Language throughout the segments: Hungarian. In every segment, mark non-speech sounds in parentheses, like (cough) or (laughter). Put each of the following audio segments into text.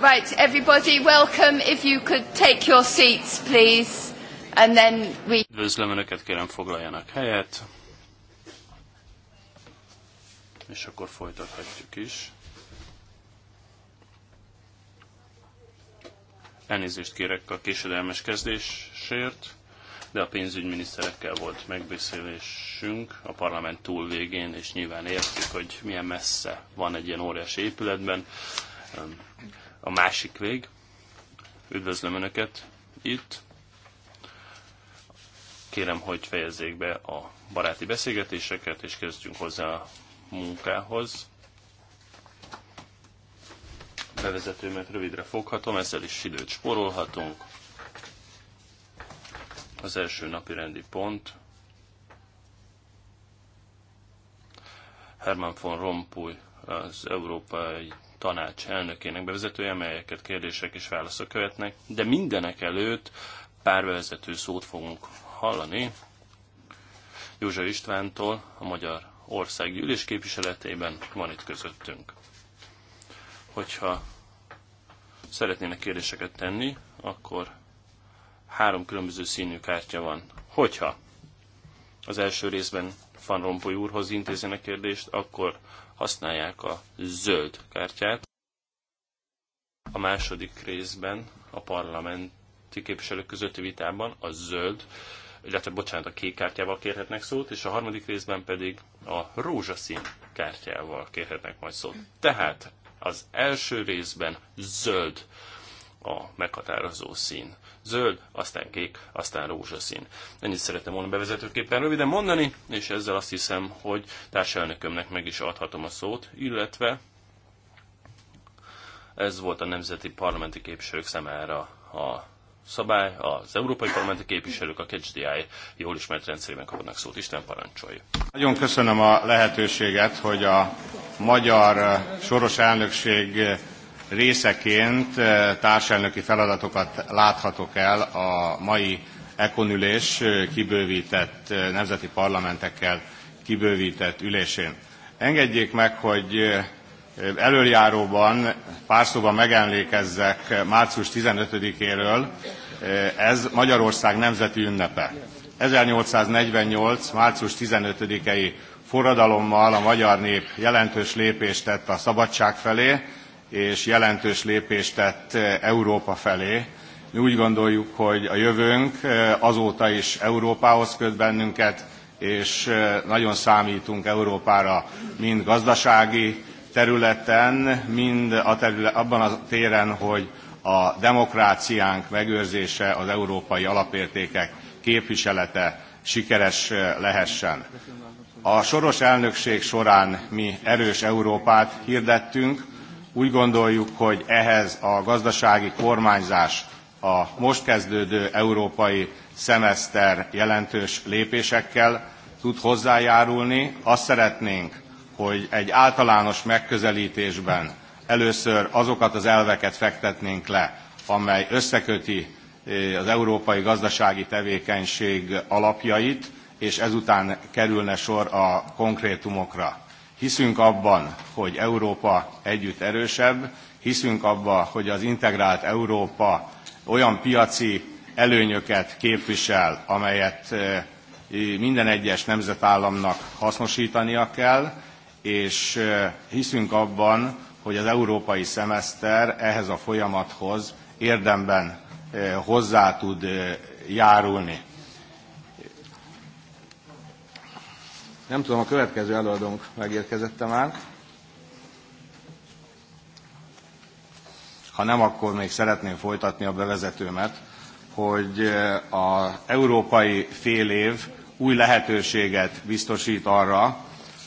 Right, everybody, welcome. If you could take your seats, please, and then we... Üdvözlöm Önöket, kérem foglaljanak helyet. És akkor folytathatjuk is. Elnézést kérek a késedelmes kezdésért, de a pénzügyminiszterekkel volt megbeszélésünk a parlament túl végén, és nyilván értjük, hogy milyen messze van egy ilyen óriási épületben a másik vég. Üdvözlöm Önöket itt. Kérem, hogy fejezzék be a baráti beszélgetéseket, és kezdjünk hozzá a munkához. Bevezetőmet rövidre foghatom, ezzel is időt spórolhatunk. Az első napi rendi pont Herman von Rompuy, az Európai tanács elnökének bevezetője, melyeket kérdések és válaszok követnek, de mindenek előtt pár bevezető szót fogunk hallani József Istvántól, a Magyar Országgyűlés képviseletében van itt közöttünk. Hogyha szeretnének kérdéseket tenni, akkor három különböző színű kártya van. Hogyha az első részben Van Rompuy úrhoz intézzenek kérdést, akkor használják a zöld kártyát. A második részben a parlamenti képviselők közötti vitában a zöld, illetve bocsánat, a kék kártyával kérhetnek szót, és a harmadik részben pedig a rózsaszín kártyával kérhetnek majd szót. Tehát az első részben zöld a meghatározó szín zöld, aztán kék, aztán rózsaszín. Ennyit szerettem volna bevezetőképpen röviden mondani, és ezzel azt hiszem, hogy társelnökömnek meg is adhatom a szót, illetve ez volt a nemzeti parlamenti képviselők szemára a szabály, az európai parlamenti képviselők a KCDI jól ismert rendszerében kapnak szót. Isten parancsolj! Nagyon köszönöm a lehetőséget, hogy a magyar soros elnökség részeként eh, társelnöki feladatokat láthatok el a mai ekonülés eh, kibővített eh, nemzeti parlamentekkel kibővített ülésén. Engedjék meg, hogy előjáróban pár szóban megemlékezzek március 15-éről. Ez Magyarország nemzeti ünnepe. 1848. március 15-i forradalommal a magyar nép jelentős lépést tett a szabadság felé, és jelentős lépést tett eh, Európa felé. Mi úgy gondoljuk, hogy a jövőnk eh, azóta is Európához köt bennünket, és eh, nagyon számítunk Európára mind gazdasági területen, mind a terület, abban a téren, hogy a demokráciánk megőrzése, az európai alapértékek képviselete sikeres lehessen. A soros elnökség során mi erős Európát hirdettünk, úgy gondoljuk, hogy ehhez a gazdasági kormányzás a most kezdődő európai szemeszter jelentős lépésekkel tud hozzájárulni. Azt szeretnénk, hogy egy általános megközelítésben először azokat az elveket fektetnénk le, amely összeköti eh, az európai gazdasági tevékenység alapjait, és ezután kerülne sor a konkrétumokra. Hiszünk abban, hogy Európa együtt erősebb, hiszünk abban, hogy az integrált Európa olyan piaci előnyöket képvisel, amelyet e, minden egyes nemzetállamnak hasznosítania kell, és e, hiszünk abban, hogy az európai szemeszter ehhez a folyamathoz érdemben e, hozzá tud járulni. Nem tudom, a következő előadónk megérkezette már. Ha nem, akkor még szeretném folytatni a bevezetőmet, hogy eh, az európai fél év új lehetőséget biztosít arra,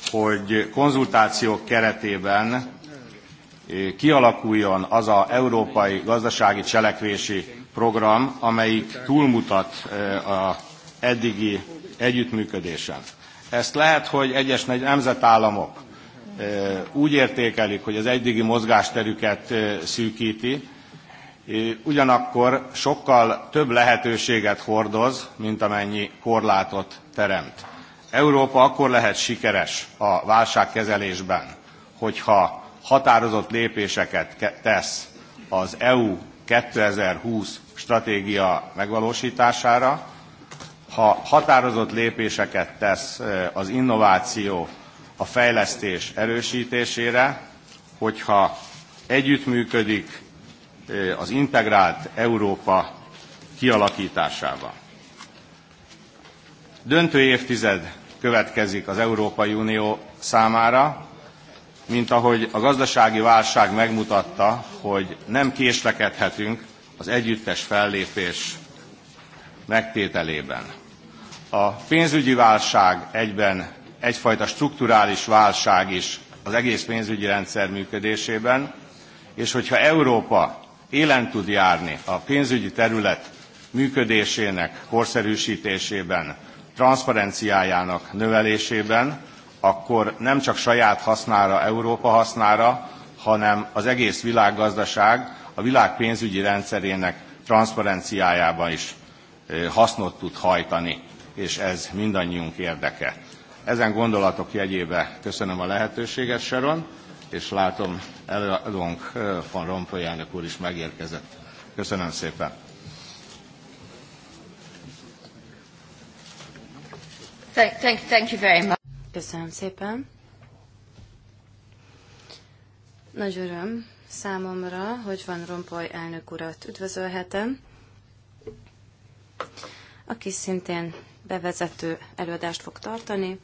hogy konzultációk keretében eh, kialakuljon az a európai gazdasági cselekvési program, amelyik túlmutat eh, az eddigi együttműködésen. Ezt lehet, hogy egyes nemzetállamok úgy értékelik, hogy az eddigi mozgásterüket szűkíti, ugyanakkor sokkal több lehetőséget hordoz, mint amennyi korlátot teremt. Európa akkor lehet sikeres a válságkezelésben, hogyha határozott lépéseket tesz az EU 2020 stratégia megvalósítására, ha határozott lépéseket tesz az innováció, a fejlesztés erősítésére, hogyha együttműködik az integrált Európa kialakításával. Döntő évtized következik az Európai Unió számára, mint ahogy a gazdasági válság megmutatta, hogy nem késlekedhetünk az együttes fellépés megtételében. A pénzügyi válság egyben egyfajta strukturális válság is az egész pénzügyi rendszer működésében, és hogyha Európa élen tud járni a pénzügyi terület működésének korszerűsítésében, transzparenciájának növelésében, akkor nem csak saját hasznára, Európa hasznára, hanem az egész világgazdaság a világ pénzügyi rendszerének transzparenciájában is hasznot tud hajtani és ez mindannyiunk érdeke. Ezen gondolatok jegyébe köszönöm a lehetőséget, Sharon, és látom előadónk Van Rompuy elnök úr is megérkezett. Köszönöm szépen! Thank, thank, thank you very much. Köszönöm szépen. Nagy öröm számomra, hogy Van Rompoly elnök urat üdvözölhetem, aki szintén bevezető előadást fog tartani,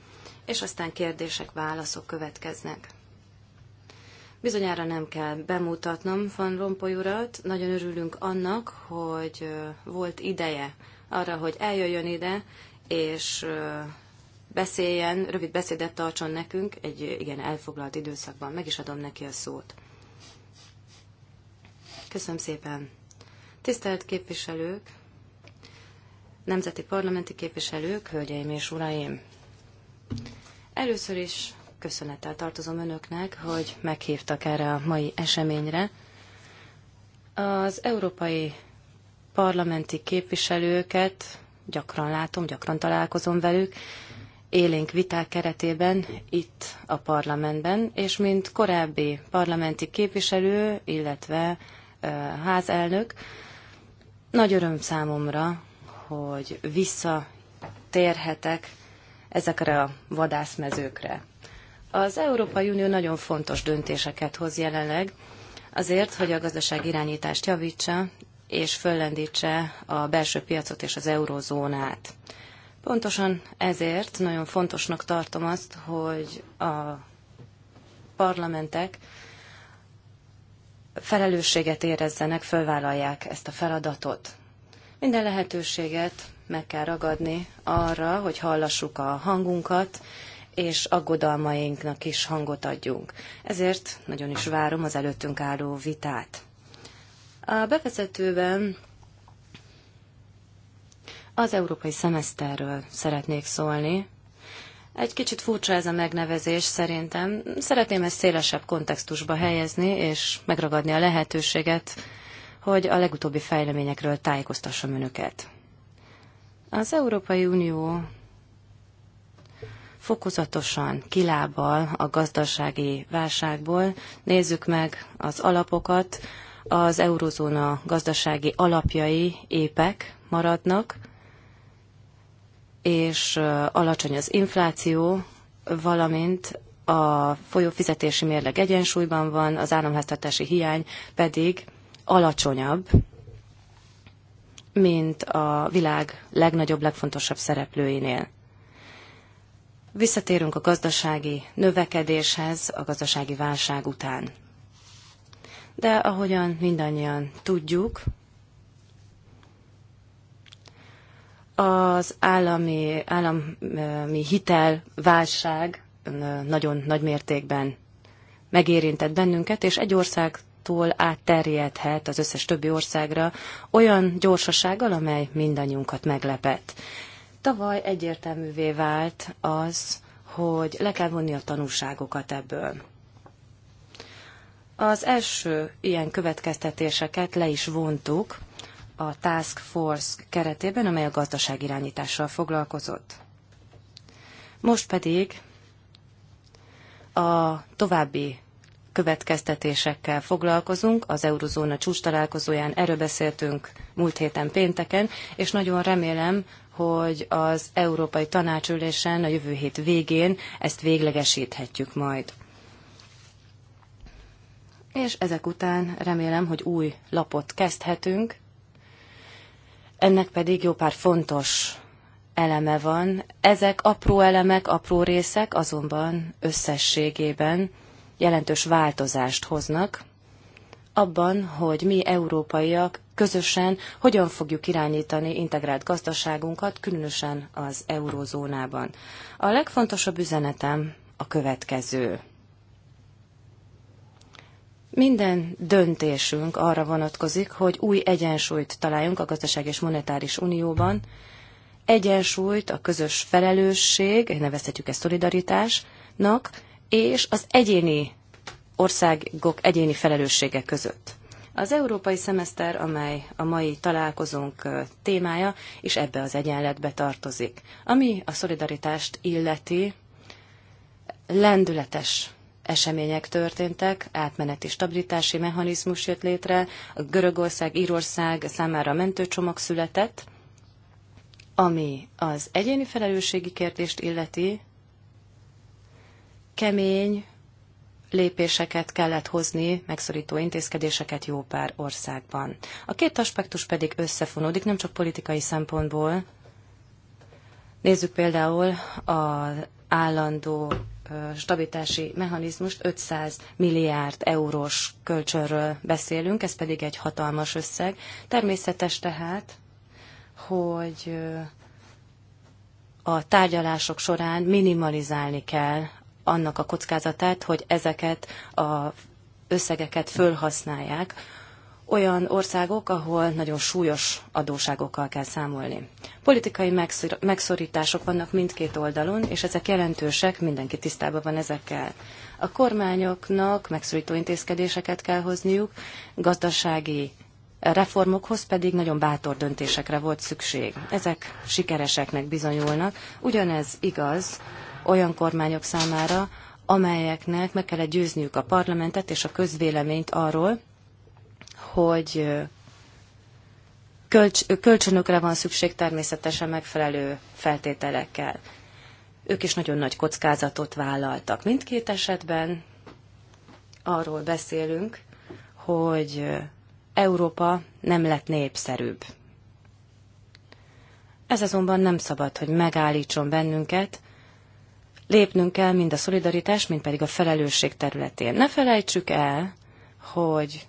és aztán kérdések, válaszok következnek. Bizonyára nem kell bemutatnom Van Rompuy urat, nagyon örülünk annak, hogy volt ideje arra, hogy eljöjjön ide, és beszéljen, rövid beszédet tartson nekünk egy igen elfoglalt időszakban. Meg is adom neki a szót. Köszönöm szépen. Tisztelt képviselők, nemzeti parlamenti képviselők, hölgyeim és uraim! Először is köszönettel tartozom önöknek, hogy meghívtak erre a mai eseményre. Az európai parlamenti képviselőket gyakran látom, gyakran találkozom velük, élénk viták keretében itt a parlamentben, és mint korábbi parlamenti képviselő, illetve házelnök, nagy öröm számomra, hogy visszatérhetek ezekre a vadászmezőkre. Az Európai Unió nagyon fontos döntéseket hoz jelenleg, azért, hogy a gazdaság irányítást javítsa, és föllendítse a belső piacot és az eurozónát. Pontosan ezért nagyon fontosnak tartom azt, hogy a parlamentek felelősséget érezzenek, fölvállalják ezt a feladatot. Minden lehetőséget meg kell ragadni arra, hogy hallassuk a hangunkat, és aggodalmainknak is hangot adjunk. Ezért nagyon is várom az előttünk álló vitát. A bevezetőben az európai szemeszterről szeretnék szólni. Egy kicsit furcsa ez a megnevezés szerintem. Szeretném ezt szélesebb kontextusba helyezni, és megragadni a lehetőséget hogy a legutóbbi fejleményekről tájékoztassam önöket. Az Európai Unió fokozatosan kilábal a gazdasági válságból. Nézzük meg az alapokat. Az eurozóna gazdasági alapjai épek maradnak, és alacsony az infláció, valamint a folyófizetési mérleg egyensúlyban van, az államháztartási hiány pedig alacsonyabb, mint a világ legnagyobb, legfontosabb szereplőinél. Visszatérünk a gazdasági növekedéshez a gazdasági válság után. De ahogyan mindannyian tudjuk, az állami, állami hitel válság nagyon nagy mértékben megérintett bennünket, és egy ország Európától átterjedhet az összes többi országra olyan gyorsasággal, amely mindannyiunkat meglepet. Tavaly egyértelművé vált az, hogy le kell vonni a tanulságokat ebből. Az első ilyen következtetéseket le is vontuk a Task Force keretében, amely a gazdaságirányítással foglalkozott. Most pedig a további következtetésekkel foglalkozunk. Az Eurozóna csúcs találkozóján erről beszéltünk múlt héten pénteken, és nagyon remélem, hogy az Európai Tanácsülésen a jövő hét végén ezt véglegesíthetjük majd. És ezek után remélem, hogy új lapot kezdhetünk. Ennek pedig jó pár fontos eleme van. Ezek apró elemek, apró részek, azonban összességében jelentős változást hoznak abban, hogy mi európaiak közösen hogyan fogjuk irányítani integrált gazdaságunkat, különösen az eurózónában. A legfontosabb üzenetem a következő. Minden döntésünk arra vonatkozik, hogy új egyensúlyt találjunk a gazdaság és monetáris unióban, egyensúlyt a közös felelősség, nevezhetjük ezt szolidaritásnak, és az egyéni országok egyéni felelőssége között. Az európai szemeszter, amely a mai találkozónk témája, is ebbe az egyenletbe tartozik. Ami a szolidaritást illeti, lendületes események történtek, átmeneti stabilitási mechanizmus jött létre, a Görögország, Írország számára mentőcsomag született, ami az egyéni felelősségi kérdést illeti, kemény lépéseket kellett hozni, megszorító intézkedéseket jó pár országban. A két aspektus pedig összefonódik, nem csak politikai szempontból. Nézzük például az állandó stabilitási mechanizmust 500 milliárd eurós kölcsönről beszélünk, ez pedig egy hatalmas összeg. Természetes tehát, hogy a tárgyalások során minimalizálni kell annak a kockázatát, hogy ezeket a összegeket fölhasználják olyan országok, ahol nagyon súlyos adóságokkal kell számolni. Politikai megszorítások vannak mindkét oldalon, és ezek jelentősek, mindenki tisztában van ezekkel. A kormányoknak megszorító intézkedéseket kell hozniuk, gazdasági reformokhoz pedig nagyon bátor döntésekre volt szükség. Ezek sikereseknek bizonyulnak. Ugyanez igaz olyan kormányok számára, amelyeknek meg kellett győzniük a parlamentet és a közvéleményt arról, hogy kölcs, kölcsönökre van szükség természetesen megfelelő feltételekkel. Ők is nagyon nagy kockázatot vállaltak. Mindkét esetben arról beszélünk, hogy Európa nem lett népszerűbb. Ez azonban nem szabad, hogy megállítson bennünket, Lépnünk kell mind a szolidaritás, mind pedig a felelősség területén. Ne felejtsük el, hogy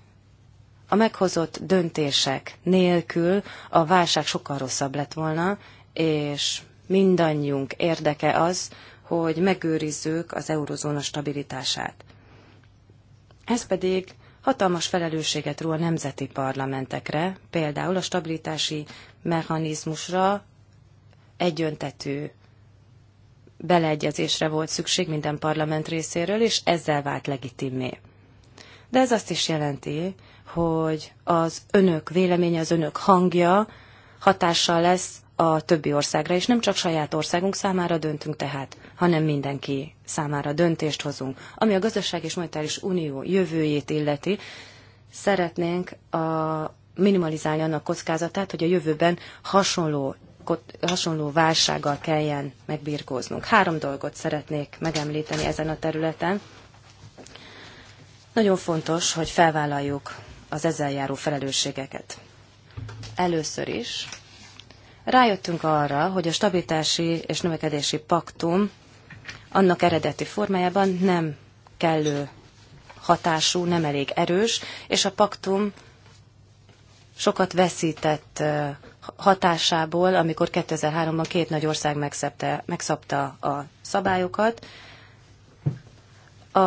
a meghozott döntések nélkül a válság sokkal rosszabb lett volna, és mindannyiunk érdeke az, hogy megőrizzük az eurozóna stabilitását. Ez pedig hatalmas felelősséget ró a nemzeti parlamentekre, például a stabilitási mechanizmusra egyöntetű beleegyezésre volt szükség minden parlament részéről, és ezzel vált legitimé. De ez azt is jelenti, hogy az önök véleménye, az önök hangja hatással lesz a többi országra, és nem csak saját országunk számára döntünk tehát, hanem mindenki számára döntést hozunk. Ami a gazdaság és monetáris unió jövőjét illeti, szeretnénk a, minimalizálni annak kockázatát, hogy a jövőben hasonló hasonló válsággal kelljen megbirkóznunk. Három dolgot szeretnék megemlíteni ezen a területen. Nagyon fontos, hogy felvállaljuk az ezzel járó felelősségeket. Először is rájöttünk arra, hogy a stabilitási és növekedési paktum annak eredeti formájában nem kellő hatású, nem elég erős, és a paktum sokat veszített hatásából, amikor 2003-ban két nagy ország megszabta, megszabta a szabályokat, a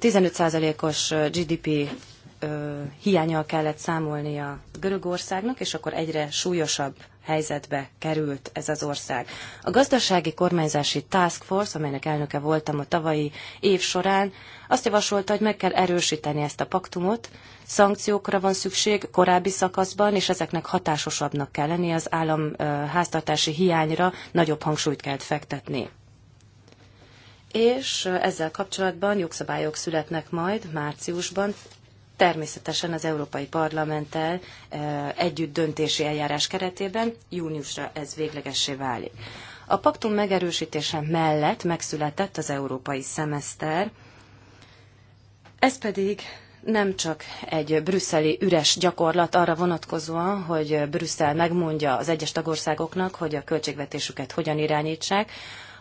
15%-os GDP ö, hiányal kellett számolnia Görögországnak, és akkor egyre súlyosabb helyzetbe került ez az ország. A gazdasági kormányzási task force, amelynek elnöke voltam a tavalyi év során, azt javasolta, hogy meg kell erősíteni ezt a paktumot, szankciókra van szükség korábbi szakaszban, és ezeknek hatásosabbnak kell lenni, az állam háztartási hiányra nagyobb hangsúlyt kell fektetni. És ezzel kapcsolatban jogszabályok születnek majd márciusban, természetesen az Európai Parlamenttel együtt döntési eljárás keretében júniusra ez véglegessé válik. A paktum megerősítése mellett megszületett az európai szemeszter, ez pedig nem csak egy brüsszeli üres gyakorlat arra vonatkozóan, hogy Brüsszel megmondja az egyes tagországoknak, hogy a költségvetésüket hogyan irányítsák,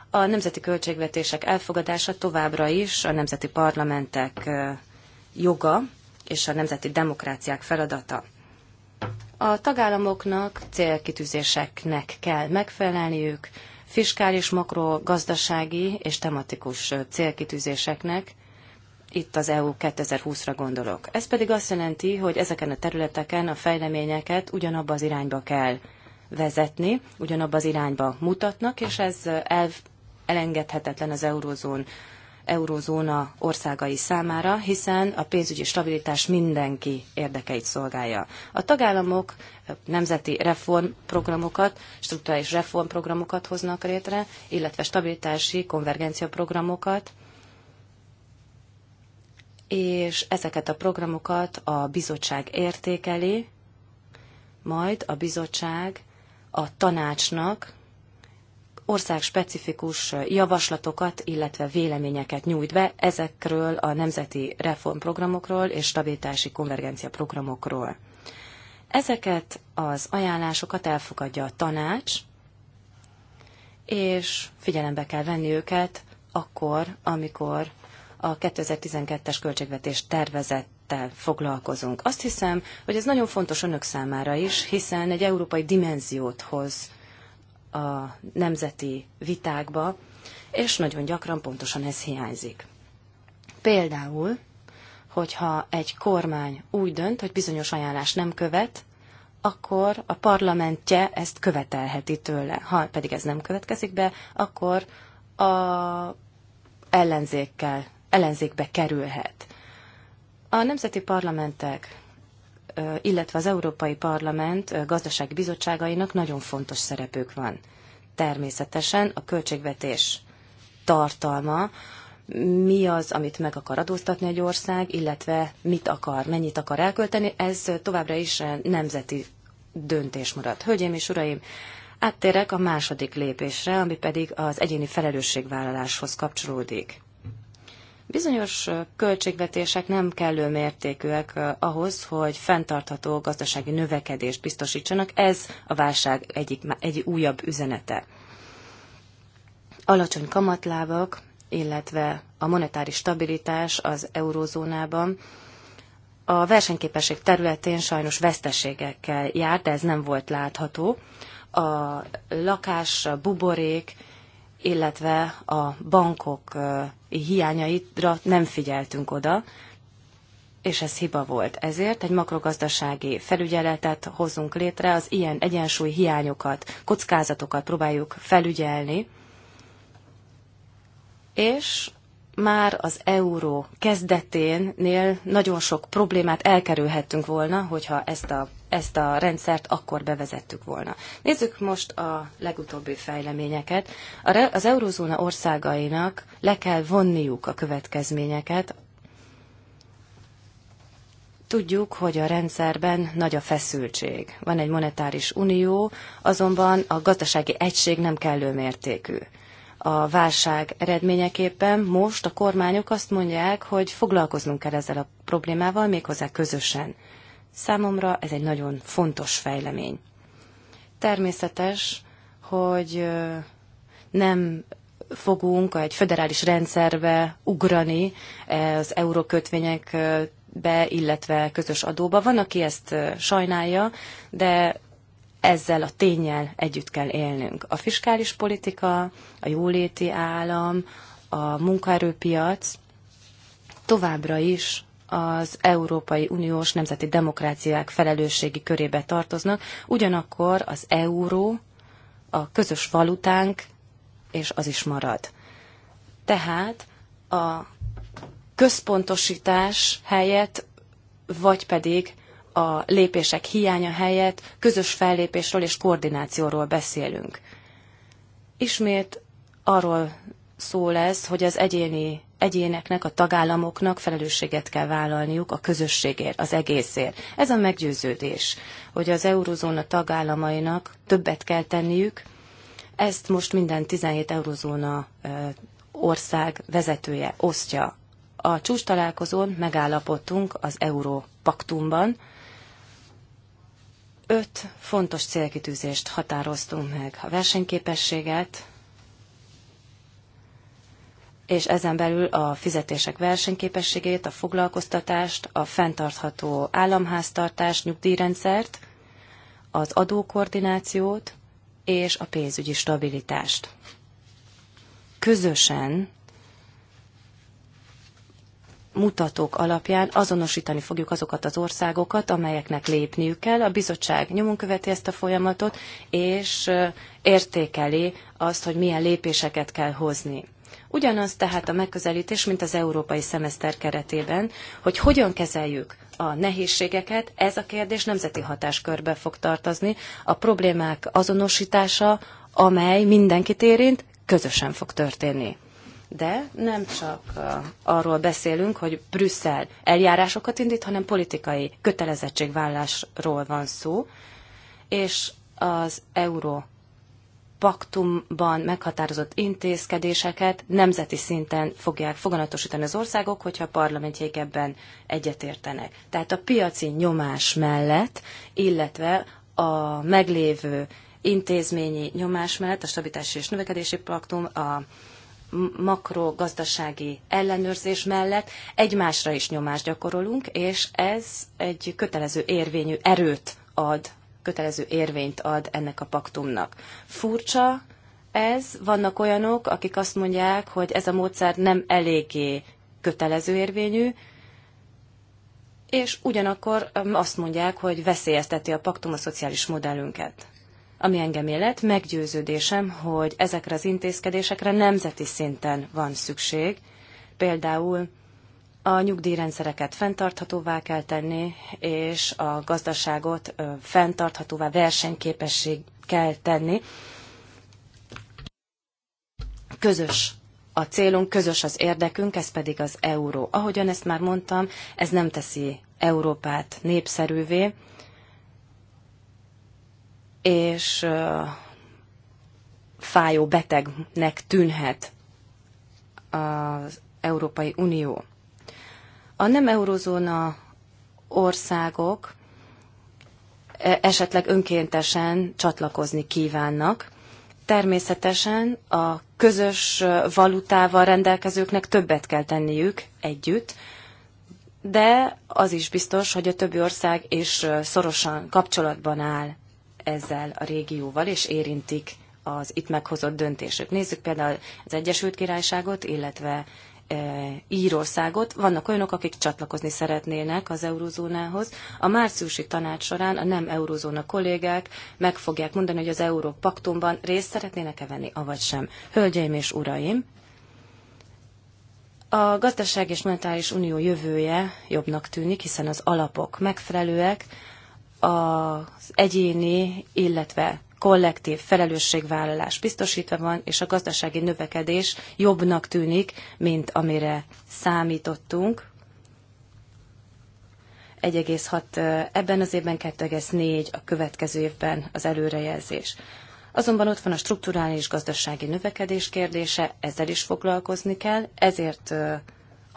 a nemzeti költségvetések elfogadása továbbra is a nemzeti parlamentek joga, és a nemzeti demokráciák feladata. A tagállamoknak célkitűzéseknek kell megfelelniük, fiskális, makro, gazdasági és tematikus célkitűzéseknek, itt az EU 2020-ra gondolok. Ez pedig azt jelenti, hogy ezeken a területeken a fejleményeket ugyanabba az irányba kell vezetni, ugyanabba az irányba mutatnak, és ez elv elengedhetetlen az eurózón eurozóna országai számára, hiszen a pénzügyi stabilitás mindenki érdekeit szolgálja. A tagállamok nemzeti reformprogramokat, strukturális reformprogramokat hoznak létre, illetve stabilitási konvergenciaprogramokat, és ezeket a programokat a bizottság értékeli, majd a bizottság a tanácsnak ország specifikus javaslatokat, illetve véleményeket nyújt be ezekről a nemzeti reformprogramokról és stabilitási konvergencia programokról. Ezeket az ajánlásokat elfogadja a tanács, és figyelembe kell venni őket akkor, amikor a 2012-es költségvetés tervezettel foglalkozunk. Azt hiszem, hogy ez nagyon fontos önök számára is, hiszen egy európai dimenziót hoz a nemzeti vitákba, és nagyon gyakran pontosan ez hiányzik. Például, hogyha egy kormány úgy dönt, hogy bizonyos ajánlás nem követ, akkor a parlamentje ezt követelheti tőle. Ha pedig ez nem következik be, akkor a ellenzékkel, ellenzékbe kerülhet. A nemzeti parlamentek illetve az Európai Parlament gazdasági bizottságainak nagyon fontos szerepük van. Természetesen a költségvetés tartalma, mi az, amit meg akar adóztatni egy ország, illetve mit akar, mennyit akar elkölteni, ez továbbra is nemzeti döntés marad. Hölgyeim és uraim, áttérek a második lépésre, ami pedig az egyéni felelősségvállaláshoz kapcsolódik. Bizonyos költségvetések nem kellő mértékűek ahhoz, hogy fenntartható gazdasági növekedést biztosítsanak. Ez a válság egyik, egy újabb üzenete. Alacsony kamatlábak, illetve a monetáris stabilitás az eurózónában a versenyképesség területén sajnos veszteségekkel járt. de ez nem volt látható. A lakás, a buborék, illetve a bankok hiányaira nem figyeltünk oda, és ez hiba volt. Ezért egy makrogazdasági felügyeletet hozunk létre, az ilyen egyensúly hiányokat, kockázatokat próbáljuk felügyelni, és már az euró kezdeténél nagyon sok problémát elkerülhettünk volna, hogyha ezt a, ezt a rendszert akkor bevezettük volna. Nézzük most a legutóbbi fejleményeket. Az eurózóna országainak le kell vonniuk a következményeket. Tudjuk, hogy a rendszerben nagy a feszültség. Van egy monetáris unió, azonban a gazdasági egység nem kellő mértékű a válság eredményeképpen most a kormányok azt mondják, hogy foglalkoznunk kell ezzel a problémával, méghozzá közösen. Számomra ez egy nagyon fontos fejlemény. Természetes, hogy nem fogunk egy föderális rendszerbe ugrani az eurókötvényekbe, illetve közös adóba. Van, aki ezt sajnálja, de ezzel a tényel együtt kell élnünk. A fiskális politika, a jóléti állam, a munkaerőpiac továbbra is az Európai Uniós nemzeti demokráciák felelősségi körébe tartoznak, ugyanakkor az euró, a közös valutánk, és az is marad. Tehát a központosítás helyett, vagy pedig a lépések hiánya helyett közös fellépésről és koordinációról beszélünk. Ismét arról szó lesz, hogy az egyéni egyéneknek, a tagállamoknak felelősséget kell vállalniuk a közösségért, az egészért. Ez a meggyőződés, hogy az eurozóna tagállamainak többet kell tenniük, ezt most minden 17 eurozóna ország vezetője osztja. A csúcs találkozón megállapodtunk az Európaktumban, öt fontos célkitűzést határoztunk meg. A versenyképességet, és ezen belül a fizetések versenyképességét, a foglalkoztatást, a fenntartható államháztartást, nyugdíjrendszert, az adókoordinációt és a pénzügyi stabilitást. Közösen mutatók alapján azonosítani fogjuk azokat az országokat, amelyeknek lépniük kell. A bizottság nyomon követi ezt a folyamatot, és értékeli azt, hogy milyen lépéseket kell hozni. Ugyanaz tehát a megközelítés, mint az európai szemeszter keretében, hogy hogyan kezeljük a nehézségeket, ez a kérdés nemzeti hatáskörbe fog tartozni. A problémák azonosítása, amely mindenkit érint, közösen fog történni. De nem csak uh, arról beszélünk, hogy Brüsszel eljárásokat indít, hanem politikai kötelezettségvállásról van szó, és az euró paktumban meghatározott intézkedéseket nemzeti szinten fogják foganatosítani az országok, hogyha a parlamentjék ebben egyetértenek. Tehát a piaci nyomás mellett, illetve a meglévő intézményi nyomás mellett, a stabilitási és növekedési paktum, a makrogazdasági ellenőrzés mellett egymásra is nyomást gyakorolunk, és ez egy kötelező érvényű erőt ad, kötelező érvényt ad ennek a paktumnak. Furcsa ez, vannak olyanok, akik azt mondják, hogy ez a módszer nem eléggé kötelező érvényű, és ugyanakkor um, azt mondják, hogy veszélyezteti a paktum a szociális modellünket ami engem illet, meggyőződésem, hogy ezekre az intézkedésekre nemzeti szinten van szükség. Például a nyugdíjrendszereket fenntarthatóvá kell tenni, és a gazdaságot fenntarthatóvá versenyképesség kell tenni. Közös a célunk, közös az érdekünk, ez pedig az euró. Ahogyan ezt már mondtam, ez nem teszi Európát népszerűvé, és fájó betegnek tűnhet az Európai Unió. A nem eurozóna országok e, esetleg önkéntesen csatlakozni kívánnak. Természetesen a közös valutával rendelkezőknek többet kell tenniük együtt, de az is biztos, hogy a többi ország is szorosan kapcsolatban áll ezzel a régióval, és érintik az itt meghozott döntésük. Nézzük például az Egyesült Királyságot, illetve e, Írországot. Vannak olyanok, akik csatlakozni szeretnének az eurózónához. A márciusi tanács során a nem eurózóna kollégák meg fogják mondani, hogy az Európaktumban részt szeretnének-e venni, avagy sem. Hölgyeim és uraim, a gazdaság és monetáris unió jövője jobbnak tűnik, hiszen az alapok megfelelőek, az egyéni, illetve kollektív felelősségvállalás biztosítva van, és a gazdasági növekedés jobbnak tűnik, mint amire számítottunk. 1,6 ebben az évben, 2,4 a következő évben az előrejelzés. Azonban ott van a strukturális gazdasági növekedés kérdése, ezzel is foglalkozni kell, ezért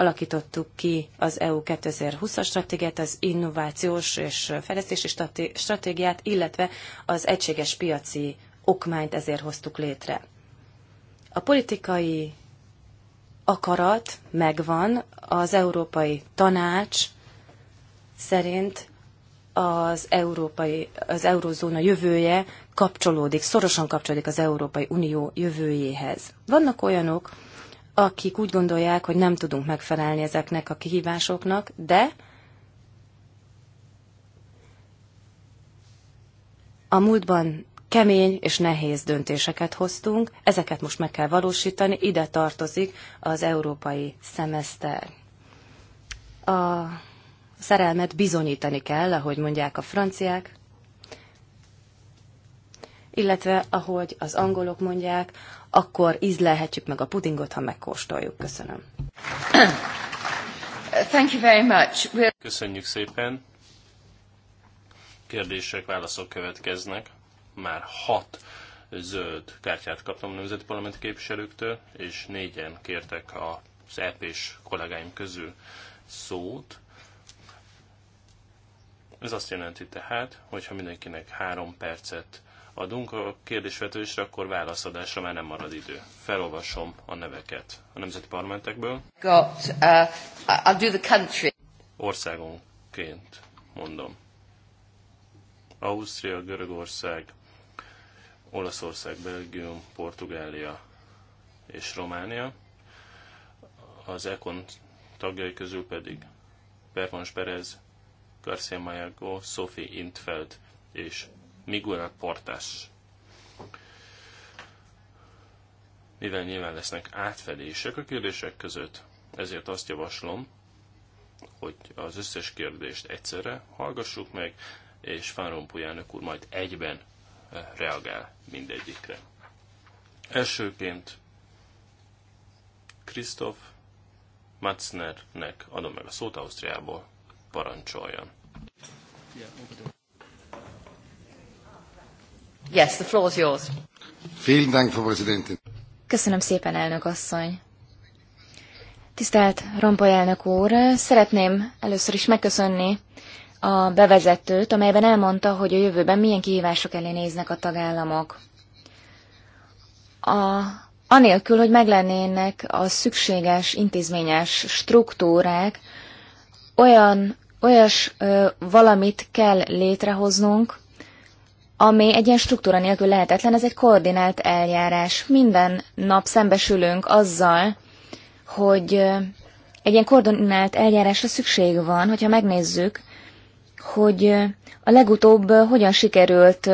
alakítottuk ki az EU 2020-as stratégiát, az innovációs és fejlesztési stratégiát, illetve az egységes piaci okmányt ezért hoztuk létre. A politikai akarat megvan, az Európai Tanács szerint az, európai, az eurozóna jövője kapcsolódik, szorosan kapcsolódik az Európai Unió jövőjéhez. Vannak olyanok, akik úgy gondolják, hogy nem tudunk megfelelni ezeknek a kihívásoknak, de a múltban kemény és nehéz döntéseket hoztunk, ezeket most meg kell valósítani, ide tartozik az európai szemeszter. A szerelmet bizonyítani kell, ahogy mondják a franciák, illetve ahogy az angolok mondják, akkor ízlelhetjük meg a pudingot, ha megkóstoljuk. Köszönöm. Thank you very much. We're... Köszönjük szépen. Kérdések, válaszok következnek. Már hat zöld kártyát kaptam a Nemzeti Parlament képviselőktől, és négyen kértek a ep és kollégáim közül szót. Ez azt jelenti tehát, hogy ha mindenkinek három percet adunk a kérdésvetősre, akkor válaszadásra már nem marad idő. Felolvasom a neveket a nemzeti parlamentekből. Got, uh, I'll do the country. Országonként mondom. Ausztria, Görögország, Olaszország, Belgium, Portugália és Románia. Az ECON tagjai közül pedig Pervans Perez, Garcia Mayago, Sophie Intfeld és Miguel Portas. Mivel nyilván lesznek átfedések a kérdések között, ezért azt javaslom, hogy az összes kérdést egyszerre hallgassuk meg, és Fán elnök úr majd egyben eh, reagál mindegyikre. Elsőként Krisztof Matznernek adom meg a szót Ausztriából, parancsoljon. Yeah, Yes, the floor is yours. Vielen Dank, Frau Präsidentin. Köszönöm szépen, elnök asszony. Tisztelt Rampoly elnök úr, szeretném először is megköszönni a bevezetőt, amelyben elmondta, hogy a jövőben milyen kihívások elé néznek a tagállamok. A, anélkül, hogy meglennének a szükséges intézményes struktúrák, olyan, olyas ö, valamit kell létrehoznunk, ami egy ilyen struktúra nélkül lehetetlen, ez egy koordinált eljárás. Minden nap szembesülünk azzal, hogy egy ilyen koordinált eljárásra szükség van, hogyha megnézzük, hogy a legutóbb hogyan sikerült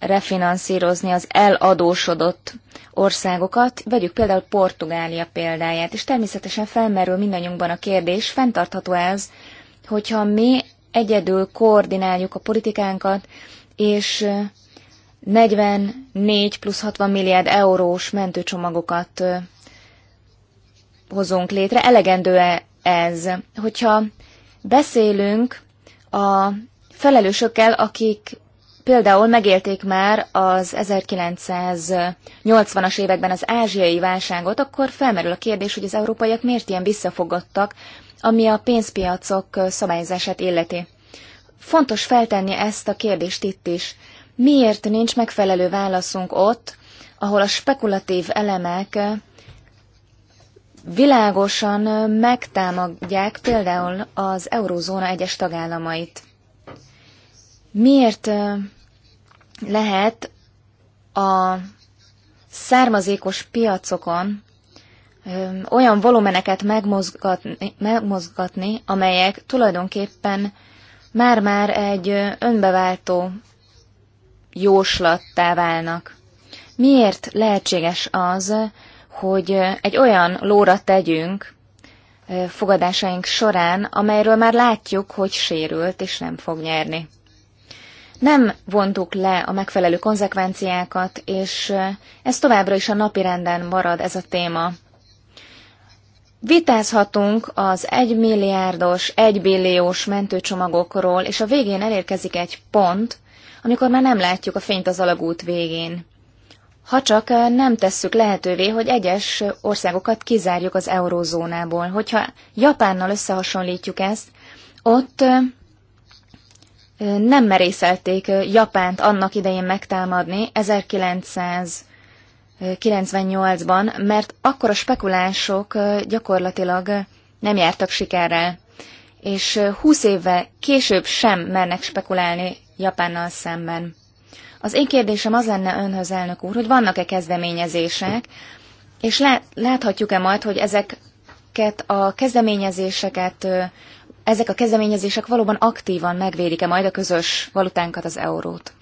refinanszírozni az eladósodott országokat, vegyük például Portugália példáját, és természetesen felmerül mindannyiunkban a kérdés, fenntartható ez, hogyha mi egyedül koordináljuk a politikánkat, és 44 plusz 60 milliárd eurós mentőcsomagokat hozunk létre. Elegendő-e ez? Hogyha beszélünk a felelősökkel, akik például megélték már az 1980-as években az ázsiai válságot, akkor felmerül a kérdés, hogy az európaiak miért ilyen visszafogottak, ami a pénzpiacok szabályozását illeti. Fontos feltenni ezt a kérdést itt is. Miért nincs megfelelő válaszunk ott, ahol a spekulatív elemek világosan megtámadják például az eurózóna egyes tagállamait? Miért lehet a származékos piacokon olyan volumeneket megmozgatni, megmozgatni amelyek tulajdonképpen már-már egy önbeváltó jóslattá válnak. Miért lehetséges az, hogy egy olyan lóra tegyünk fogadásaink során, amelyről már látjuk, hogy sérült és nem fog nyerni? Nem vontuk le a megfelelő konzekvenciákat, és ez továbbra is a napirenden marad ez a téma. Vitázhatunk az egymilliárdos, egybilliós mentőcsomagokról, és a végén elérkezik egy pont, amikor már nem látjuk a fényt az alagút végén. Ha csak nem tesszük lehetővé, hogy egyes országokat kizárjuk az eurózónából. Hogyha Japánnal összehasonlítjuk ezt, ott nem merészelték Japánt annak idején megtámadni 1900 98-ban, mert akkor a spekulások gyakorlatilag nem jártak sikerrel, és 20 évvel később sem mernek spekulálni Japánnal szemben. Az én kérdésem az lenne önhöz, elnök úr, hogy vannak-e kezdeményezések, és láthatjuk-e majd, hogy ezeket a kezdeményezéseket, ezek a kezdeményezések valóban aktívan megvédik-e majd a közös valutánkat, az eurót?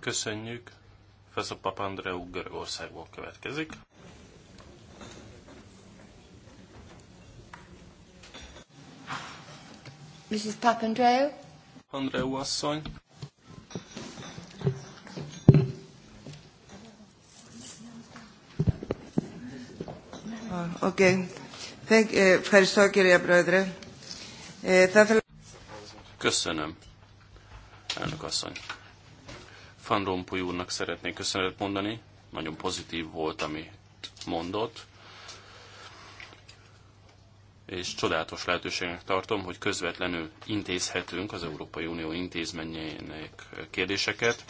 Köszönjük. Kostas a Papandreou Görögországból következik. Mrs. Papandreou. Andreou asszony. Ah, okay. Thank, eh, ευχαριστώ κυρία Πρόεδρε. Köszönöm, elnök asszony. Van Rompuy úrnak szeretnék köszönetet mondani. Nagyon pozitív volt, amit mondott. És csodálatos lehetőségnek tartom, hogy közvetlenül intézhetünk az Európai Unió intézményeinek kérdéseket.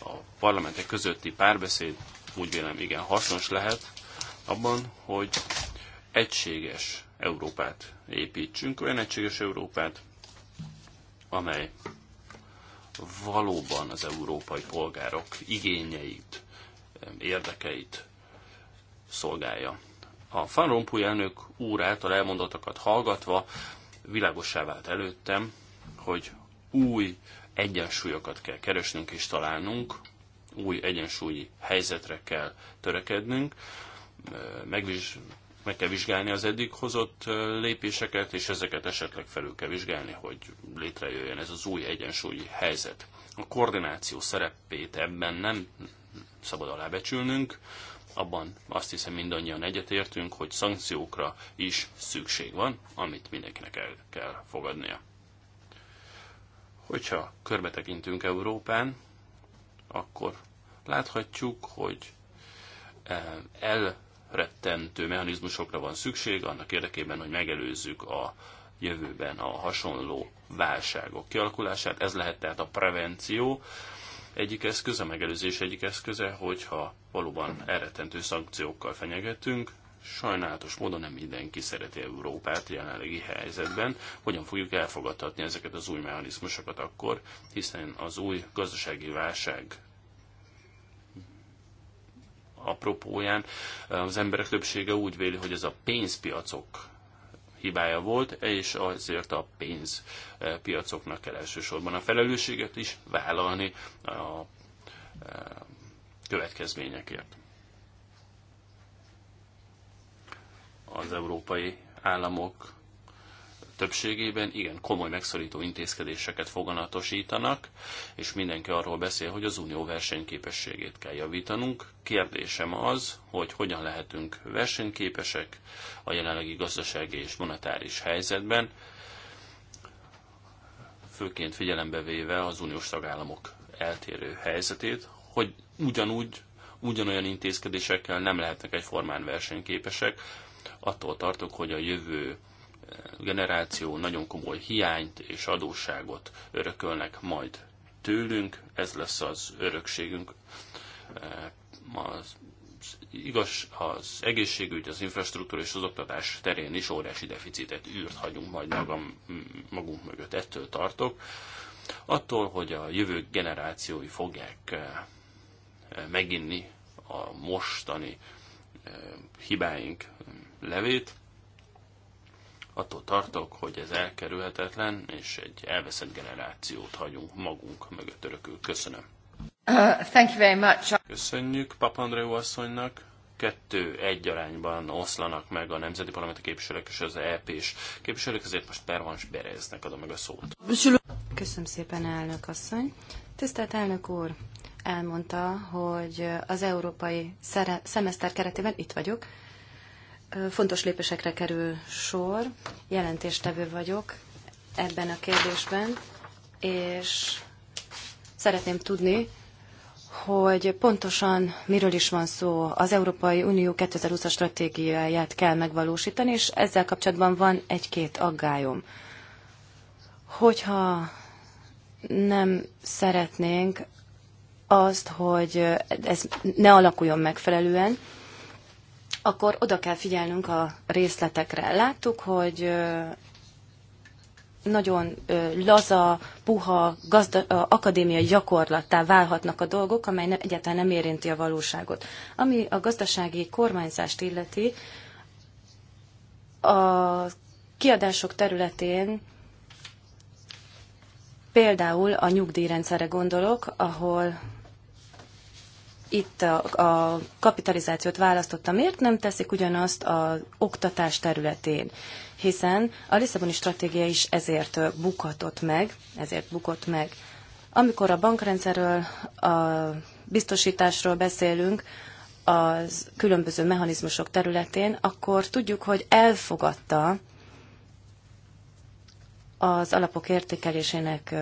A parlamentek közötti párbeszéd úgy vélem igen hasznos lehet abban, hogy egységes Európát építsünk, olyan egységes Európát, amely valóban az európai polgárok igényeit, érdekeit szolgálja. A Van Rompuy elnök úr által elmondottakat hallgatva világosá vált előttem, hogy új egyensúlyokat kell keresnünk és találnunk, új egyensúlyi helyzetre kell törekednünk, megvizsgálni meg kell vizsgálni az eddig hozott lépéseket, és ezeket esetleg felül kell vizsgálni, hogy létrejöjjön ez az új egyensúlyi helyzet. A koordináció szerepét ebben nem szabad alábecsülnünk, abban azt hiszem mindannyian egyetértünk, hogy szankciókra is szükség van, amit mindenkinek el kell fogadnia. Hogyha körbetekintünk Európán, akkor láthatjuk, hogy el rettentő mechanizmusokra van szükség, annak érdekében, hogy megelőzzük a jövőben a hasonló válságok kialakulását. Ez lehet tehát a prevenció egyik eszköze, a megelőzés egyik eszköze, hogyha valóban elrettentő szankciókkal fenyegetünk, sajnálatos módon nem mindenki szereti Európát jelenlegi helyzetben. Hogyan fogjuk elfogadhatni ezeket az új mechanizmusokat akkor, hiszen az új gazdasági válság apropóján az emberek többsége úgy véli, hogy ez a pénzpiacok hibája volt, és azért a pénzpiacoknak kell elsősorban a felelősséget is vállalni a e, következményekért. Az európai államok többségében igen komoly megszorító intézkedéseket foganatosítanak, és mindenki arról beszél, hogy az unió versenyképességét kell javítanunk. Kérdésem az, hogy hogyan lehetünk versenyképesek a jelenlegi gazdasági és monetáris helyzetben, főként figyelembe véve az uniós tagállamok eltérő helyzetét, hogy ugyanúgy, ugyanolyan intézkedésekkel nem lehetnek egyformán versenyképesek, attól tartok, hogy a jövő generáció nagyon komoly hiányt és adósságot örökölnek majd tőlünk, ez lesz az örökségünk. Eh, az, igaz, az egészségügy, az infrastruktúra és az oktatás terén is óriási deficitet űrt hagyunk majd magam, magunk mögött, ettől tartok. Attól, hogy a jövő generációi fogják eh, meginni a mostani eh, hibáink levét, attól tartok, hogy ez elkerülhetetlen, és egy elveszett generációt hagyunk magunk mögött örökül. Köszönöm. Uh, thank you very much. Köszönjük Papandreou asszonynak. Kettő egy arányban oszlanak meg a nemzeti parlamenti képviselők és az ep és képviselők, ezért most Pervans Bereznek adom meg a szót. Köszönöm szépen, elnök asszony. Tisztelt elnök úr, elmondta, hogy az európai szemeszter keretében itt vagyok, fontos lépésekre kerül sor. Jelentéstevő vagyok ebben a kérdésben, és szeretném tudni, hogy pontosan miről is van szó. Az Európai Unió 2020-as stratégiáját kell megvalósítani, és ezzel kapcsolatban van egy-két aggályom. Hogyha nem szeretnénk azt, hogy ez ne alakuljon megfelelően, akkor oda kell figyelnünk a részletekre. Láttuk, hogy nagyon laza, puha, gazda, akadémiai gyakorlattá válhatnak a dolgok, amely nem, egyáltalán nem érinti a valóságot. Ami a gazdasági kormányzást illeti, a kiadások területén például a nyugdíjrendszerre gondolok, ahol itt a, a kapitalizációt választotta. Miért nem teszik ugyanazt az oktatás területén? Hiszen a Lisszaboni stratégia is ezért bukhatott meg, ezért bukott meg. Amikor a bankrendszerről, a biztosításról beszélünk, az különböző mechanizmusok területén, akkor tudjuk, hogy elfogadta az alapok értékelésének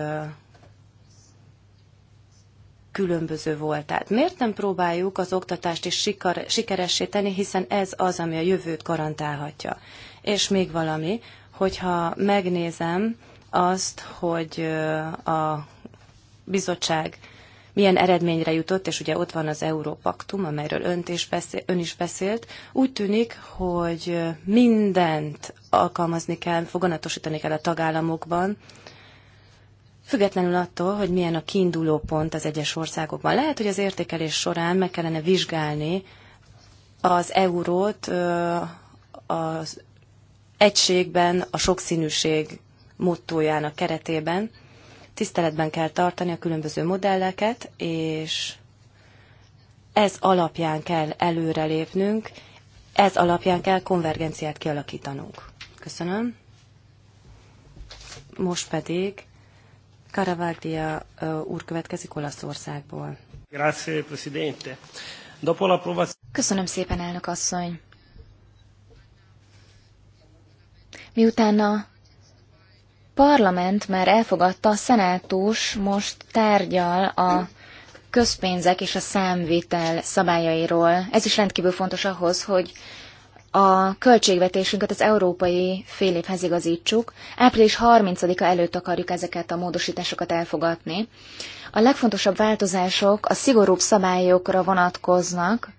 különböző volt, tehát Miért nem próbáljuk az oktatást is sikar, sikeressé tenni, hiszen ez az, ami a jövőt garantálhatja. És még valami, hogyha megnézem azt, hogy a bizottság milyen eredményre jutott, és ugye ott van az Európaktum, amelyről önt is beszél, ön is beszélt, úgy tűnik, hogy mindent alkalmazni kell, foganatosítani kell a tagállamokban, függetlenül attól, hogy milyen a kiinduló pont az egyes országokban. Lehet, hogy az értékelés során meg kellene vizsgálni az eurót az egységben, a sokszínűség mottójának keretében. Tiszteletben kell tartani a különböző modelleket, és ez alapján kell előrelépnünk, ez alapján kell konvergenciát kialakítanunk. Köszönöm. Most pedig Karavádia úr következik Olaszországból. Grazie, Presidente. Dopo Köszönöm szépen, elnök asszony. Miután a parlament már elfogadta, a szenátus most tárgyal a közpénzek és a számvitel szabályairól. Ez is rendkívül fontos ahhoz, hogy a költségvetésünket az európai fél évhez igazítsuk. Április 30-a előtt akarjuk ezeket a módosításokat elfogadni. A legfontosabb változások a szigorúbb szabályokra vonatkoznak,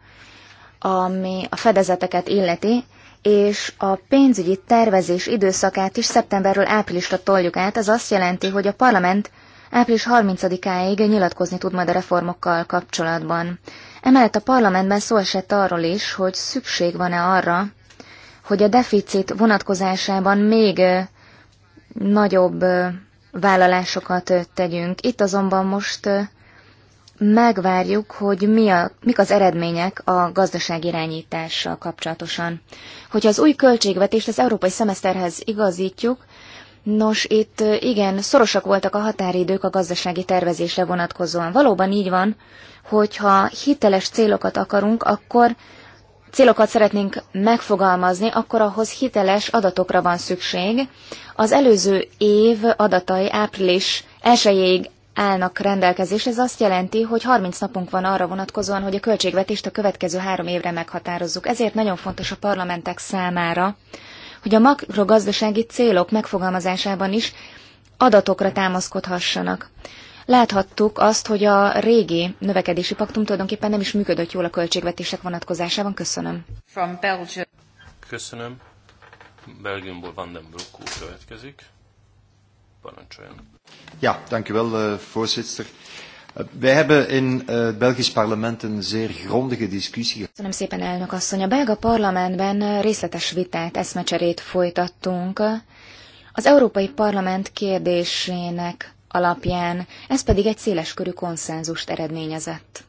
ami a fedezeteket illeti, és a pénzügyi tervezés időszakát is szeptemberről áprilisra toljuk át. Ez azt jelenti, hogy a parlament április 30-áig nyilatkozni tud majd a reformokkal kapcsolatban. Emellett a parlamentben szó esett arról is, hogy szükség van-e arra, hogy a deficit vonatkozásában még nagyobb vállalásokat tegyünk. Itt azonban most megvárjuk, hogy mi a, mik az eredmények a irányítással kapcsolatosan. Hogyha az új költségvetést az európai szemeszterhez igazítjuk, nos, itt igen, szorosak voltak a határidők a gazdasági tervezésre vonatkozóan. Valóban így van, hogyha hiteles célokat akarunk, akkor célokat szeretnénk megfogalmazni, akkor ahhoz hiteles adatokra van szükség. Az előző év adatai április 1 állnak rendelkezésre. Ez azt jelenti, hogy 30 napunk van arra vonatkozóan, hogy a költségvetést a következő három évre meghatározzuk. Ezért nagyon fontos a parlamentek számára, hogy a makrogazdasági célok megfogalmazásában is adatokra támaszkodhassanak. Láthattuk azt, hogy a régi növekedési paktum tulajdonképpen nem is működött jól a költségvetések vonatkozásában. Köszönöm. From Belgium. Köszönöm. Belgiumból Van den Broek úr következik. Parancsoljon. Ja, dank u wel, eh, voorzitter. Eh, wij hebben in het eh, Belgisch parlement een zeer grondige discussie. Köszönöm szépen, elnök asszony. A belga parlamentben részletes vitát, eszmecserét folytattunk. Az Európai Parlament kérdésének alapján, ez pedig egy széleskörű konszenzust eredményezett.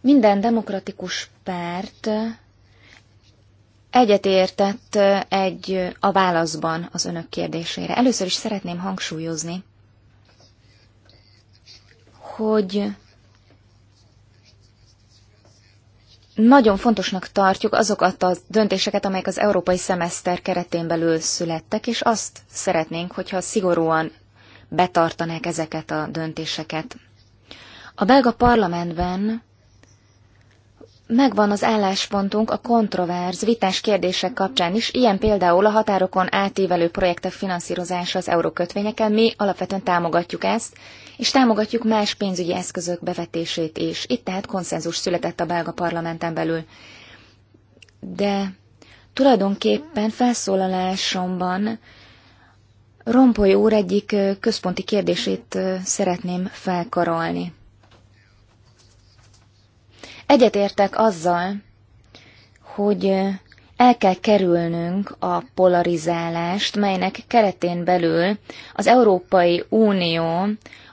Minden demokratikus párt egyetértett egy a válaszban az önök kérdésére. Először is szeretném hangsúlyozni, hogy nagyon fontosnak tartjuk azokat a döntéseket, amelyek az európai szemeszter keretén belül születtek, és azt szeretnénk, hogyha szigorúan betartanák ezeket a döntéseket. A belga parlamentben megvan az álláspontunk a kontroverz vitás kérdések kapcsán is, ilyen például a határokon átívelő projektek finanszírozása az eurókötvényekkel, mi alapvetően támogatjuk ezt, és támogatjuk más pénzügyi eszközök bevetését is. Itt tehát konszenzus született a belga parlamenten belül. De tulajdonképpen felszólalásomban Rompoly úr egyik központi kérdését szeretném felkarolni. Egyetértek azzal, hogy el kell kerülnünk a polarizálást, melynek keretén belül az Európai Unió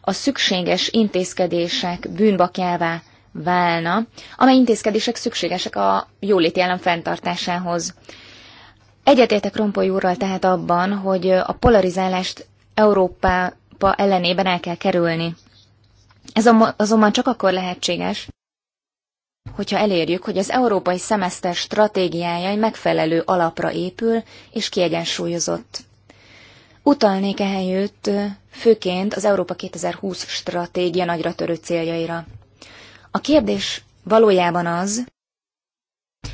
a szükséges intézkedések bűnbakjává válna, amely intézkedések szükségesek a jóléti állam fenntartásához. Egyetértek Rompoly úrral tehát abban, hogy a polarizálást Európa ellenében el kell kerülni. Ez azonban csak akkor lehetséges, hogyha elérjük, hogy az európai szemeszter stratégiája egy megfelelő alapra épül és kiegyensúlyozott. Utalnék ehelyőtt főként az Európa 2020 stratégia nagyra törő céljaira. A kérdés valójában az,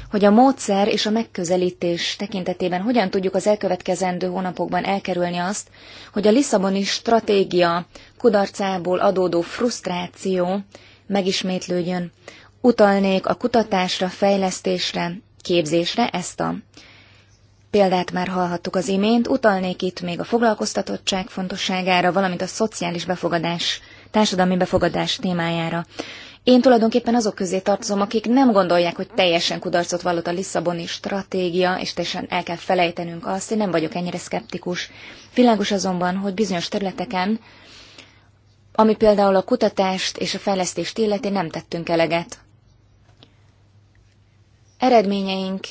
hogy a módszer és a megközelítés tekintetében hogyan tudjuk az elkövetkezendő hónapokban elkerülni azt, hogy a Lisszaboni stratégia kudarcából adódó frusztráció megismétlődjön utalnék a kutatásra, fejlesztésre, képzésre, ezt a példát már hallhattuk az imént, utalnék itt még a foglalkoztatottság fontosságára, valamint a szociális befogadás, társadalmi befogadás témájára. Én tulajdonképpen azok közé tartozom, akik nem gondolják, hogy teljesen kudarcot vallott a Lisszaboni stratégia, és teljesen el kell felejtenünk azt, én nem vagyok ennyire szkeptikus. Világos azonban, hogy bizonyos területeken, ami például a kutatást és a fejlesztést illeti, nem tettünk eleget eredményeink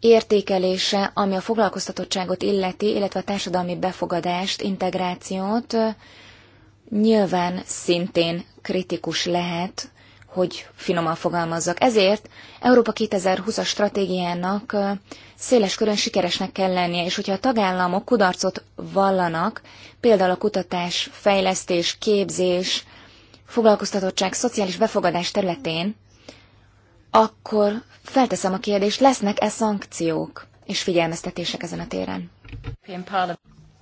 értékelése, ami a foglalkoztatottságot illeti, illetve a társadalmi befogadást, integrációt, nyilván szintén kritikus lehet, hogy finoman fogalmazzak. Ezért Európa 2020-as stratégiának széles körön sikeresnek kell lennie, és hogyha a tagállamok kudarcot vallanak, például a kutatás, fejlesztés, képzés, foglalkoztatottság, szociális befogadás területén, akkor felteszem a kérdést, lesznek-e szankciók és figyelmeztetések ezen a téren?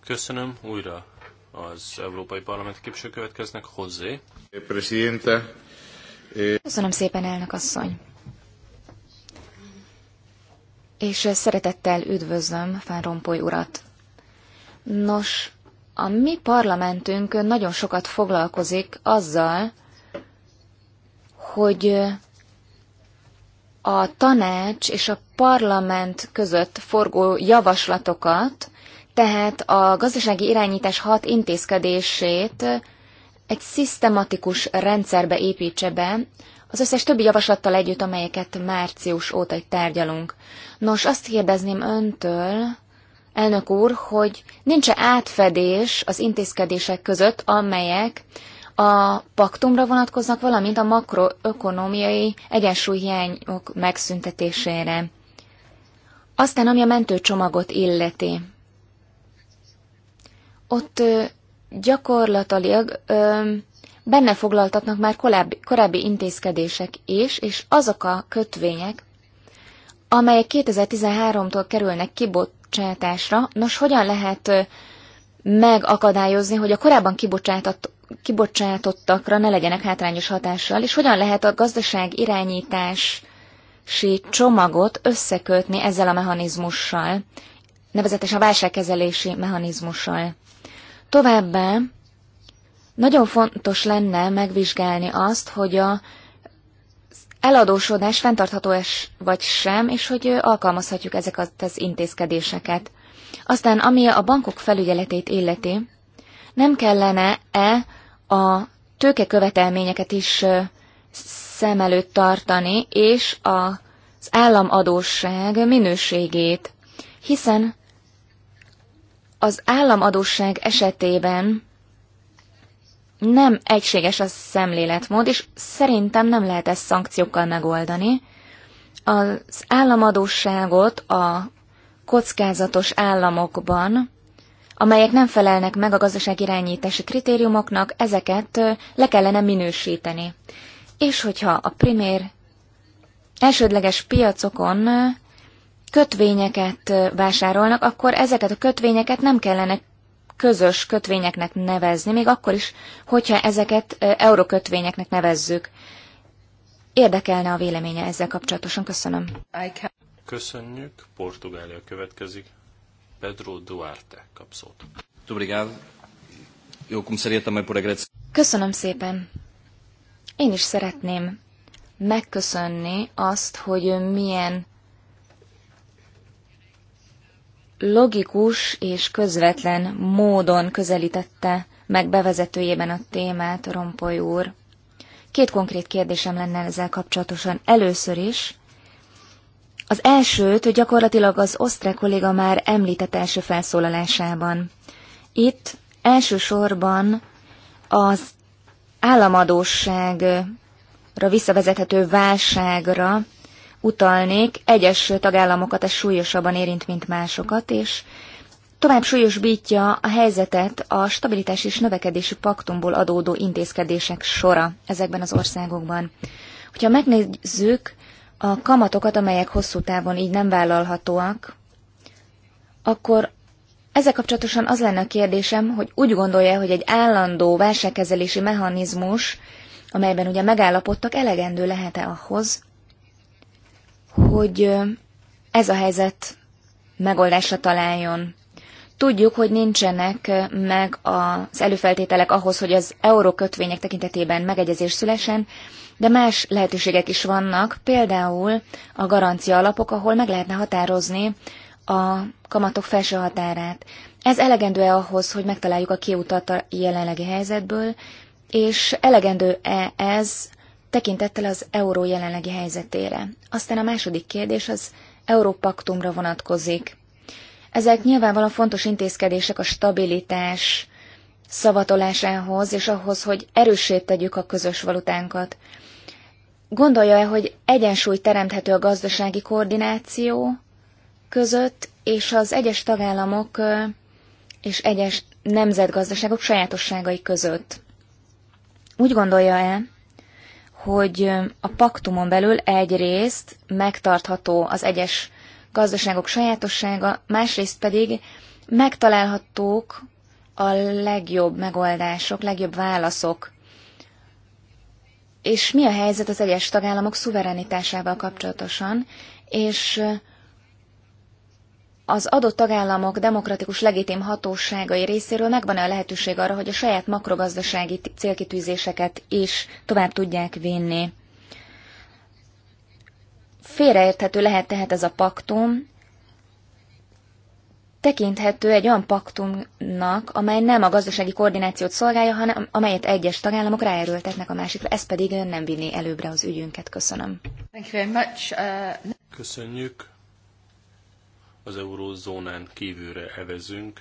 Köszönöm újra. Az Európai Parlament képső következnek hozzé. Presidente. Köszönöm szépen, elnök asszony. És szeretettel üdvözlöm Fán Rompoly urat. Nos, a mi parlamentünk nagyon sokat foglalkozik azzal, hogy a tanács és a parlament között forgó javaslatokat, tehát a gazdasági irányítás hat intézkedését egy szisztematikus rendszerbe építse be, az összes többi javaslattal együtt, amelyeket március óta itt tárgyalunk. Nos, azt kérdezném öntől, elnök úr, hogy nincs-e átfedés az intézkedések között, amelyek a paktumra vonatkoznak, valamint a makroökonomiai egyensúlyhiányok megszüntetésére. Aztán, ami a mentőcsomagot illeti. Ott gyakorlatilag benne foglaltatnak már korábbi, korábbi intézkedések is, és azok a kötvények, amelyek 2013-tól kerülnek kibocsátásra, nos, hogyan lehet megakadályozni, hogy a korábban kibocsátott, kibocsátottakra ne legyenek hátrányos hatással, és hogyan lehet a gazdaság irányítási csomagot összekötni ezzel a mechanizmussal, nevezetesen a válságkezelési mechanizmussal. Továbbá nagyon fontos lenne megvizsgálni azt, hogy a eladósodás fenntartható-e vagy sem, és hogy alkalmazhatjuk ezeket az intézkedéseket. Aztán, ami a bankok felügyeletét illeti, nem kellene-e a tőkekövetelményeket is szem előtt tartani, és az államadósság minőségét, hiszen az államadósság esetében nem egységes a szemléletmód, és szerintem nem lehet ezt szankciókkal megoldani. Az államadósságot a kockázatos államokban, amelyek nem felelnek meg a gazdaság irányítási kritériumoknak, ezeket le kellene minősíteni. És hogyha a primér elsődleges piacokon kötvényeket vásárolnak, akkor ezeket a kötvényeket nem kellene közös kötvényeknek nevezni, még akkor is, hogyha ezeket eurokötvényeknek nevezzük. Érdekelne a véleménye ezzel kapcsolatosan. Köszönöm. Köszönjük. Portugália következik. Pedro Duarte kap szót. Köszönöm szépen. Én is szeretném megköszönni azt, hogy milyen logikus és közvetlen módon közelítette meg bevezetőjében a témát Rompoly úr. Két konkrét kérdésem lenne ezzel kapcsolatosan. Először is, az elsőt gyakorlatilag az osztrák kolléga már említett első felszólalásában. Itt elsősorban az államadóságra visszavezethető válságra utalnék. Egyes tagállamokat ez súlyosabban érint, mint másokat, és tovább súlyosbítja a helyzetet a stabilitás és növekedési paktumból adódó intézkedések sora ezekben az országokban. Hogyha megnézzük a kamatokat, amelyek hosszú távon így nem vállalhatóak, akkor ezzel kapcsolatosan az lenne a kérdésem, hogy úgy gondolja, hogy egy állandó válságkezelési mechanizmus, amelyben ugye megállapodtak, elegendő lehet-e ahhoz, hogy ez a helyzet megoldásra találjon. Tudjuk, hogy nincsenek meg az előfeltételek ahhoz, hogy az eurókötvények tekintetében megegyezés szülesen, de más lehetőségek is vannak, például a garancia alapok, ahol meg lehetne határozni a kamatok felső határát. Ez elegendő-e ahhoz, hogy megtaláljuk a kiutat a jelenlegi helyzetből, és elegendő-e ez tekintettel az euró jelenlegi helyzetére? Aztán a második kérdés az Európaktumra vonatkozik. Ezek nyilvánvalóan fontos intézkedések a stabilitás szavatolásához és ahhoz, hogy erőssé tegyük a közös valutánkat. Gondolja-e, hogy egyensúly teremthető a gazdasági koordináció között, és az egyes tagállamok és egyes nemzetgazdaságok sajátosságai között? Úgy gondolja-e, hogy a paktumon belül egyrészt megtartható az egyes gazdaságok sajátossága, másrészt pedig megtalálhatók a legjobb megoldások, legjobb válaszok és mi a helyzet az egyes tagállamok szuverenitásával kapcsolatosan, és eh, az adott tagállamok demokratikus legitim hatóságai részéről megvan-e a lehetőség arra, hogy a saját makrogazdasági célkitűzéseket is tovább tudják vinni. Félreérthető lehet tehát ez a paktum, tekinthető egy olyan paktumnak, amely nem a gazdasági koordinációt szolgálja, hanem amelyet egyes tagállamok ráerőltetnek a másikra, ez pedig nem vinni előbbre az ügyünket. Köszönöm. Thank you very much. Uh, Köszönjük. Az eurózónán kívülre evezünk.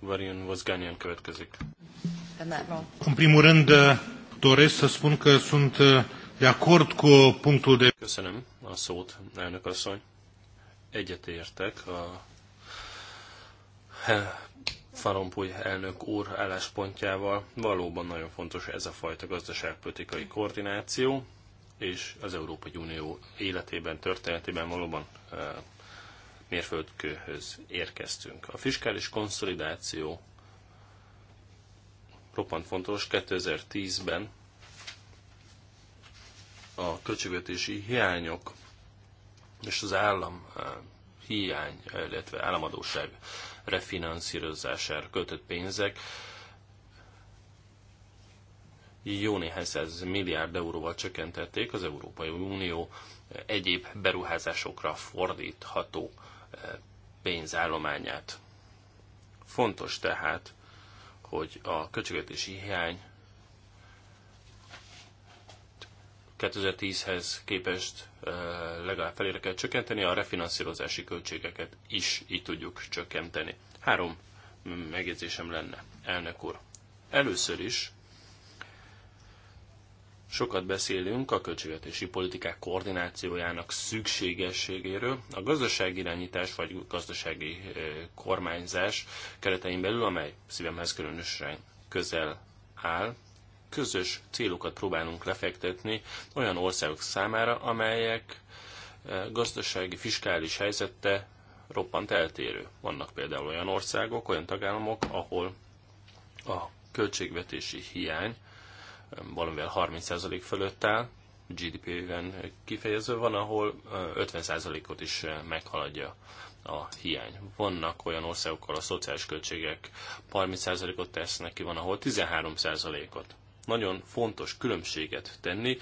Varian Vazganyan következik. În primul rând, uh, doresc să spun că sunt uh, de acord cu punctul de... Köszönöm a szót, elnök asszony egyetértek a Farompuy elnök úr álláspontjával. Valóban nagyon fontos ez a fajta gazdaságpolitikai koordináció, és az Európai Unió életében, történetében valóban e, mérföldkőhöz érkeztünk. A fiskális konszolidáció roppant fontos 2010-ben a költségvetési hiányok és az állam eh, hiány, eh, illetve államadóság refinanszírozására költött pénzek jó néhány száz milliárd euróval csökkentették az Európai Unió eh, egyéb beruházásokra fordítható pénzállományát. Fontos tehát, hogy a költségvetési hiány 2010-hez képest legalább felére kell csökkenteni, a refinanszírozási költségeket is így tudjuk csökkenteni. Három megjegyzésem lenne, elnök úr. Először is sokat beszélünk a költségvetési politikák koordinációjának szükségességéről. A gazdaságirányítás vagy gazdasági kormányzás keretein belül, amely szívemhez különösen közel áll, közös célokat próbálunk lefektetni olyan országok számára, amelyek eh, gazdasági, fiskális helyzete roppant eltérő. Vannak például olyan országok, olyan tagállamok, ahol a költségvetési hiány eh, valamivel 30% fölött áll, GDP-ben kifejező van, ahol 50%-ot eh, is meghaladja a hiány. Vannak olyan országok, ahol a szociális költségek 30%-ot tesznek ki, van, ahol 13%-ot nagyon fontos különbséget tenni,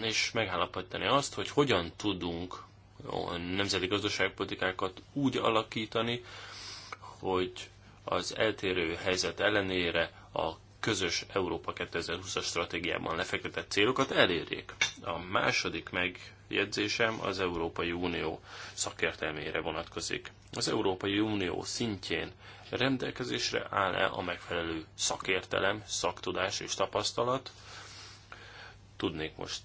és megállapítani azt, hogy hogyan tudunk a nemzeti gazdaságpolitikákat úgy alakítani, hogy az eltérő helyzet ellenére a közös Európa 2020-as stratégiában lefektetett célokat elérjék. A második meg jegyzésem az Európai Unió szakértelmére vonatkozik. Az Európai Unió szintjén rendelkezésre áll-e a megfelelő szakértelem, szaktudás és tapasztalat? Tudnék most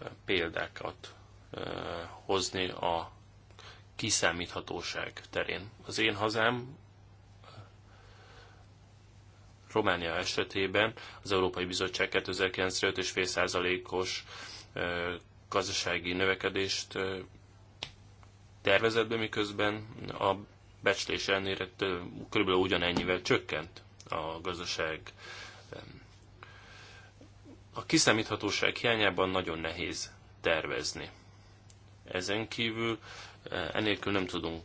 eh, példákat eh, hozni a kiszámíthatóság terén. Az én hazám eh, Románia esetében az Európai Bizottság 2009-re 5,5%-os gazdasági növekedést tervezett be, miközben a becslés ennélre kb. ugyanennyivel csökkent a gazdaság. A kiszámíthatóság hiányában nagyon nehéz tervezni. Ezen kívül Enélkül nem tudunk,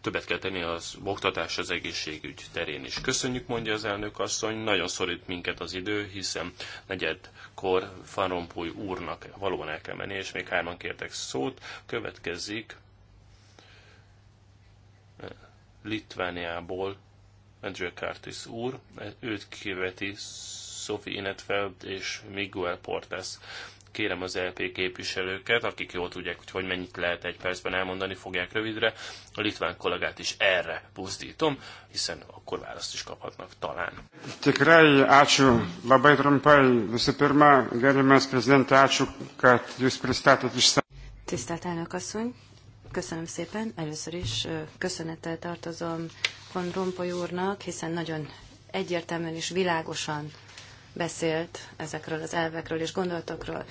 többet kell tenni az oktatás, az egészségügy terén is. Köszönjük, mondja az elnök asszony, nagyon szorít minket az idő, hiszen negyedkor Fanrompuy úrnak valóban el kell menni, és még hárman kértek szót. Következik Litvániából Andrew Curtis úr, őt kiveti Sophie Inetfeld és Miguel Portes kérem az LP képviselőket, akik jól tudják, hogy, hogy mennyit lehet egy percben elmondani, fogják rövidre. A litván kollégát is erre buzdítom, hiszen akkor választ is kaphatnak talán. Tikrai, ačiū, labai trumpai. Visų pirma, prezidente, ačiū, kad jūs pristatėt Tisztelt elnök asszony, köszönöm szépen. Először is köszönettel tartozom von Rompuy úrnak, hiszen nagyon egyértelműen és világosan beszélt ezekről az elvekről és gondolatokról.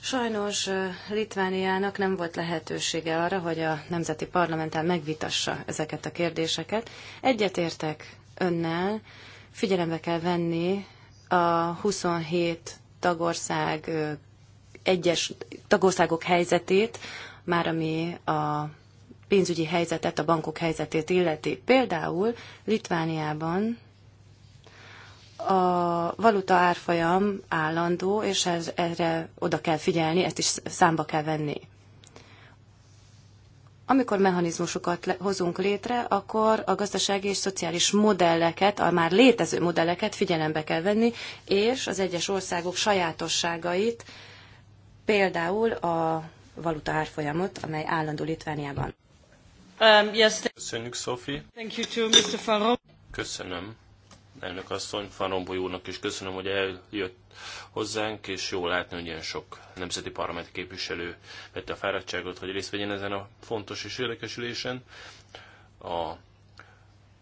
Sajnos Litvániának nem volt lehetősége arra, hogy a Nemzeti Parlamentál megvitassa ezeket a kérdéseket. Egyetértek önnel, figyelembe kell venni a 27 tagország egyes tagországok helyzetét, már ami a pénzügyi helyzetet, a bankok helyzetét illeti. Például Litvániában a valuta árfolyam állandó, és ez, erre oda kell figyelni, ezt is számba kell venni. Amikor mechanizmusokat hozunk létre, akkor a gazdasági és szociális modelleket, a már létező modelleket figyelembe kell venni, és az egyes országok sajátosságait, például a valuta árfolyamot, amely állandó Litvániában. Um, yes, Köszönjük, Sophie. Thank you to Mr. Köszönöm elnök asszony, Van úrnak is köszönöm, hogy eljött hozzánk, és jó látni, hogy ilyen sok nemzeti parlament képviselő vette a fáradtságot, hogy részt vegyen ezen a fontos és érdekes ülésen. A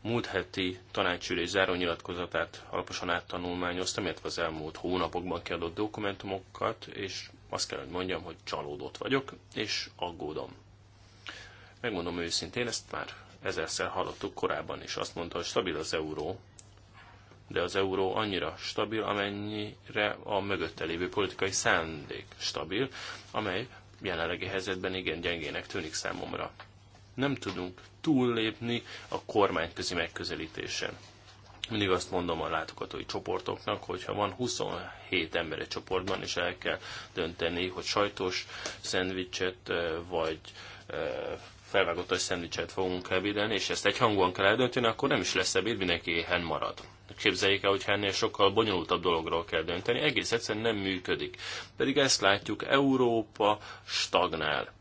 múlt heti tanácsülés nyilatkozatát alaposan áttanulmányoztam, illetve az elmúlt hónapokban kiadott dokumentumokat, és azt kell, hogy mondjam, hogy csalódott vagyok, és aggódom. Megmondom őszintén, ezt már ezerszer hallottuk korábban is, azt mondta, hogy stabil az euró, de az euró annyira stabil, amennyire a mögötte lévő politikai szándék stabil, amely jelenlegi helyzetben igen gyengének tűnik számomra. Nem tudunk túllépni a kormányközi megközelítésen. Mindig azt mondom a látogatói csoportoknak, hogy ha van 27 ember egy csoportban, és el kell dönteni, hogy sajtos szendvicset vagy felvágott szendvicset fogunk ebédelni, és ezt egy hangon kell eldönteni, akkor nem is lesz ebéd, mindenki éhen marad képzeljék el, hogy ennél sokkal bonyolultabb dologról kell dönteni, egész egyszerűen nem működik. Pedig ezt látjuk, Európa stagnál.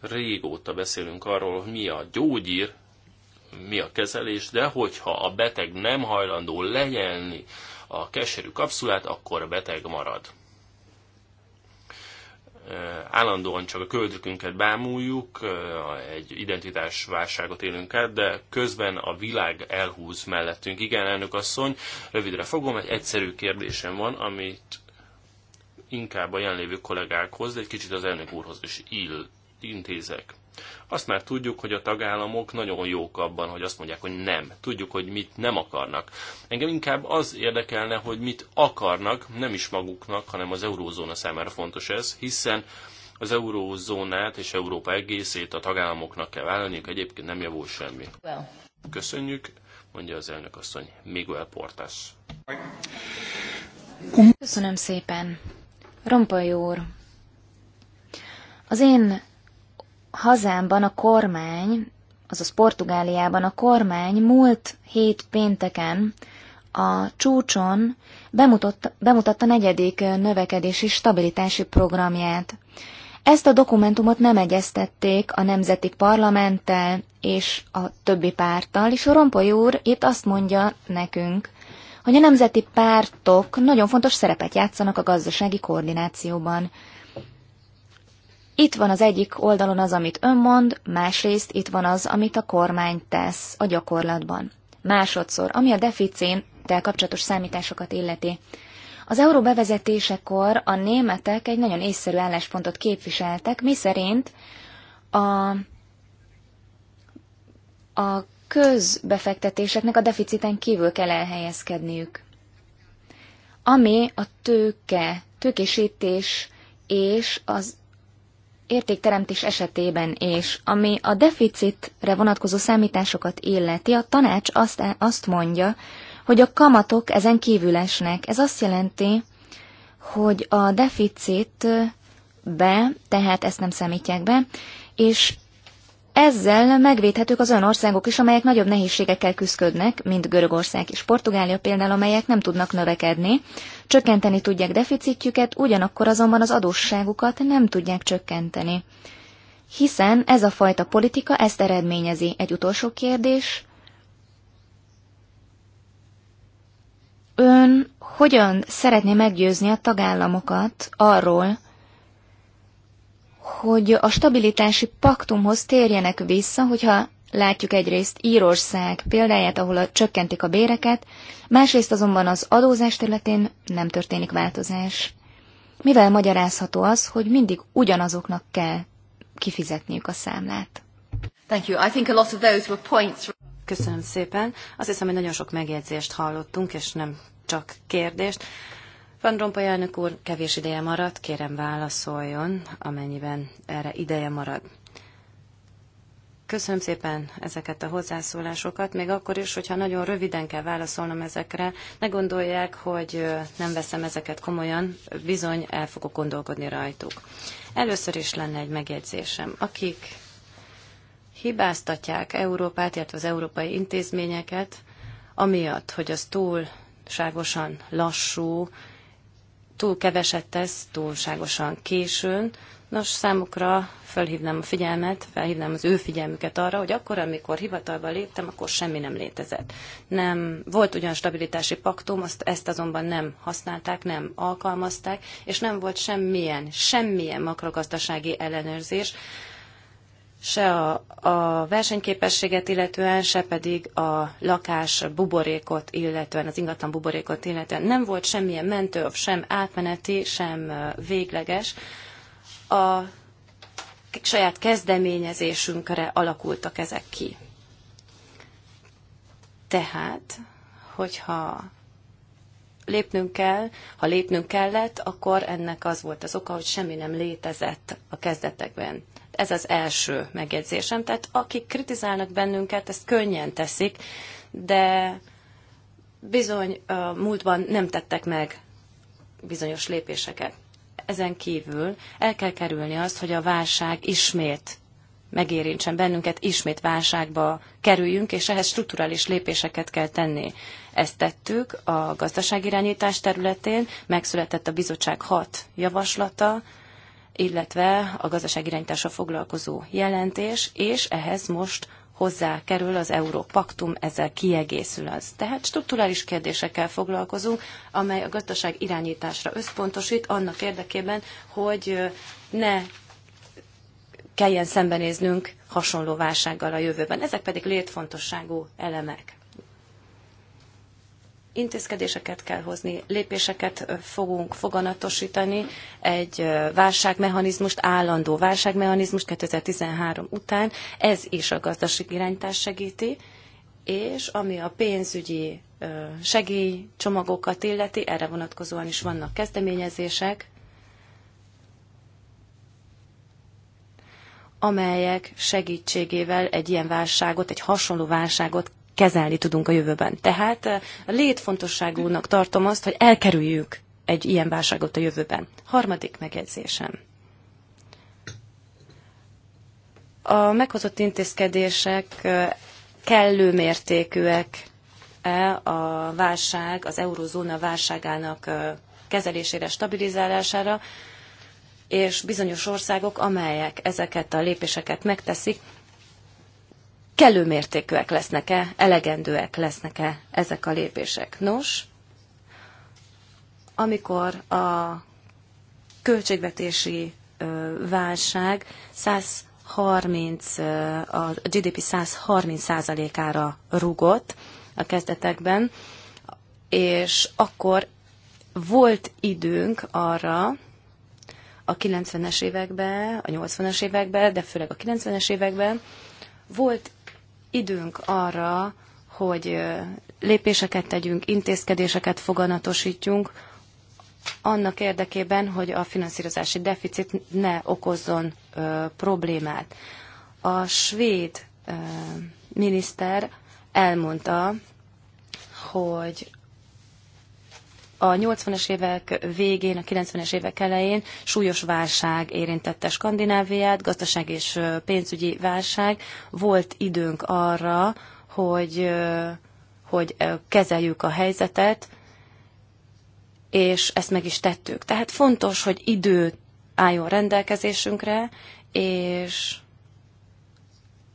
Régóta beszélünk arról, hogy mi a gyógyír, mi a kezelés, de hogyha a beteg nem hajlandó lejelni a keserű kapszulát, akkor a beteg marad állandóan csak a köldökünket bámuljuk, egy identitásválságot élünk át, de közben a világ elhúz mellettünk. Igen, elnök asszony, rövidre fogom, egy egyszerű kérdésem van, amit inkább a jelenlévő kollégákhoz, de egy kicsit az elnök úrhoz is ill, intézek. Azt már tudjuk, hogy a tagállamok nagyon jók abban, hogy azt mondják, hogy nem. Tudjuk, hogy mit nem akarnak. Engem inkább az érdekelne, hogy mit akarnak, nem is maguknak, hanem az eurózóna számára fontos ez, hiszen az eurózónát és Európa egészét a tagállamoknak kell vállalniuk, egyébként nem javul semmi. Köszönjük, mondja az elnök asszony Miguel Portas. Köszönöm szépen. Rompoly úr, az én hazámban a kormány, azaz Portugáliában a kormány múlt hét pénteken a csúcson bemutatta, bemutatta negyedik növekedési stabilitási programját. Ezt a dokumentumot nem egyeztették a nemzeti parlamenttel és a többi párttal, és Rompoly úr itt azt mondja nekünk, hogy a nemzeti pártok nagyon fontos szerepet játszanak a gazdasági koordinációban. Itt van az egyik oldalon az, amit ön mond, másrészt itt van az, amit a kormány tesz a gyakorlatban. Másodszor, ami a deficéntel kapcsolatos számításokat illeti. Az euró bevezetésekor a németek egy nagyon észszerű álláspontot képviseltek, miszerint a, a közbefektetéseknek a deficiten kívül kell elhelyezkedniük. Ami a tőke, tőkésítés és az értékteremtés esetében és ami a deficitre vonatkozó számításokat illeti, a tanács azt, azt mondja, hogy a kamatok ezen kívül esnek. Ez azt jelenti, hogy a deficitbe, tehát ezt nem számítják be, és ezzel megvédhetők az olyan országok is, amelyek nagyobb nehézségekkel küzdködnek, mint Görögország és Portugália például, amelyek nem tudnak növekedni, csökkenteni tudják deficitjüket, ugyanakkor azonban az adósságukat nem tudják csökkenteni. Hiszen ez a fajta politika ezt eredményezi. Egy utolsó kérdés. Ön hogyan szeretné meggyőzni a tagállamokat arról, hogy a stabilitási paktumhoz térjenek vissza, hogyha látjuk egyrészt Írország példáját, ahol a, csökkentik a béreket, másrészt azonban az adózás területén nem történik változás. Mivel magyarázható az, hogy mindig ugyanazoknak kell kifizetniük a számlát? Thank you. I think a lot of those were points. Köszönöm szépen. Azt hiszem, hogy nagyon sok megjegyzést hallottunk, és nem csak kérdést. Van Rompuy elnök úr, kevés ideje maradt, kérem válaszoljon, amennyiben erre ideje marad. Köszönöm szépen ezeket a hozzászólásokat, még akkor is, hogyha nagyon röviden kell válaszolnom ezekre, ne gondolják, hogy nem veszem ezeket komolyan, bizony el fogok gondolkodni rajtuk. Először is lenne egy megjegyzésem. Akik hibáztatják Európát, illetve az európai intézményeket, amiatt, hogy az túlságosan lassú, túl keveset tesz, túlságosan későn. Nos, számukra felhívnám a figyelmet, felhívnám az ő figyelmüket arra, hogy akkor, amikor hivatalba léptem, akkor semmi nem létezett. Nem, volt ugyan stabilitási paktum, azt, ezt azonban nem használták, nem alkalmazták, és nem volt semmilyen, semmilyen makrogazdasági ellenőrzés, se a, a versenyképességet illetően, se pedig a lakás buborékot illetően, az ingatlan buborékot illetően. Nem volt semmilyen mentő, sem átmeneti, sem végleges. A saját kezdeményezésünkre alakultak ezek ki. Tehát, hogyha lépnünk kell, ha lépnünk kellett, akkor ennek az volt az oka, hogy semmi nem létezett a kezdetekben. Ez az első megjegyzésem. Tehát akik kritizálnak bennünket, ezt könnyen teszik, de bizony múltban nem tettek meg bizonyos lépéseket. Ezen kívül el kell kerülni azt, hogy a válság ismét megérintsen bennünket, ismét válságba kerüljünk, és ehhez strukturális lépéseket kell tenni. Ezt tettük a gazdaságirányítás területén, megszületett a bizottság hat javaslata, illetve a gazdaságirányítással foglalkozó jelentés, és ehhez most hozzá kerül az Európaktum, ezzel kiegészül az. Tehát strukturális kérdésekkel foglalkozunk, amely a gazdaság irányításra összpontosít, annak érdekében, hogy ne kelljen szembenéznünk hasonló válsággal a jövőben. Ezek pedig létfontosságú elemek intézkedéseket kell hozni, lépéseket fogunk foganatosítani, egy válságmechanizmust, állandó válságmechanizmust 2013 után, ez is a gazdasági irányítás segíti, és ami a pénzügyi segélycsomagokat illeti, erre vonatkozóan is vannak kezdeményezések, amelyek segítségével egy ilyen válságot, egy hasonló válságot kezelni tudunk a jövőben. Tehát eh, létfontosságúnak tartom azt, hogy elkerüljük egy ilyen válságot a jövőben. Harmadik megjegyzésem. A meghozott intézkedések eh, kellő mértékűek -e a válság, az eurozóna válságának eh, kezelésére, stabilizálására, és bizonyos országok, amelyek ezeket a lépéseket megteszik, kellő mértékűek lesznek-e, elegendőek lesznek-e ezek a lépések. Nos, amikor a költségvetési válság 130, a GDP 130%-ára rugott a kezdetekben, és akkor volt időnk arra, a 90-es években, a 80-es években, de főleg a 90-es években, volt időnk arra, hogy lépéseket tegyünk, intézkedéseket foganatosítjunk, annak érdekében, hogy a finanszírozási deficit ne okozzon ö, problémát. A svéd ö, miniszter elmondta, hogy a 80 es évek végén, a 90-es évek elején súlyos válság érintette Skandináviát, gazdaság és pénzügyi válság. Volt időnk arra, hogy, hogy kezeljük a helyzetet, és ezt meg is tettük. Tehát fontos, hogy idő álljon rendelkezésünkre, és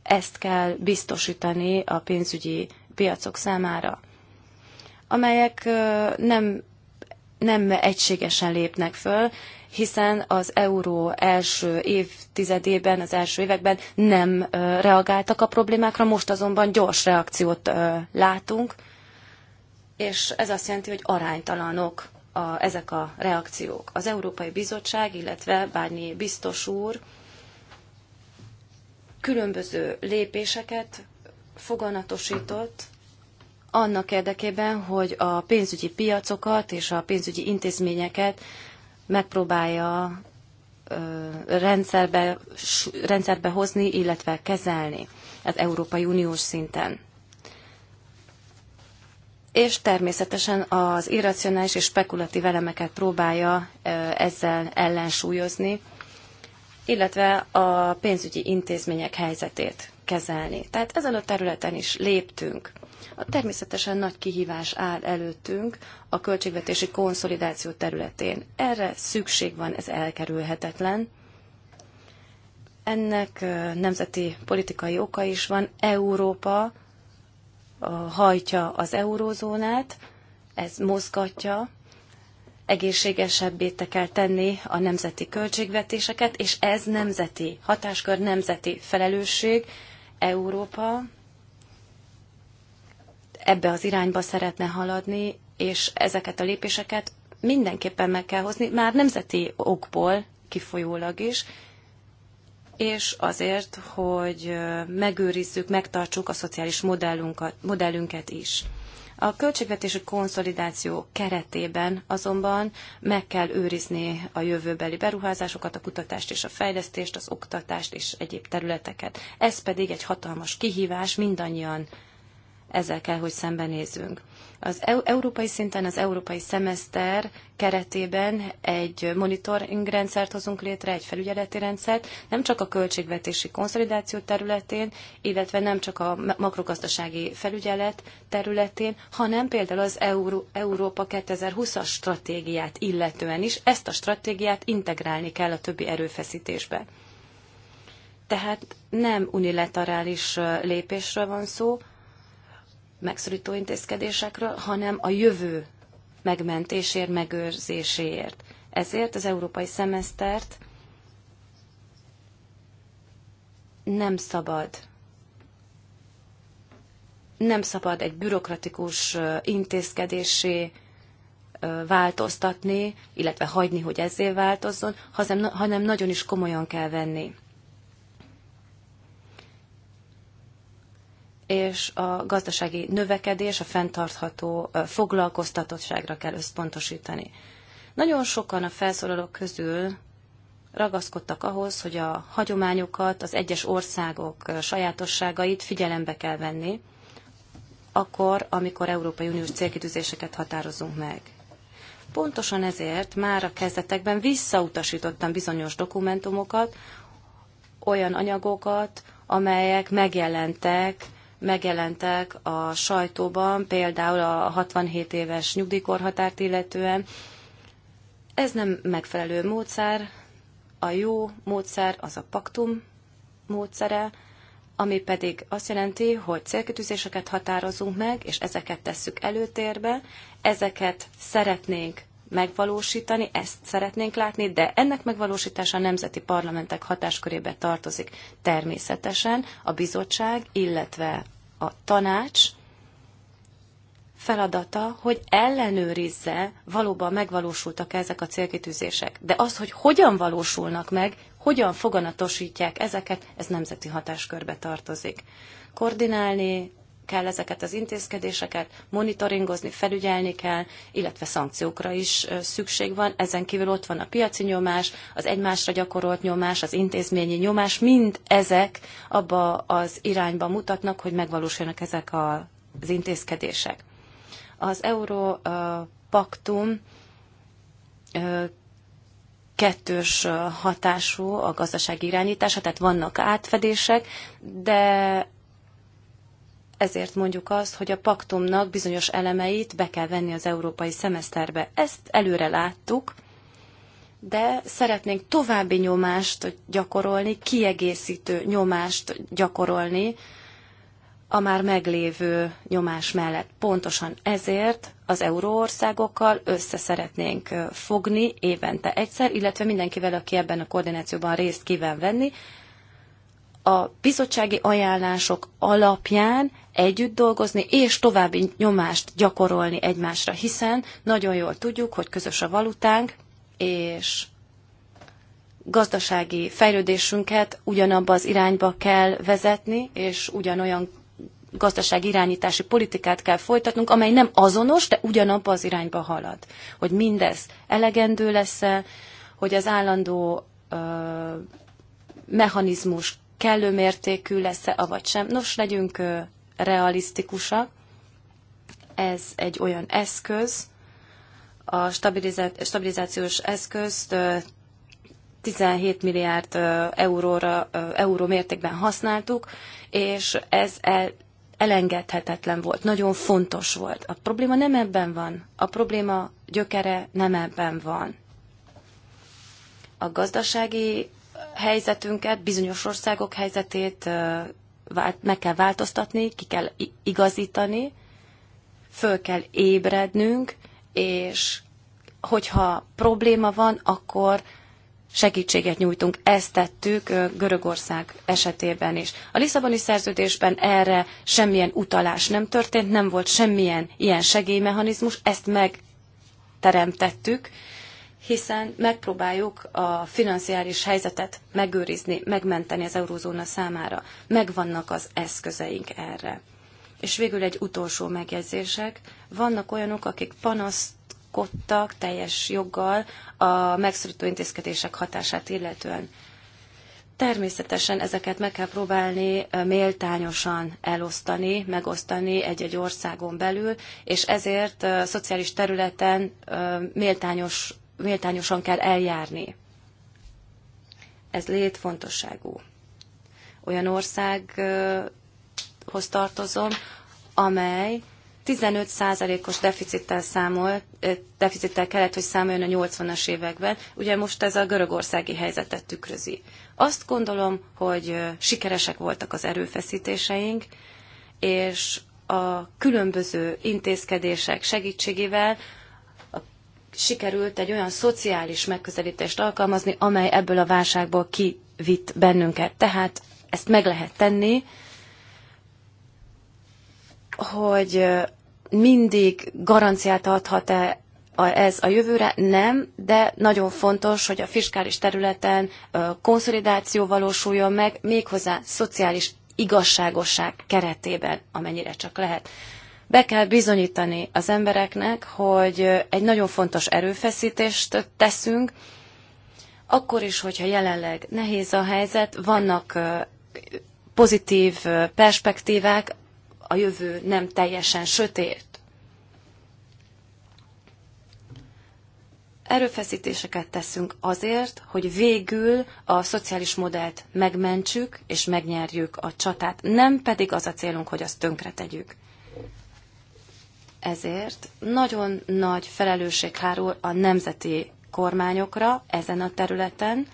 ezt kell biztosítani a pénzügyi piacok számára, amelyek nem nem egységesen lépnek föl, hiszen az euró első évtizedében, az első években nem reagáltak a problémákra, most azonban gyors reakciót látunk, és ez azt jelenti, hogy aránytalanok a, ezek a reakciók. Az Európai Bizottság, illetve Bárnyi biztos úr különböző lépéseket foganatosított, annak érdekében, hogy a pénzügyi piacokat és a pénzügyi intézményeket megpróbálja rendszerbe, rendszerbe hozni, illetve kezelni az Európai Uniós szinten. És természetesen az irracionális és spekulatív elemeket próbálja ezzel ellensúlyozni, illetve a pénzügyi intézmények helyzetét kezelni. Tehát ezen a területen is léptünk. A Természetesen nagy kihívás áll előttünk a költségvetési konszolidáció területén. Erre szükség van, ez elkerülhetetlen. Ennek nemzeti politikai oka is van. Európa hajtja az eurózónát, ez mozgatja, egészségesebbé te kell tenni a nemzeti költségvetéseket, és ez nemzeti hatáskör, nemzeti felelősség. Európa ebbe az irányba szeretne haladni, és ezeket a lépéseket mindenképpen meg kell hozni, már nemzeti okból kifolyólag is, és azért, hogy megőrizzük, megtartsuk a szociális modellünket, modellünket is. A költségvetési konszolidáció keretében azonban meg kell őrizni a jövőbeli beruházásokat, a kutatást és a fejlesztést, az oktatást és egyéb területeket. Ez pedig egy hatalmas kihívás, mindannyian ezzel kell, hogy szembenézzünk. Az európai szinten, az európai szemeszter keretében egy monitoring rendszert hozunk létre, egy felügyeleti rendszert, nem csak a költségvetési konszolidáció területén, illetve nem csak a makrogazdasági felügyelet területén, hanem például az Euró- Európa 2020-as stratégiát illetően is. Ezt a stratégiát integrálni kell a többi erőfeszítésbe. Tehát nem unilaterális lépésről van szó, megszorító intézkedésekről, hanem a jövő megmentésért, megőrzéséért. Ezért az európai szemesztert nem szabad nem szabad egy bürokratikus intézkedésé változtatni, illetve hagyni, hogy ezzé változzon, hanem nagyon is komolyan kell venni. és a gazdasági növekedés, a fenntartható foglalkoztatottságra kell összpontosítani. Nagyon sokan a felszólalók közül ragaszkodtak ahhoz, hogy a hagyományokat, az egyes országok sajátosságait figyelembe kell venni, akkor, amikor Európai Uniós célkitűzéseket határozunk meg. Pontosan ezért már a kezdetekben visszautasítottam bizonyos dokumentumokat, olyan anyagokat, amelyek megjelentek megjelentek a sajtóban, például a 67 éves nyugdíjkorhatárt illetően. Ez nem megfelelő módszer. A jó módszer az a paktum módszere, ami pedig azt jelenti, hogy célkitűzéseket határozunk meg, és ezeket tesszük előtérbe, ezeket szeretnénk megvalósítani, ezt szeretnénk látni, de ennek megvalósítása a nemzeti parlamentek hatáskörébe tartozik természetesen a bizottság, illetve a tanács feladata, hogy ellenőrizze, valóban megvalósultak -e ezek a célkitűzések. De az, hogy hogyan valósulnak meg, hogyan foganatosítják ezeket, ez nemzeti hatáskörbe tartozik. Koordinálni kell ezeket az intézkedéseket, monitoringozni, felügyelni kell, illetve szankciókra is szükség van. Ezen kívül ott van a piaci nyomás, az egymásra gyakorolt nyomás, az intézményi nyomás, mind ezek abba az irányba mutatnak, hogy megvalósuljanak ezek az intézkedések. Az Európaktum kettős hatású a gazdasági irányítása, tehát vannak átfedések, de ezért mondjuk azt, hogy a paktumnak bizonyos elemeit be kell venni az európai szemeszterbe. Ezt előre láttuk, de szeretnénk további nyomást gyakorolni, kiegészítő nyomást gyakorolni a már meglévő nyomás mellett. Pontosan ezért az euróországokkal össze szeretnénk fogni évente egyszer, illetve mindenkivel, aki ebben a koordinációban részt kíván venni, a bizottsági ajánlások alapján együtt dolgozni, és további nyomást gyakorolni egymásra, hiszen nagyon jól tudjuk, hogy közös a valutánk, és gazdasági fejlődésünket ugyanabba az irányba kell vezetni, és ugyanolyan gazdasági irányítási politikát kell folytatnunk, amely nem azonos, de ugyanabba az irányba halad. Hogy mindez elegendő lesz-e, hogy az állandó ö, mechanizmus kellő mértékű lesz-e, avagy sem. Nos, legyünk realisztikusak. Ez egy olyan eszköz, a stabilizációs eszközt 17 milliárd euróra, euró mértékben használtuk, és ez el, elengedhetetlen volt, nagyon fontos volt. A probléma nem ebben van, a probléma gyökere nem ebben van. A gazdasági helyzetünket, bizonyos országok helyzetét meg kell változtatni, ki kell igazítani, föl kell ébrednünk, és hogyha probléma van, akkor segítséget nyújtunk. Ezt tettük Görögország esetében is. A Lisszaboni szerződésben erre semmilyen utalás nem történt, nem volt semmilyen ilyen segélymechanizmus, ezt megteremtettük, hiszen megpróbáljuk a financiális helyzetet megőrizni, megmenteni az eurózóna számára. Megvannak az eszközeink erre. És végül egy utolsó megjegyzések. Vannak olyanok, akik panaszkodtak teljes joggal a megszorító intézkedések hatását illetően. Természetesen ezeket meg kell próbálni eh, méltányosan elosztani, megosztani egy-egy országon belül, és ezért eh, szociális területen eh, méltányos méltányosan kell eljárni. Ez létfontosságú. Olyan országhoz tartozom, amely 15%-os deficittel számol, eh, deficittel kellett, hogy számoljon a 80-as években. Ugye most ez a görögországi helyzetet tükrözi. Azt gondolom, hogy eh, sikeresek voltak az erőfeszítéseink, és a különböző intézkedések segítségével sikerült egy olyan szociális megközelítést alkalmazni, amely ebből a válságból kivitt bennünket. Tehát ezt meg lehet tenni, hogy mindig garanciát adhat-e ez a jövőre? Nem, de nagyon fontos, hogy a fiskális területen konszolidáció valósuljon meg, méghozzá szociális igazságosság keretében, amennyire csak lehet. Be kell bizonyítani az embereknek, hogy egy nagyon fontos erőfeszítést teszünk, akkor is, hogyha jelenleg nehéz a helyzet, vannak pozitív perspektívák, a jövő nem teljesen sötét. Erőfeszítéseket teszünk azért, hogy végül a szociális modellt megmentsük és megnyerjük a csatát, nem pedig az a célunk, hogy azt tönkre tegyük. Ezért nagyon nagy felelősség hárul a nemzeti kormányokra ezen a területen,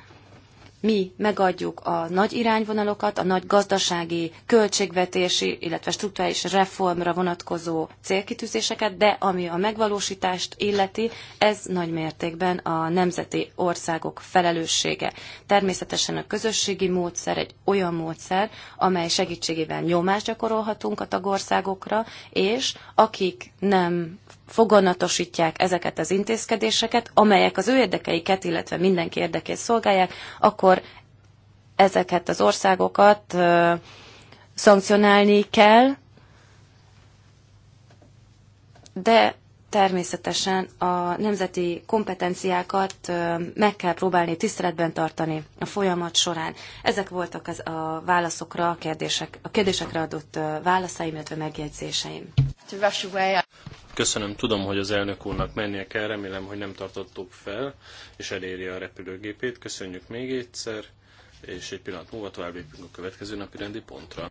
mi megadjuk a nagy irányvonalokat, a nagy gazdasági, költségvetési, illetve struktúrális reformra vonatkozó célkitűzéseket, de ami a megvalósítást illeti, ez nagy mértékben a nemzeti országok felelőssége. Természetesen a közösségi módszer egy olyan módszer, amely segítségével nyomást gyakorolhatunk a tagországokra, és akik nem foganatosítják ezeket az intézkedéseket, amelyek az ő érdekeiket, illetve mindenki érdekét szolgálják, akkor ezeket az országokat szankcionálni kell, de természetesen a nemzeti kompetenciákat meg kell próbálni tiszteletben tartani a folyamat során. Ezek voltak az a válaszokra, a, kérdések, a kérdésekre adott válaszaim, illetve megjegyzéseim. Köszönöm, tudom, hogy az elnök úrnak mennie kell, remélem, hogy nem tartottuk fel, és eléri a repülőgépét. Köszönjük még egyszer, és egy pillanat múlva tovább lépünk a következő napi rendi pontra.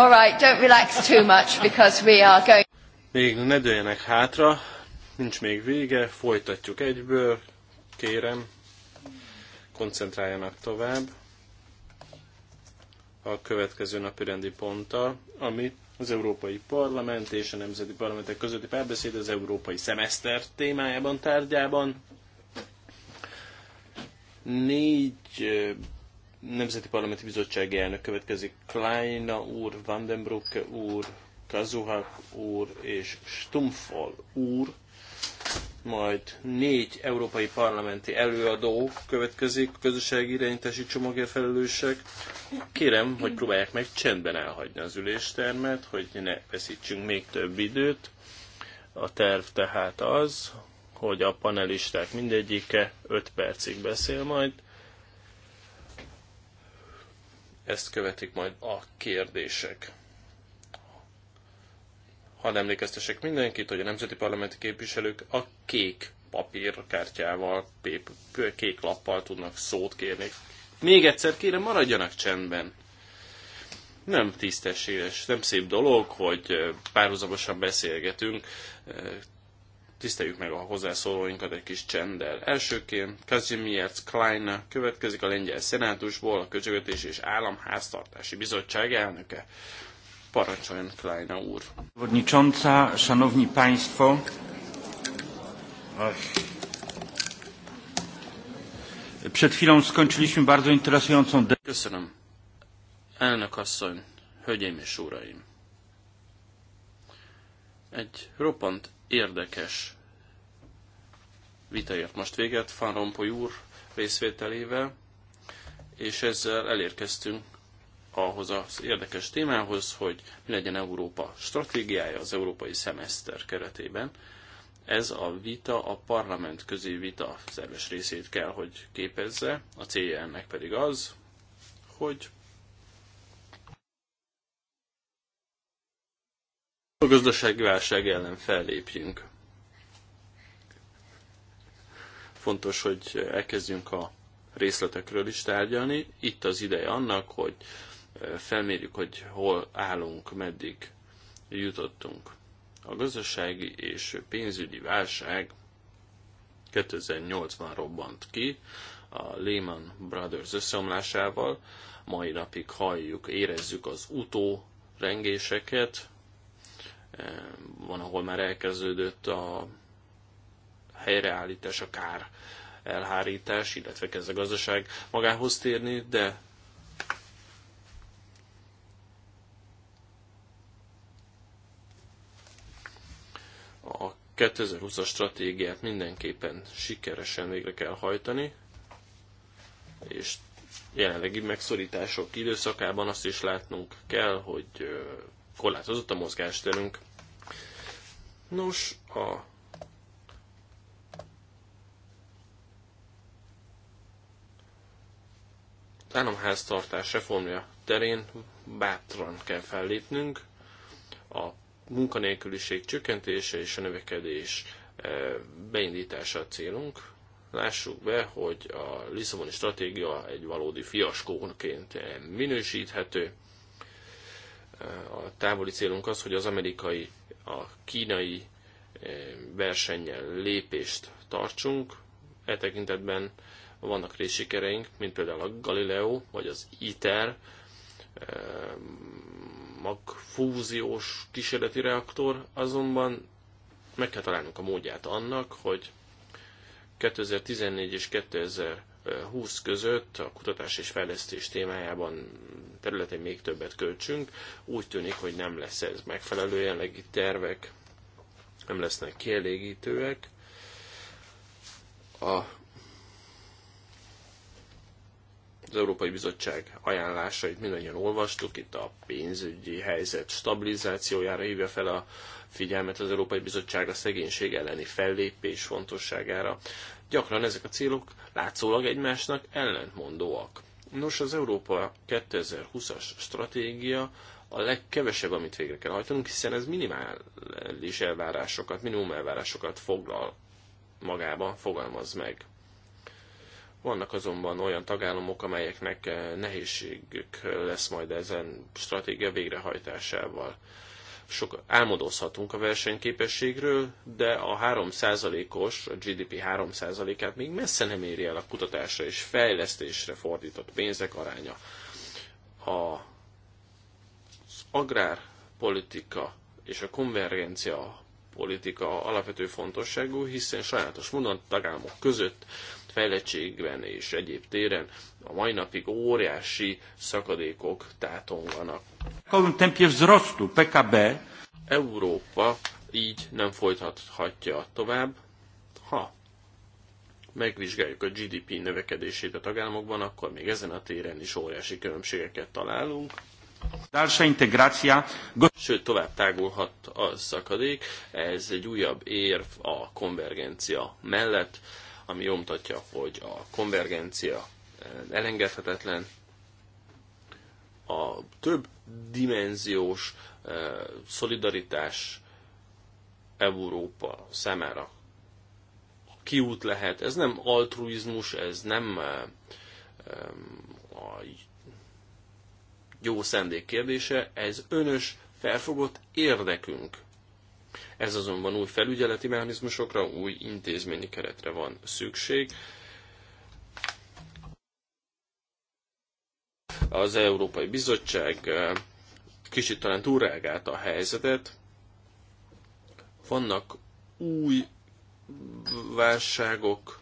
All right, don't relax too much because we are going... Még ne dőljenek hátra, nincs még vége, folytatjuk egyből, kérem, koncentráljanak tovább a következő napi rendi ponttal, ami az Európai Parlament és a Nemzeti Parlamentek közötti párbeszéd az Európai Szemeszter témájában, tárgyában. Négy Nemzeti Parlamenti Bizottsági elnök következik Kleina úr, Vandenbrucke úr, Kazuhak úr és Stumfol úr, majd négy európai parlamenti előadó következik, közösségi irányítási csomagért felelősek. Kérem, hogy próbálják meg csendben elhagyni az üléstermet, hogy ne veszítsünk még több időt. A terv tehát az, hogy a panelisták mindegyike 5 percig beszél majd, ezt követik majd a kérdések. Ha emlékeztesek mindenkit, hogy a nemzeti parlamenti képviselők a kék papírkártyával, kék lappal tudnak szót kérni. Még egyszer kérem, maradjanak csendben. Nem tisztességes, nem szép dolog, hogy párhuzamosan beszélgetünk, tiszteljük meg a hozzászólóinkat egy kis csenddel. Elsőként Kazimierz Klein következik a lengyel szenátusból, a Költségvetés és Államháztartási Bizottság elnöke. Parancsoljon Klein úr. Vodnicsonca, szanovni państwo. Przed chwilą skończyliśmy bardzo interesującą... Köszönöm. Elnök asszony, hölgyeim és uraim. Egy roppant érdekes vita most véget Van Rompuy úr részvételével, és ezzel elérkeztünk ahhoz az érdekes témához, hogy mi legyen Európa stratégiája az európai szemeszter keretében. Ez a vita, a parlament közé vita szerves részét kell, hogy képezze, a célja ennek pedig az, hogy a gazdasági válság ellen fellépjünk. Fontos, hogy elkezdjünk a részletekről is tárgyalni. Itt az ideje annak, hogy eh, felmérjük, hogy hol állunk, meddig jutottunk. A gazdasági és pénzügyi válság 2008-ban robbant ki a Lehman Brothers összeomlásával. Mai napig halljuk, érezzük az utó rengéseket, van, ahol már elkezdődött a helyreállítás, a kár elhárítás, illetve kezd a gazdaság magához térni, de a 2020-as stratégiát mindenképpen sikeresen végre kell hajtani, és jelenlegi megszorítások időszakában azt is látnunk kell, hogy korlátozott a mozgásterünk, Nos, a államháztartás reformja terén bátran kell fellépnünk, a munkanélküliség csökkentése és a növekedés e, beindítása a célunk. Lássuk be, hogy a Lisszaboni stratégia egy valódi fiaskónként minősíthető, a távoli célunk az, hogy az amerikai, a kínai eh, versennyel lépést tartsunk. E tekintetben vannak részsikereink, mint például a Galileo, vagy az ITER, eh, magfúziós kísérleti reaktor, azonban meg kell találnunk a módját annak, hogy 2014 és 2000 20 között a kutatás és fejlesztés témájában területén még többet költsünk. Úgy tűnik, hogy nem lesz ez megfelelő jelenlegi tervek, nem lesznek kielégítőek. A az Európai Bizottság ajánlásait mindannyian olvastuk, itt a pénzügyi helyzet stabilizációjára hívja fel a figyelmet az Európai Bizottság a szegénység elleni fellépés fontosságára, gyakran ezek a célok látszólag egymásnak ellentmondóak. Nos, az Európa 2020-as stratégia a legkevesebb, amit végre kell hajtanunk, hiszen ez minimális elvárásokat, minimum elvárásokat foglal magába, fogalmaz meg. Vannak azonban olyan tagállamok, amelyeknek nehézségük lesz majd ezen stratégia végrehajtásával sok álmodozhatunk a versenyképességről, de a 3%-os, a GDP 3%-át még messze nem éri el a kutatásra és fejlesztésre fordított pénzek aránya. A, az agrárpolitika és a konvergencia politika alapvető fontosságú, hiszen sajátos módon tagállamok között fejlettségben és egyéb téren a mai napig óriási szakadékok tátonganak. PKB Európa így nem folytathatja tovább, ha megvizsgáljuk a GDP növekedését a tagállamokban, akkor még ezen a téren is óriási különbségeket találunk. Sőt, tovább tágulhat a szakadék. Ez egy újabb érv a konvergencia mellett ami jól hogy a konvergencia eh, elengedhetetlen, a több dimenziós eh, szolidaritás Európa számára kiút lehet. Ez nem altruizmus, ez nem eh, a jó szendék kérdése, ez önös, felfogott érdekünk ez azonban új felügyeleti mechanizmusokra, új intézményi keretre van szükség. Az Európai Bizottság eh, kicsit talán túlrágált a helyzetet. Vannak új válságok,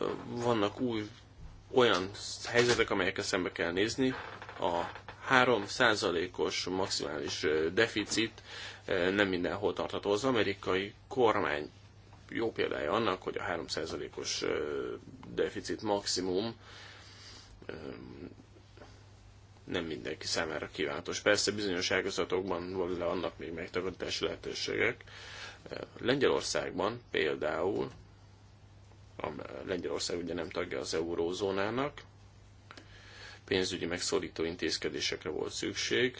eh, vannak új olyan helyzetek, amelyekkel szembe kell nézni. A 3%-os maximális eh, deficit nem mindenhol tartható. Az amerikai kormány jó példája annak, hogy a 3%-os deficit maximum nem mindenki számára kívánatos. Persze bizonyos ágazatokban van le annak még megtagadási lehetőségek. Lengyelországban például, a Lengyelország ugye nem tagja az eurózónának, pénzügyi megszorító intézkedésekre volt szükség,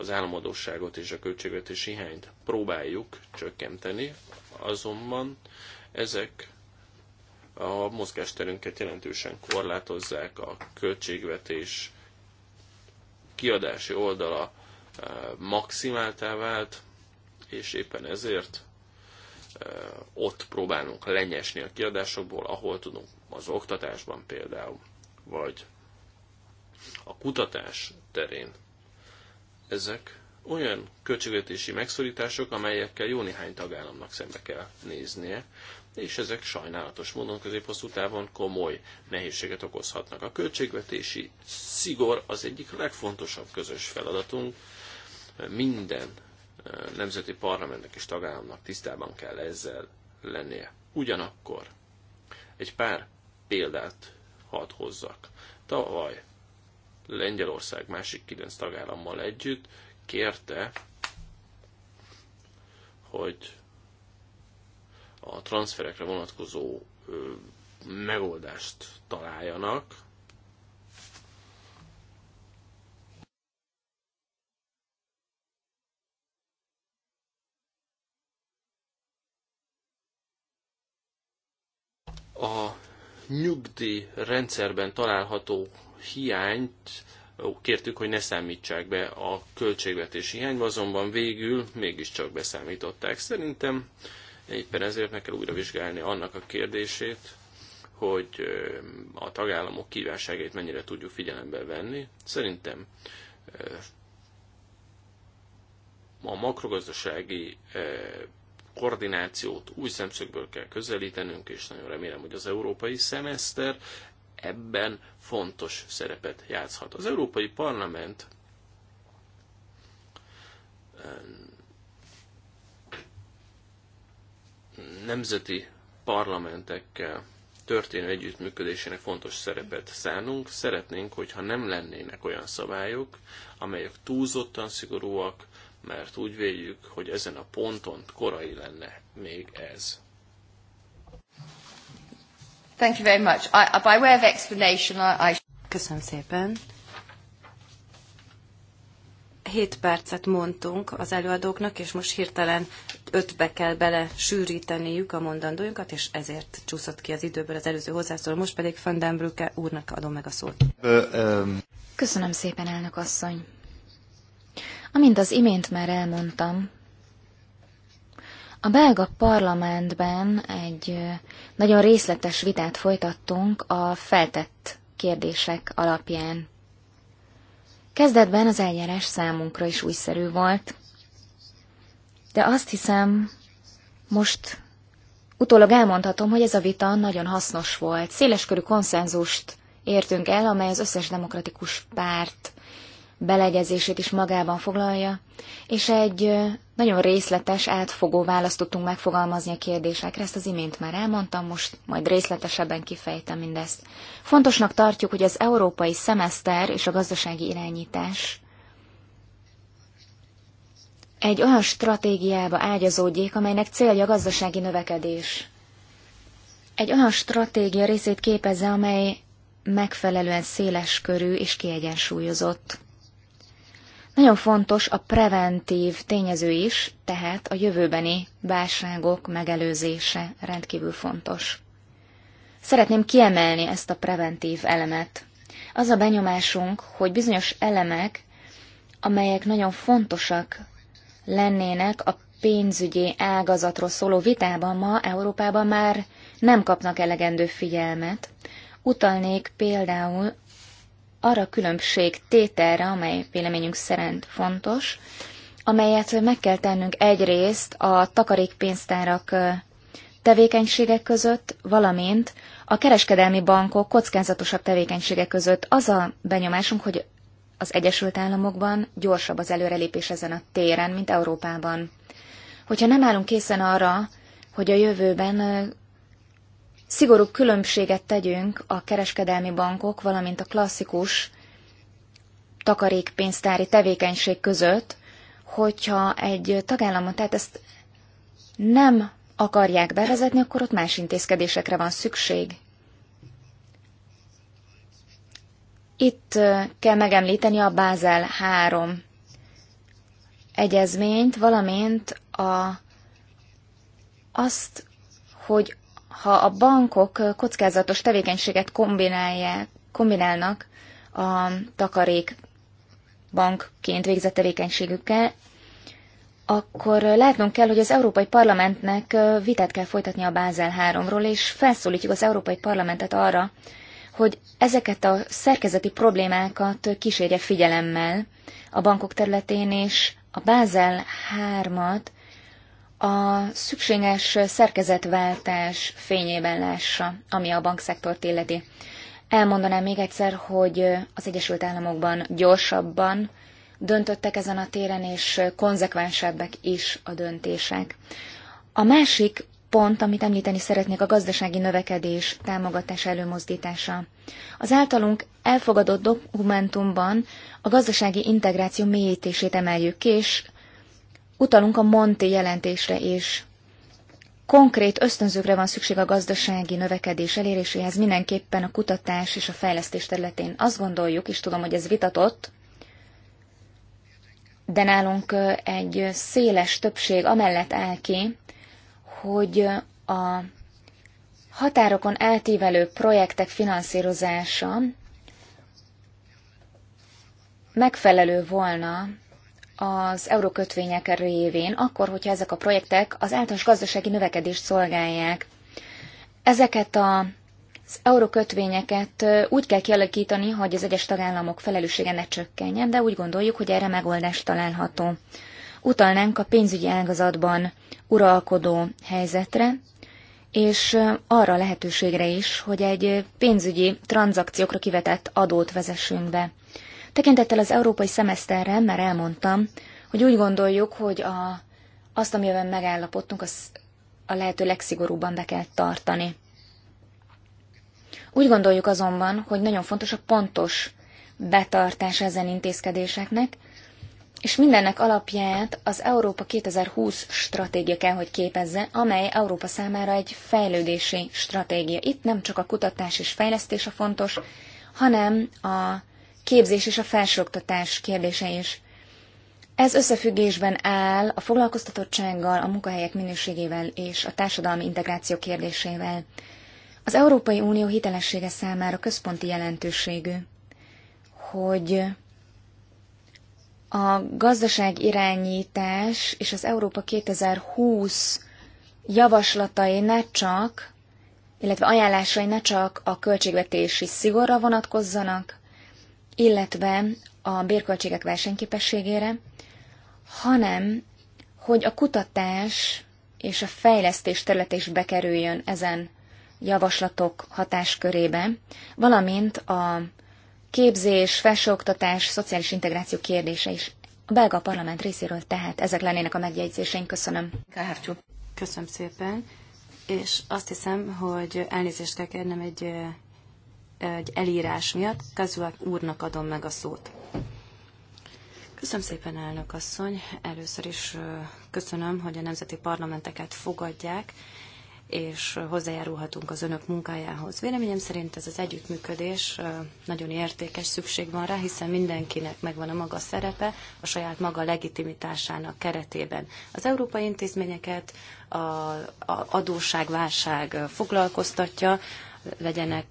az államadóságot és a költségvetési hiányt próbáljuk csökkenteni, azonban ezek a mozgásterünket jelentősen korlátozzák, a költségvetés kiadási oldala eh, maximáltá vált, és éppen ezért eh, ott próbálunk lenyesni a kiadásokból, ahol tudunk, az oktatásban például, vagy a kutatás terén ezek olyan költségvetési megszorítások, amelyekkel jó néhány tagállamnak szembe kell néznie, és ezek sajnálatos módon középhosszú távon komoly nehézséget okozhatnak. A költségvetési szigor az egyik legfontosabb közös feladatunk. Minden eh, nemzeti parlamentnek és tagállamnak tisztában kell ezzel lennie. Ugyanakkor egy pár példát hadd hozzak. Tavaly Lengyelország másik kilenc tagállammal együtt kérte, hogy a transferekre vonatkozó megoldást találjanak, a nyugdíj rendszerben található hiányt kértük, hogy ne számítsák be a költségvetési hiányba, azonban végül mégiscsak beszámították. Szerintem éppen ezért meg kell újra vizsgálni annak a kérdését, hogy a tagállamok kívánságait mennyire tudjuk figyelembe venni. Szerintem a makrogazdasági koordinációt új szemszögből kell közelítenünk, és nagyon remélem, hogy az európai szemeszter ebben fontos szerepet játszhat. Az Európai Parlament ehm, nemzeti parlamentekkel történő együttműködésének fontos szerepet szánunk. Szeretnénk, hogyha nem lennének olyan szabályok, amelyek túlzottan szigorúak, mert úgy véljük, hogy ezen a ponton korai lenne még ez. Thank you very much. I, by way of explanation, I... Köszönöm szépen. Hét percet mondtunk az előadóknak, és most hirtelen ötbe kell bele sűríteniük a mondandójunkat, és ezért csúszott ki az időből az előző hozzászóló. Most pedig Fandenbrücke úrnak adom meg a szót. Köszönöm szépen, elnök asszony. Amint az imént már elmondtam, a belga parlamentben egy nagyon részletes vitát folytattunk a feltett kérdések alapján. Kezdetben az eljárás számunkra is újszerű volt, de azt hiszem, most utólag elmondhatom, hogy ez a vita nagyon hasznos volt. Széleskörű konszenzust értünk el, amely az összes demokratikus párt beleegyezését is magában foglalja, és egy nagyon részletes, átfogó választ tudtunk megfogalmazni a kérdésekre. Ezt az imént már elmondtam, most majd részletesebben kifejtem mindezt. Fontosnak tartjuk, hogy az európai szemeszter és a gazdasági irányítás egy olyan stratégiába ágyazódjék, amelynek célja a gazdasági növekedés. Egy olyan stratégia részét képezze, amely megfelelően széles körű és kiegyensúlyozott. Nagyon fontos a preventív tényező is, tehát a jövőbeni válságok megelőzése rendkívül fontos. Szeretném kiemelni ezt a preventív elemet. Az a benyomásunk, hogy bizonyos elemek, amelyek nagyon fontosak lennének a pénzügyi ágazatról szóló vitában ma Európában már nem kapnak elegendő figyelmet. Utalnék például arra a különbség tételre, amely véleményünk szerint fontos, amelyet meg kell tennünk egyrészt a takarékpénztárak tevékenységek között, valamint a kereskedelmi bankok kockázatosabb tevékenységek között. Az a benyomásunk, hogy az Egyesült Államokban gyorsabb az előrelépés ezen a téren, mint Európában. Hogyha nem állunk készen arra, hogy a jövőben szigorú különbséget tegyünk a kereskedelmi bankok, valamint a klasszikus takarékpénztári tevékenység között, hogyha egy tagállamot, tehát ezt nem akarják bevezetni, akkor ott más intézkedésekre van szükség. Itt kell megemlíteni a Bázel 3 egyezményt, valamint a, azt, hogy ha a bankok kockázatos tevékenységet kombinálják, kombinálnak a takarék bankként végzett tevékenységükkel, akkor látnunk kell, hogy az Európai Parlamentnek vitát kell folytatni a Bázel 3-ról, és felszólítjuk az Európai Parlamentet arra, hogy ezeket a szerkezeti problémákat kísérje figyelemmel a bankok területén, és a Bázel 3-at a szükséges szerkezetváltás fényében lássa, ami a bankszektort illeti. Elmondanám még egyszer, hogy az Egyesült Államokban gyorsabban döntöttek ezen a téren, és konzekvensebbek is a döntések. A másik pont, amit említeni szeretnék, a gazdasági növekedés támogatás előmozdítása. Az általunk elfogadott dokumentumban a gazdasági integráció mélyítését emeljük ki, és utalunk a Monti jelentésre is. Konkrét ösztönzőkre van szükség a gazdasági növekedés eléréséhez, mindenképpen a kutatás és a fejlesztés területén. Azt gondoljuk, és tudom, hogy ez vitatott, de nálunk egy széles többség amellett áll ki, hogy a határokon átívelő projektek finanszírozása megfelelő volna az eurókötvények révén, akkor, hogyha ezek a projektek az általános gazdasági növekedést szolgálják. Ezeket a az eurókötvényeket úgy kell kialakítani, hogy az egyes tagállamok felelőssége ne csökkenjen, de úgy gondoljuk, hogy erre megoldást található. Utalnánk a pénzügyi ágazatban uralkodó helyzetre, és arra a lehetőségre is, hogy egy pénzügyi tranzakciókra kivetett adót vezessünk be. Tekintettel az európai szemeszterre mert elmondtam, hogy úgy gondoljuk, hogy a, azt, amiben megállapodtunk, az a lehető legszigorúbban be kell tartani. Úgy gondoljuk azonban, hogy nagyon fontos a pontos betartás ezen intézkedéseknek, és mindennek alapját az Európa 2020 stratégia kell, hogy képezze, amely Európa számára egy fejlődési stratégia. Itt nem csak a kutatás és fejlesztés a fontos, hanem a képzés és a felsőoktatás kérdése is. Ez összefüggésben áll a foglalkoztatottsággal, a munkahelyek minőségével és a társadalmi integráció kérdésével. Az Európai Unió hitelessége számára központi jelentőségű, hogy a gazdaság irányítás és az Európa 2020 javaslatai ne csak, illetve ajánlásai ne csak a költségvetési szigorra vonatkozzanak, illetve a bérköltségek versenyképességére, hanem hogy a kutatás és a fejlesztés terület is bekerüljön ezen javaslatok hatáskörébe, valamint a képzés, felsőoktatás, szociális integráció kérdése is. A belga parlament részéről tehát ezek lennének a megjegyzéseink. Köszönöm. Köszönöm szépen, és azt hiszem, hogy elnézést kell kérnem egy egy elírás miatt. Kazuak úrnak adom meg a szót. Köszönöm szépen, elnök asszony. Először is köszönöm, hogy a nemzeti parlamenteket fogadják, és hozzájárulhatunk az önök munkájához. Véleményem szerint ez az együttműködés nagyon értékes, szükség van rá, hiszen mindenkinek megvan a maga szerepe a saját maga legitimitásának keretében. Az európai intézményeket a, a adósságválság foglalkoztatja, legyenek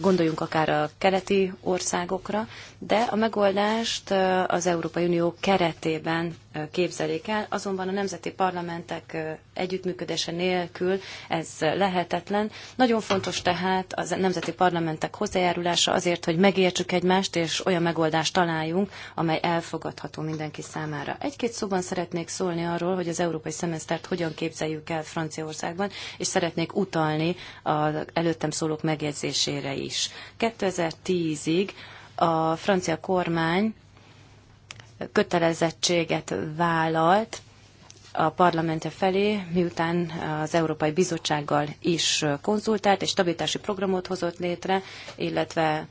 gondoljunk akár a keleti országokra, de a megoldást az Európai Unió keretében képzelik el, azonban a nemzeti parlamentek együttműködése nélkül ez lehetetlen. Nagyon fontos tehát a nemzeti parlamentek hozzájárulása azért, hogy megértsük egymást, és olyan megoldást találjunk, amely elfogadható mindenki számára. Egy-két szóban szeretnék szólni arról, hogy az európai szemesztert hogyan képzeljük el Franciaországban, és szeretnék utalni az előttem szólók megjegyzésére is. 2010-ig a francia kormány kötelezettséget vállalt a parlamente felé, miután az Európai Bizottsággal is konzultált, és stabilitási programot hozott létre, illetve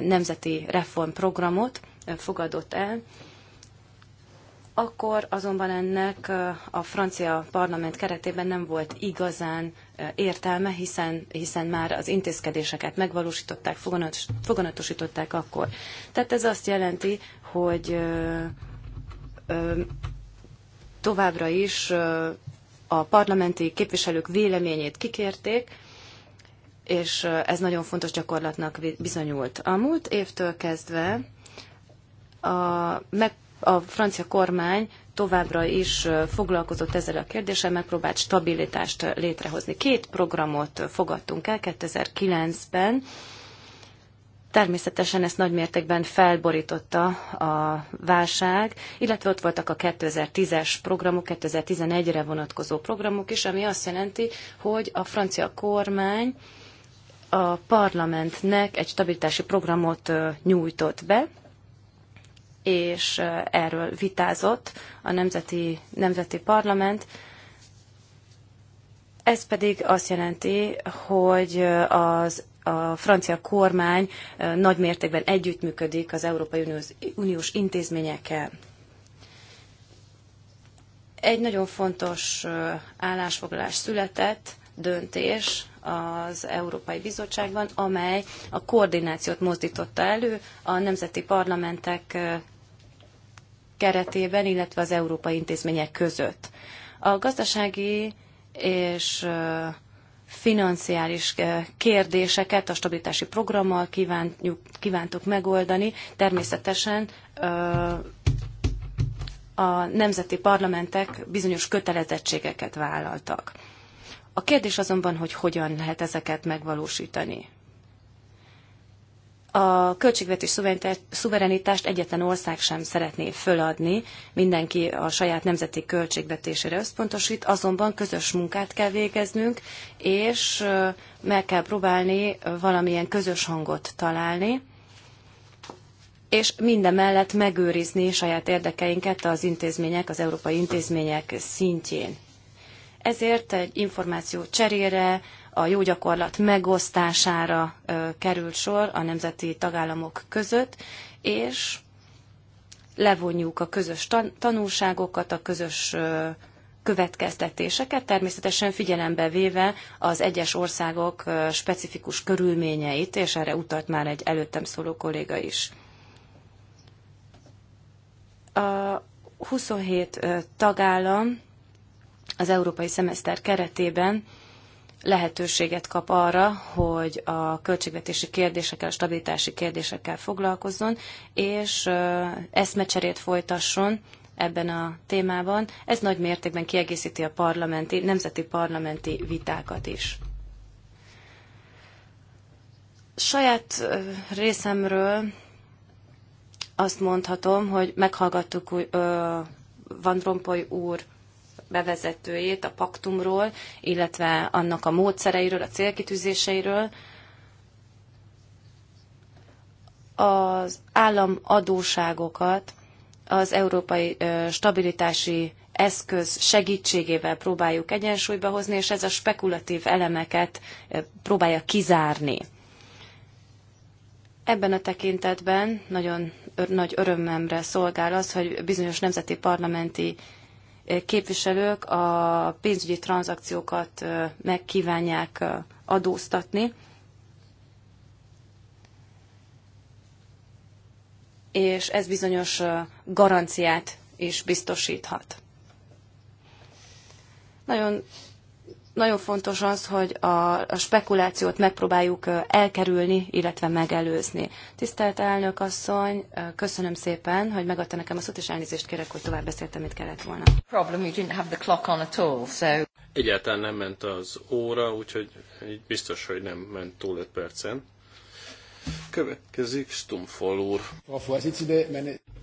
nemzeti reformprogramot fogadott el, akkor azonban ennek a francia parlament keretében nem volt igazán értelme, hiszen, hiszen már az intézkedéseket megvalósították, foganatosították akkor. Tehát ez azt jelenti, hogy ö, ö, továbbra is ö, a parlamenti képviselők véleményét kikérték, és ez nagyon fontos gyakorlatnak bizonyult. A múlt évtől kezdve a, meg a francia kormány továbbra is foglalkozott ezzel a kérdéssel, megpróbált stabilitást létrehozni. Két programot fogadtunk el 2009-ben, Természetesen ezt nagy mértékben felborította a válság, illetve ott voltak a 2010-es programok, 2011-re vonatkozó programok is, ami azt jelenti, hogy a francia kormány a parlamentnek egy stabilitási programot nyújtott be, és erről vitázott a Nemzeti, Nemzeti Parlament. Ez pedig azt jelenti, hogy az a francia kormány nagy mértékben együttműködik az Európai Uniós, Uniós intézményekkel. Egy nagyon fontos állásfoglalás született, döntés az Európai Bizottságban, amely a koordinációt mozdította elő a nemzeti parlamentek keretében, illetve az európai intézmények között. A gazdasági és financiális kérdéseket a stabilitási programmal kívánjuk, kívántuk megoldani. Természetesen a nemzeti parlamentek bizonyos kötelezettségeket vállaltak. A kérdés azonban, hogy hogyan lehet ezeket megvalósítani a költségvetés szuverenitást egyetlen ország sem szeretné föladni, mindenki a saját nemzeti költségvetésére összpontosít, azonban közös munkát kell végeznünk, és meg kell próbálni valamilyen közös hangot találni, és mindemellett megőrizni saját érdekeinket az intézmények, az európai intézmények szintjén. Ezért egy információ cserére, a jó gyakorlat megosztására került sor a nemzeti tagállamok között, és levonjuk a közös tanulságokat, a közös következtetéseket, természetesen figyelembe véve az egyes országok specifikus körülményeit, és erre utalt már egy előttem szóló kolléga is. A 27 tagállam az európai szemeszter keretében lehetőséget kap arra, hogy a költségvetési kérdésekkel, a stabilitási kérdésekkel foglalkozzon, és eszmecserét folytasson ebben a témában. Ez nagy mértékben kiegészíti a parlamenti, nemzeti parlamenti vitákat is. Saját részemről azt mondhatom, hogy meghallgattuk Van Rompuy úr bevezetőjét a paktumról, illetve annak a módszereiről, a célkitűzéseiről. Az állam adóságokat az európai stabilitási eszköz segítségével próbáljuk egyensúlyba hozni, és ez a spekulatív elemeket próbálja kizárni. Ebben a tekintetben nagyon nagy örömmemre szolgál az, hogy bizonyos nemzeti parlamenti képviselők a pénzügyi tranzakciókat megkívánják adóztatni. És ez bizonyos garanciát is biztosíthat. Nagyon nagyon fontos az, hogy a, a spekulációt megpróbáljuk elkerülni, illetve megelőzni. Tisztelt elnök asszony, köszönöm szépen, hogy megadta nekem a szót, és elnézést kérek, hogy tovább beszéltem, mit kellett volna. Problem, you didn't have the clock on at all, so... Egyáltalán nem ment az óra, úgyhogy biztos, hogy nem ment túl öt percen. Következik Stumfol úr.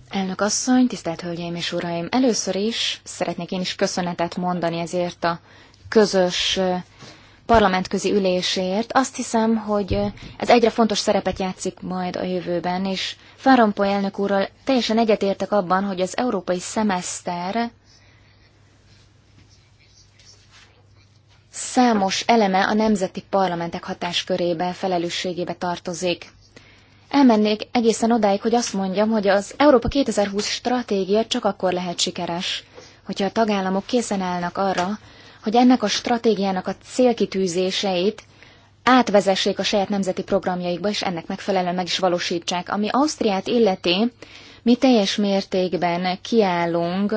Elnök asszony, tisztelt hölgyeim és uraim! Először is szeretnék én is köszönetet mondani ezért a közös parlamentközi ülésért. Azt hiszem, hogy ez egyre fontos szerepet játszik majd a jövőben, és Fárompoly elnök úrral teljesen egyetértek abban, hogy az európai szemeszter számos eleme a nemzeti parlamentek hatáskörébe, felelősségébe tartozik. Elmennék egészen odáig, hogy azt mondjam, hogy az Európa 2020 stratégia csak akkor lehet sikeres, hogyha a tagállamok készen állnak arra, hogy ennek a stratégiának a célkitűzéseit átvezessék a saját nemzeti programjaikba, és ennek megfelelően meg is valósítsák. Ami Ausztriát illeti, mi teljes mértékben kiállunk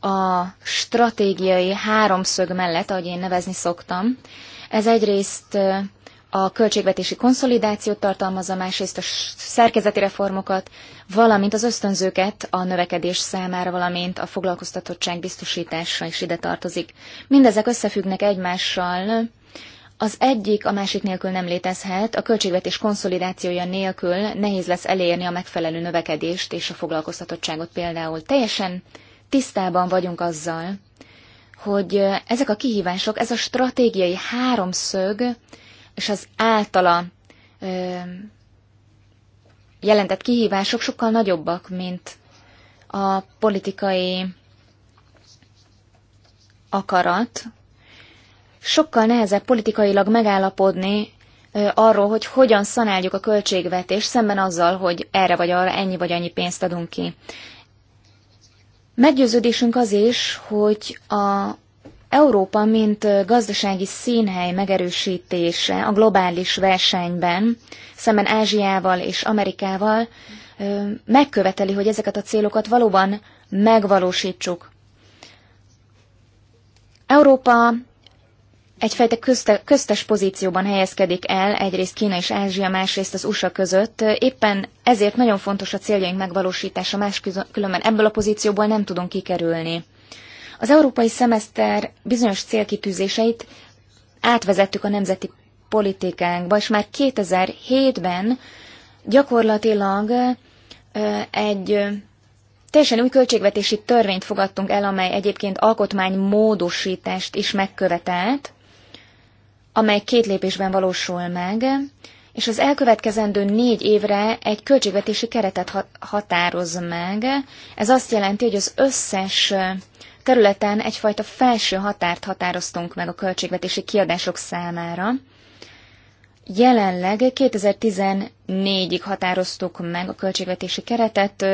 a stratégiai háromszög mellett, ahogy én nevezni szoktam. Ez egyrészt a költségvetési konszolidációt tartalmazza, másrészt a szerkezeti reformokat, valamint az ösztönzőket a növekedés számára, valamint a foglalkoztatottság biztosítása is ide tartozik. Mindezek összefüggnek egymással, az egyik a másik nélkül nem létezhet, a költségvetés konszolidációja nélkül nehéz lesz elérni a megfelelő növekedést és a foglalkoztatottságot például. Teljesen tisztában vagyunk azzal, hogy ezek a kihívások, ez a stratégiai háromszög, és az általa jelentett kihívások sokkal nagyobbak, mint a politikai akarat. Sokkal nehezebb politikailag megállapodni arról, hogy hogyan szanáljuk a költségvetést szemben azzal, hogy erre vagy arra ennyi vagy annyi pénzt adunk ki. Meggyőződésünk az is, hogy a Európa, mint gazdasági színhely megerősítése a globális versenyben, szemben Ázsiával és Amerikával, megköveteli, hogy ezeket a célokat valóban megvalósítsuk. Európa egyfajta köztes pozícióban helyezkedik el, egyrészt Kína és Ázsia, másrészt az USA között. Éppen ezért nagyon fontos a céljaink megvalósítása, máskülönben ebből a pozícióból nem tudunk kikerülni. Az európai szemeszter bizonyos célkitűzéseit átvezettük a nemzeti politikánkba, és már 2007-ben gyakorlatilag egy teljesen új költségvetési törvényt fogadtunk el, amely egyébként alkotmánymódosítást is megkövetelt, amely két lépésben valósul meg, és az elkövetkezendő négy évre egy költségvetési keretet határoz meg. Ez azt jelenti, hogy az összes területen egyfajta felső határt határoztunk meg a költségvetési kiadások számára. Jelenleg 2014-ig határoztuk meg a költségvetési keretet,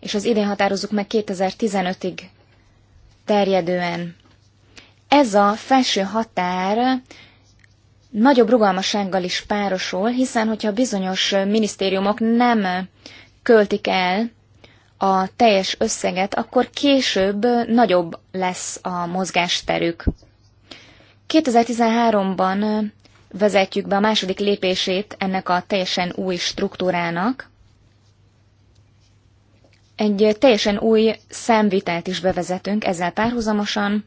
és az idén határozzuk meg 2015-ig terjedően. Ez a felső határ nagyobb rugalmassággal is párosul, hiszen hogyha bizonyos minisztériumok nem költik el a teljes összeget, akkor később nagyobb lesz a mozgásterük. 2013-ban vezetjük be a második lépését ennek a teljesen új struktúrának. Egy teljesen új szemvitelt is bevezetünk ezzel párhuzamosan,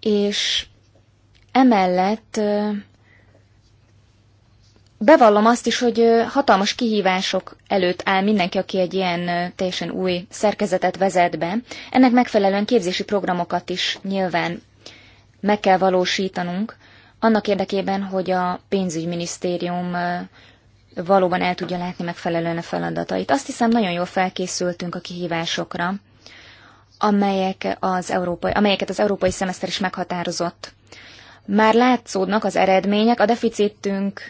és emellett Bevallom azt is, hogy hatalmas kihívások előtt áll mindenki, aki egy ilyen teljesen új szerkezetet vezet be. Ennek megfelelően képzési programokat is nyilván meg kell valósítanunk, annak érdekében, hogy a pénzügyminisztérium valóban el tudja látni megfelelően a feladatait. Azt hiszem, nagyon jól felkészültünk a kihívásokra, amelyek az európai, amelyeket az európai szemeszter is meghatározott. Már látszódnak az eredmények, a deficitünk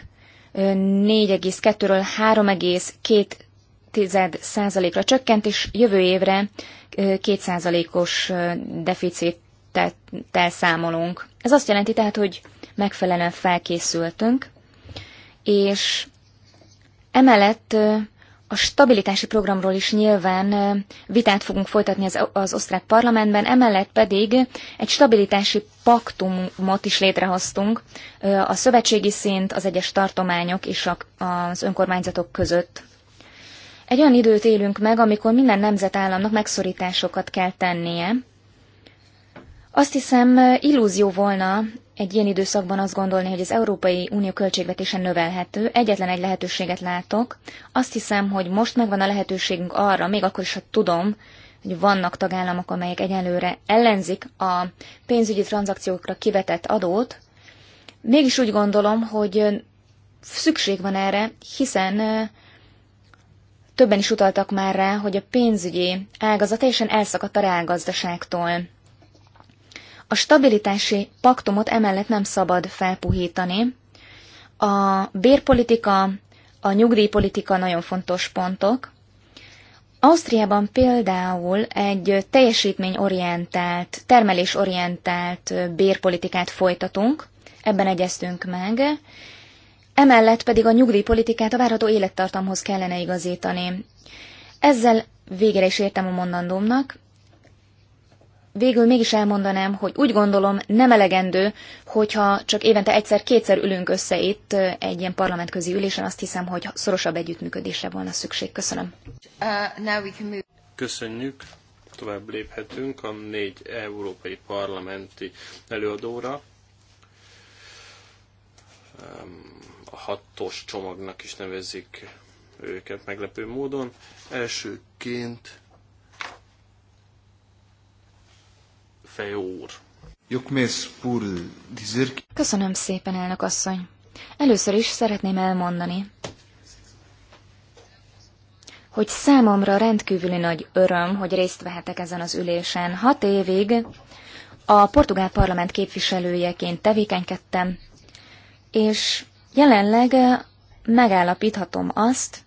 4,2-ről 3,2 százalékra csökkent, és jövő évre 2 százalékos deficittel számolunk. Ez azt jelenti tehát, hogy megfelelően felkészültünk, és emellett a stabilitási programról is nyilván vitát fogunk folytatni az, az osztrák parlamentben, emellett pedig egy stabilitási paktumot is létrehoztunk a szövetségi szint, az egyes tartományok és az önkormányzatok között. Egy olyan időt élünk meg, amikor minden nemzetállamnak megszorításokat kell tennie, azt hiszem, illúzió volna egy ilyen időszakban azt gondolni, hogy az Európai Unió költségvetése növelhető. Egyetlen egy lehetőséget látok. Azt hiszem, hogy most megvan a lehetőségünk arra, még akkor is, ha tudom, hogy vannak tagállamok, amelyek egyelőre ellenzik a pénzügyi tranzakciókra kivetett adót, mégis úgy gondolom, hogy szükség van erre, hiszen többen is utaltak már rá, hogy a pénzügyi ágazat teljesen elszakadt a reálgazdaságtól. A stabilitási paktumot emellett nem szabad felpuhítani. A bérpolitika, a nyugdíjpolitika nagyon fontos pontok. Ausztriában például egy teljesítményorientált, termelésorientált bérpolitikát folytatunk, ebben egyeztünk meg, emellett pedig a nyugdíjpolitikát a várható élettartamhoz kellene igazítani. Ezzel végre is értem a mondandómnak, végül mégis elmondanám, hogy úgy gondolom nem elegendő, hogyha csak évente egyszer-kétszer ülünk össze itt egy ilyen parlamentközi ülésen, azt hiszem, hogy szorosabb együttműködésre volna szükség. Köszönöm. Uh, Köszönjük. Tovább léphetünk a négy európai parlamenti előadóra. A hatos csomagnak is nevezik őket meglepő módon. Elsőként úr. Köszönöm szépen, elnök asszony. Először is szeretném elmondani, hogy számomra rendkívüli nagy öröm, hogy részt vehetek ezen az ülésen. Hat évig a portugál parlament képviselőjeként tevékenykedtem, és jelenleg megállapíthatom azt,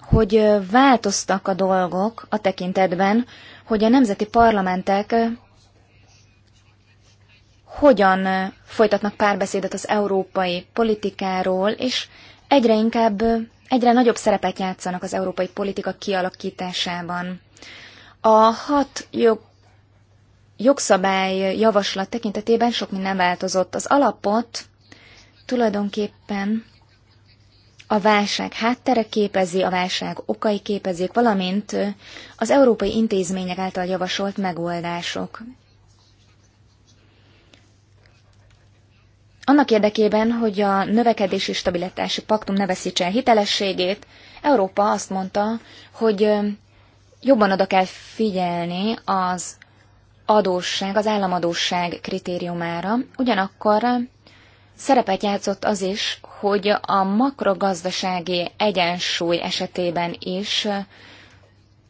hogy változtak a dolgok a tekintetben, hogy a nemzeti parlamentek hogyan folytatnak párbeszédet az európai politikáról, és egyre inkább, egyre nagyobb szerepet játszanak az európai politika kialakításában. A hat jog, jogszabály javaslat tekintetében sok minden változott. Az alapot tulajdonképpen a válság háttere képezi, a válság okai képezik, valamint az európai intézmények által javasolt megoldások. Annak érdekében, hogy a növekedési stabilitási paktum ne veszítse el hitelességét, Európa azt mondta, hogy jobban oda kell figyelni az adósság, az államadósság kritériumára, ugyanakkor szerepet játszott az is, hogy a makrogazdasági egyensúly esetében is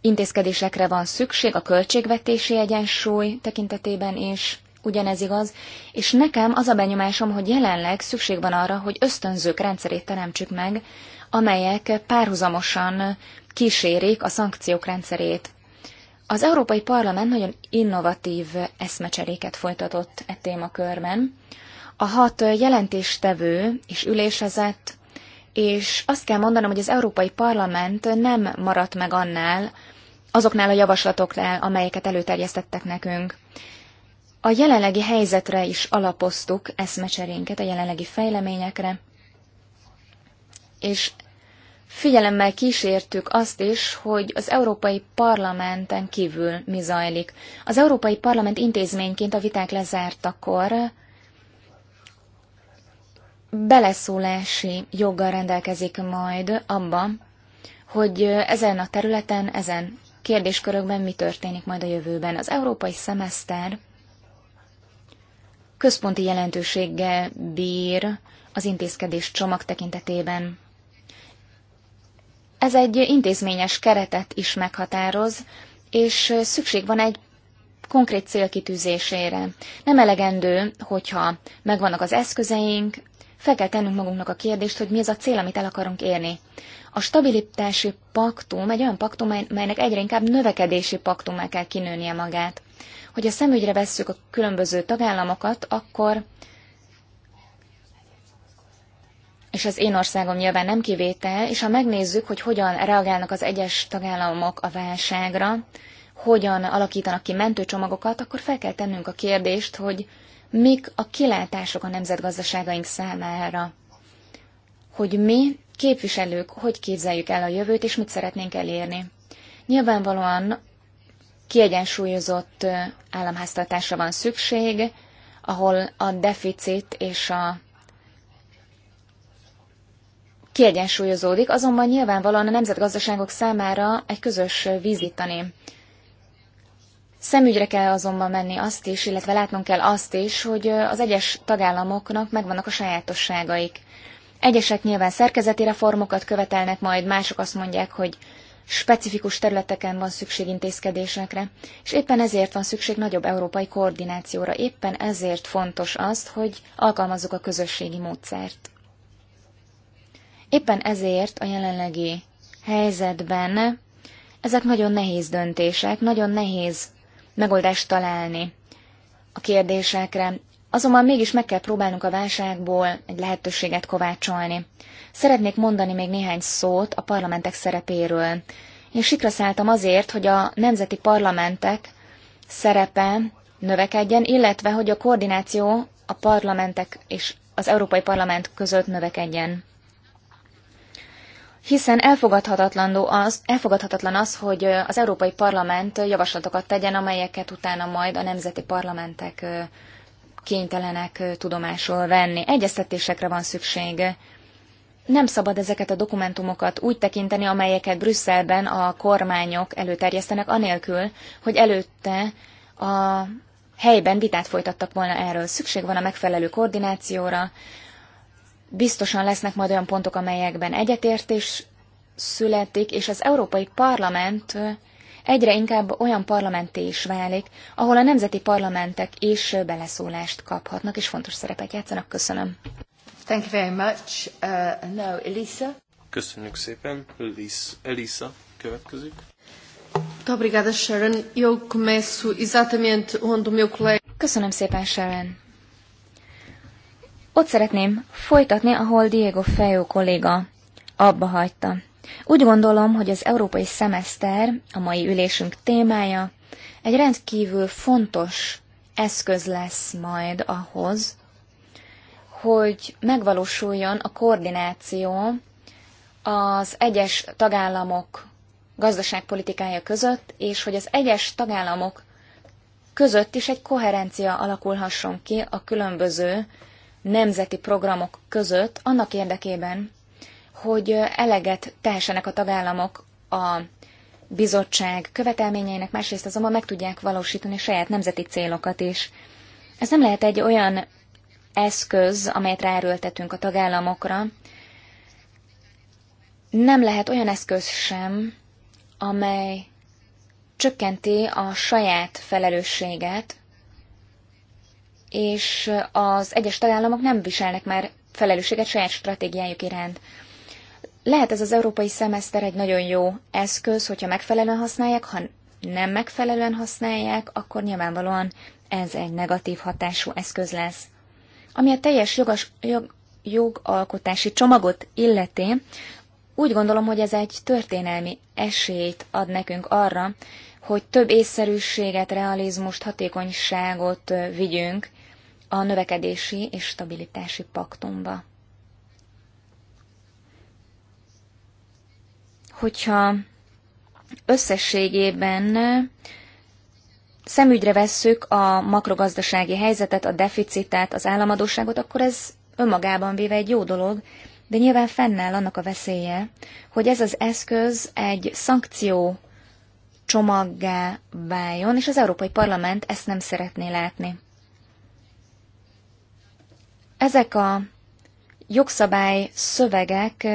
intézkedésekre van szükség, a költségvetési egyensúly tekintetében is ugyanez igaz, és nekem az a benyomásom, hogy jelenleg szükség van arra, hogy ösztönzők rendszerét teremtsük meg, amelyek párhuzamosan kísérik a szankciók rendszerét. Az Európai Parlament nagyon innovatív eszmecseréket folytatott e témakörben, a hat jelentéstevő is ülésezett, és azt kell mondanom, hogy az Európai Parlament nem maradt meg annál, azoknál a javaslatoknál, amelyeket előterjesztettek nekünk. A jelenlegi helyzetre is alapoztuk eszmecserénket, a jelenlegi fejleményekre, és figyelemmel kísértük azt is, hogy az Európai Parlamenten kívül mi zajlik. Az Európai Parlament intézményként a viták lezártakor beleszólási joggal rendelkezik majd abban, hogy ezen a területen, ezen kérdéskörökben mi történik majd a jövőben. Az európai szemeszter központi jelentőséggel bír az intézkedés csomag tekintetében. Ez egy intézményes keretet is meghatároz, és szükség van egy konkrét célkitűzésére. Nem elegendő, hogyha megvannak az eszközeink, fel kell tennünk magunknak a kérdést, hogy mi az a cél, amit el akarunk érni. A stabilitási paktum egy olyan paktum, melynek egyre inkább növekedési paktummá kell kinőnie magát. Hogy szemügyre vesszük a különböző tagállamokat, akkor és az én országom nyilván nem kivétel, és ha megnézzük, hogy hogyan reagálnak az egyes tagállamok a válságra, hogyan alakítanak ki mentőcsomagokat, akkor fel kell tennünk a kérdést, hogy mik a kilátások a nemzetgazdaságaink számára, hogy mi, képviselők, hogy képzeljük el a jövőt, és mit szeretnénk elérni. Nyilvánvalóan kiegyensúlyozott államháztartásra van szükség, ahol a deficit és a kiegyensúlyozódik, azonban nyilvánvalóan a nemzetgazdaságok számára egy közös vízítani Szemügyre kell azonban menni azt is, illetve látnunk kell azt is, hogy az egyes tagállamoknak megvannak a sajátosságaik. Egyesek nyilván szerkezeti reformokat követelnek, majd mások azt mondják, hogy specifikus területeken van szükség intézkedésekre, és éppen ezért van szükség nagyobb európai koordinációra, éppen ezért fontos azt, hogy alkalmazzuk a közösségi módszert. Éppen ezért a jelenlegi helyzetben ezek nagyon nehéz döntések, nagyon nehéz megoldást találni a kérdésekre, azonban mégis meg kell próbálnunk a válságból egy lehetőséget kovácsolni. Szeretnék mondani még néhány szót a parlamentek szerepéről. Én sikra szálltam azért, hogy a nemzeti parlamentek szerepe növekedjen, illetve hogy a koordináció a parlamentek és az Európai Parlament között növekedjen hiszen elfogadhatatlan az, elfogadhatatlan az, hogy az Európai Parlament javaslatokat tegyen, amelyeket utána majd a nemzeti parlamentek kénytelenek tudomásul venni. Egyeztetésekre van szükség. Nem szabad ezeket a dokumentumokat úgy tekinteni, amelyeket Brüsszelben a kormányok előterjesztenek, anélkül, hogy előtte a helyben vitát folytattak volna erről. Szükség van a megfelelő koordinációra, Biztosan lesznek majd olyan pontok, amelyekben egyetértés születik, és az Európai Parlament egyre inkább olyan parlamenté is válik, ahol a nemzeti parlamentek is beleszólást kaphatnak, és fontos szerepet játszanak. Köszönöm. Thank you very much. Uh, now, Elisa. Köszönjük szépen. Elisa következik. Obrigada, Sharon. Eu começo exatamente onde o meu colega... Köszönöm szépen, Sharon. Ott szeretném folytatni, ahol Diego Fejó kolléga abba hagyta. Úgy gondolom, hogy az európai szemeszter, a mai ülésünk témája, egy rendkívül fontos eszköz lesz majd ahhoz, hogy megvalósuljon a koordináció az egyes tagállamok gazdaságpolitikája között, és hogy az egyes tagállamok között is egy koherencia alakulhasson ki a különböző nemzeti programok között annak érdekében, hogy eleget tehessenek a tagállamok a bizottság követelményeinek, másrészt azonban meg tudják valósítani saját nemzeti célokat is. Ez nem lehet egy olyan eszköz, amelyet ráerőltetünk a tagállamokra. Nem lehet olyan eszköz sem, amely csökkenti a saját felelősséget, és az egyes tagállamok nem viselnek már felelősséget saját stratégiájuk iránt. Lehet ez az európai szemeszter egy nagyon jó eszköz, hogyha megfelelően használják, ha nem megfelelően használják, akkor nyilvánvalóan ez egy negatív hatású eszköz lesz. Ami a teljes jogas, jog, jogalkotási csomagot illeti, úgy gondolom, hogy ez egy történelmi esélyt ad nekünk arra, hogy több észszerűséget, realizmust, hatékonyságot vigyünk a növekedési és stabilitási paktumba. Hogyha összességében szemügyre vesszük a makrogazdasági helyzetet, a deficitet, az államadóságot, akkor ez önmagában véve egy jó dolog, de nyilván fennáll annak a veszélye, hogy ez az eszköz egy szankció csomaggá váljon, és az Európai Parlament ezt nem szeretné látni. Ezek a jogszabály szövegek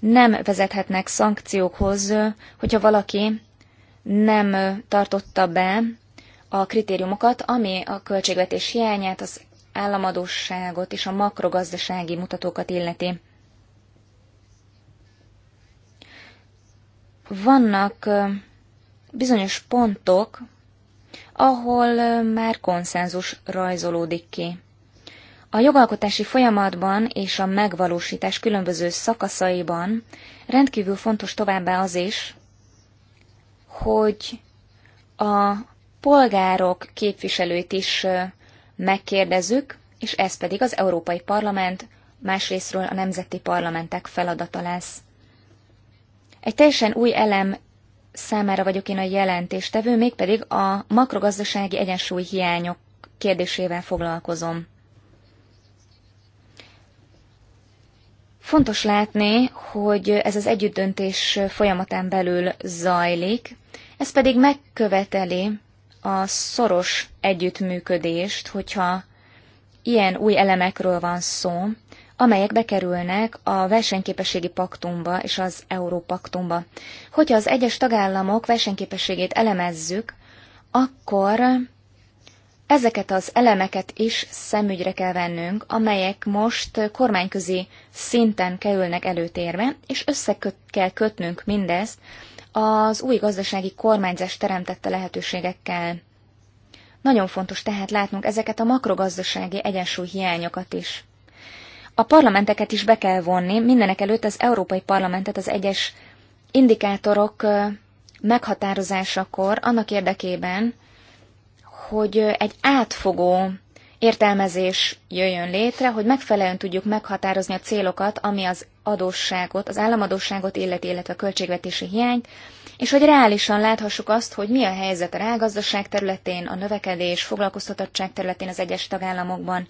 nem vezethetnek szankciókhoz, hogyha valaki nem tartotta be a kritériumokat, ami a költségvetés hiányát, az államadósságot és a makrogazdasági mutatókat illeti. Vannak bizonyos pontok, ahol már konszenzus rajzolódik ki. A jogalkotási folyamatban és a megvalósítás különböző szakaszaiban rendkívül fontos továbbá az is, hogy a polgárok képviselőit is megkérdezzük, és ez pedig az Európai Parlament, másrésztről a nemzeti parlamentek feladata lesz. Egy teljesen új elem számára vagyok én a jelentéstevő, mégpedig a makrogazdasági egyensúly hiányok kérdésével foglalkozom. Fontos látni, hogy ez az együttdöntés folyamatán belül zajlik, ez pedig megköveteli a szoros együttműködést, hogyha ilyen új elemekről van szó, amelyek bekerülnek a versenyképességi paktumba és az Európaktumba. Hogyha az egyes tagállamok versenyképességét elemezzük, akkor Ezeket az elemeket is szemügyre kell vennünk, amelyek most kormányközi szinten kerülnek előtérbe, és össze kell kötnünk mindezt az új gazdasági kormányzás teremtette lehetőségekkel. Nagyon fontos tehát látnunk ezeket a makrogazdasági egyensúly hiányokat is. A parlamenteket is be kell vonni, mindenek előtt az Európai Parlamentet az egyes indikátorok meghatározásakor annak érdekében, hogy egy átfogó értelmezés jöjjön létre, hogy megfelelően tudjuk meghatározni a célokat, ami az adósságot, az államadósságot illeti, illetve a költségvetési hiányt, és hogy reálisan láthassuk azt, hogy mi a helyzet a rágazdaság területén, a növekedés, foglalkoztatottság területén az egyes tagállamokban.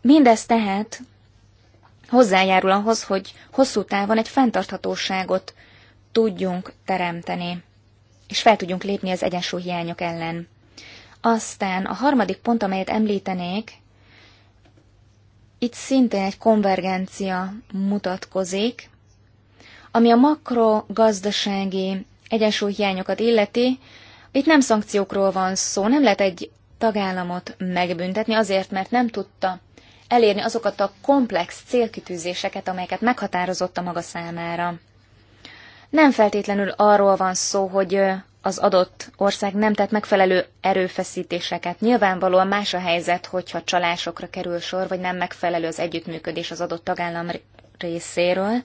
Mindez tehát hozzájárul ahhoz, hogy hosszú távon egy fenntarthatóságot tudjunk teremteni, és fel tudjunk lépni az egyensúlyhiányok ellen. Aztán a harmadik pont, amelyet említenék, itt szintén egy konvergencia mutatkozik, ami a makrogazdasági egyensúlyhiányokat illeti. Itt nem szankciókról van szó, nem lehet egy tagállamot megbüntetni azért, mert nem tudta elérni azokat a komplex célkitűzéseket, amelyeket meghatározott a maga számára. Nem feltétlenül arról van szó, hogy az adott ország nem tett megfelelő erőfeszítéseket. Nyilvánvalóan más a helyzet, hogyha csalásokra kerül sor, vagy nem megfelelő az együttműködés az adott tagállam részéről.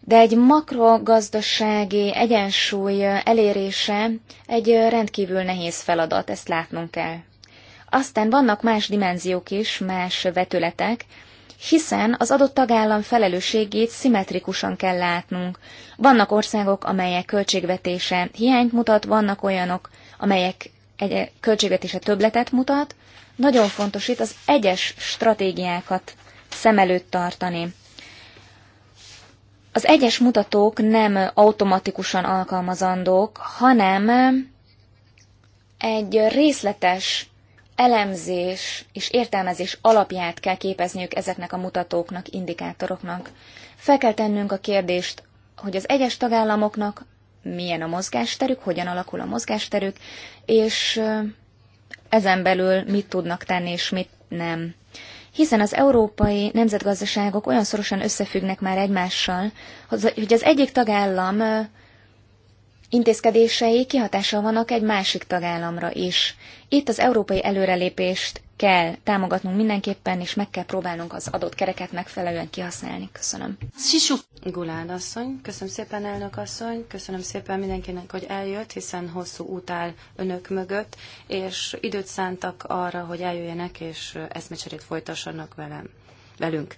De egy makrogazdasági egyensúly elérése egy rendkívül nehéz feladat, ezt látnunk kell. Aztán vannak más dimenziók is, más vetületek, hiszen az adott tagállam felelősségét szimmetrikusan kell látnunk. Vannak országok, amelyek költségvetése hiányt mutat, vannak olyanok, amelyek egy eh, költségvetése többletet mutat. Nagyon fontos itt az egyes stratégiákat szem előtt tartani. Az egyes mutatók nem automatikusan alkalmazandók, hanem egy részletes elemzés és értelmezés alapját kell képezniük ezeknek a mutatóknak, indikátoroknak. Fel kell tennünk a kérdést, hogy az egyes tagállamoknak milyen a mozgásterük, hogyan alakul a mozgásterük, és ezen belül mit tudnak tenni és mit nem. Hiszen az európai nemzetgazdaságok olyan szorosan összefüggnek már egymással, hogy az egyik tagállam intézkedései kihatással vannak egy másik tagállamra is. Itt az európai előrelépést kell támogatnunk mindenképpen, és meg kell próbálnunk az adott kereket megfelelően kihasználni. Köszönöm. Sisu. Gulád asszony, köszönöm szépen elnök asszony, köszönöm szépen mindenkinek, hogy eljött, hiszen hosszú út áll önök mögött, és időt szántak arra, hogy eljöjjenek, és eszmecserét folytassanak velem, velünk.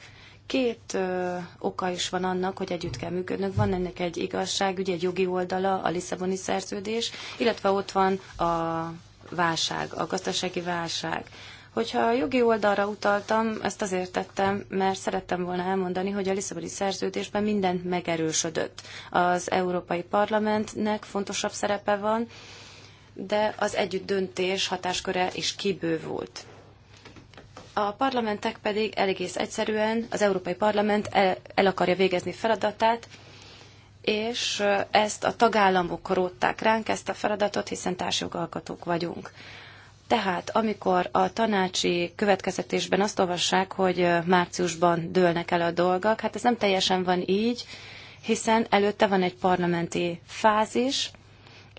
Két ö, oka is van annak, hogy együtt kell működnök. Van ennek egy igazságügy, egy jogi oldala, a Lisszaboni szerződés, illetve ott van a válság, a gazdasági válság. Hogyha a jogi oldalra utaltam, ezt azért tettem, mert szerettem volna elmondani, hogy a Lisszaboni szerződésben mindent megerősödött. Az Európai Parlamentnek fontosabb szerepe van, de az együtt döntés hatásköre is kibővült a parlamentek pedig egész egyszerűen az Európai Parlament el, el akarja végezni feladatát, és ezt a tagállamok rótták ránk ezt a feladatot, hiszen társjogalkotók vagyunk. Tehát amikor a tanácsi következetésben azt olvassák, hogy márciusban dőlnek el a dolgok, hát ez nem teljesen van így, hiszen előtte van egy parlamenti fázis,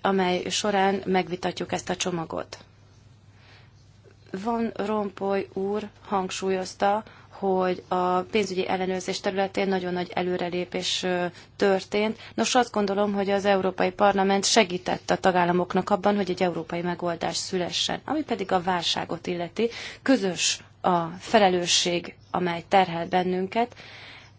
amely során megvitatjuk ezt a csomagot. Van Rompoy úr hangsúlyozta, hogy a pénzügyi ellenőrzés területén nagyon nagy előrelépés történt. Nos, azt gondolom, hogy az Európai Parlament segített a tagállamoknak abban, hogy egy európai megoldás szülessen, ami pedig a válságot illeti. Közös a felelősség, amely terhel bennünket.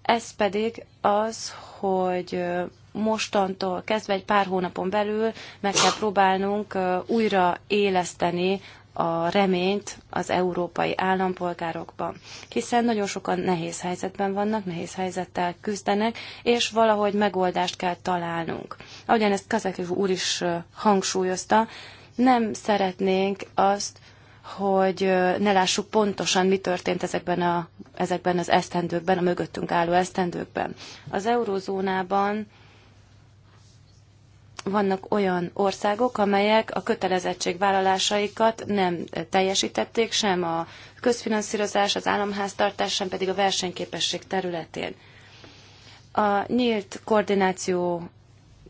Ez pedig az, hogy mostantól kezdve egy pár hónapon belül meg kell próbálnunk újra éleszteni a reményt az európai állampolgárokban, hiszen nagyon sokan nehéz helyzetben vannak, nehéz helyzettel küzdenek, és valahogy megoldást kell találnunk. Ahogyan ezt Kazakov úr is hangsúlyozta, nem szeretnénk azt, hogy ne lássuk pontosan, mi történt ezekben, a, ezekben az esztendőkben, a mögöttünk álló esztendőkben. Az eurózónában vannak olyan országok, amelyek a kötelezettségvállalásaikat nem teljesítették, sem a közfinanszírozás, az államháztartás, sem pedig a versenyképesség területén. A nyílt koordináció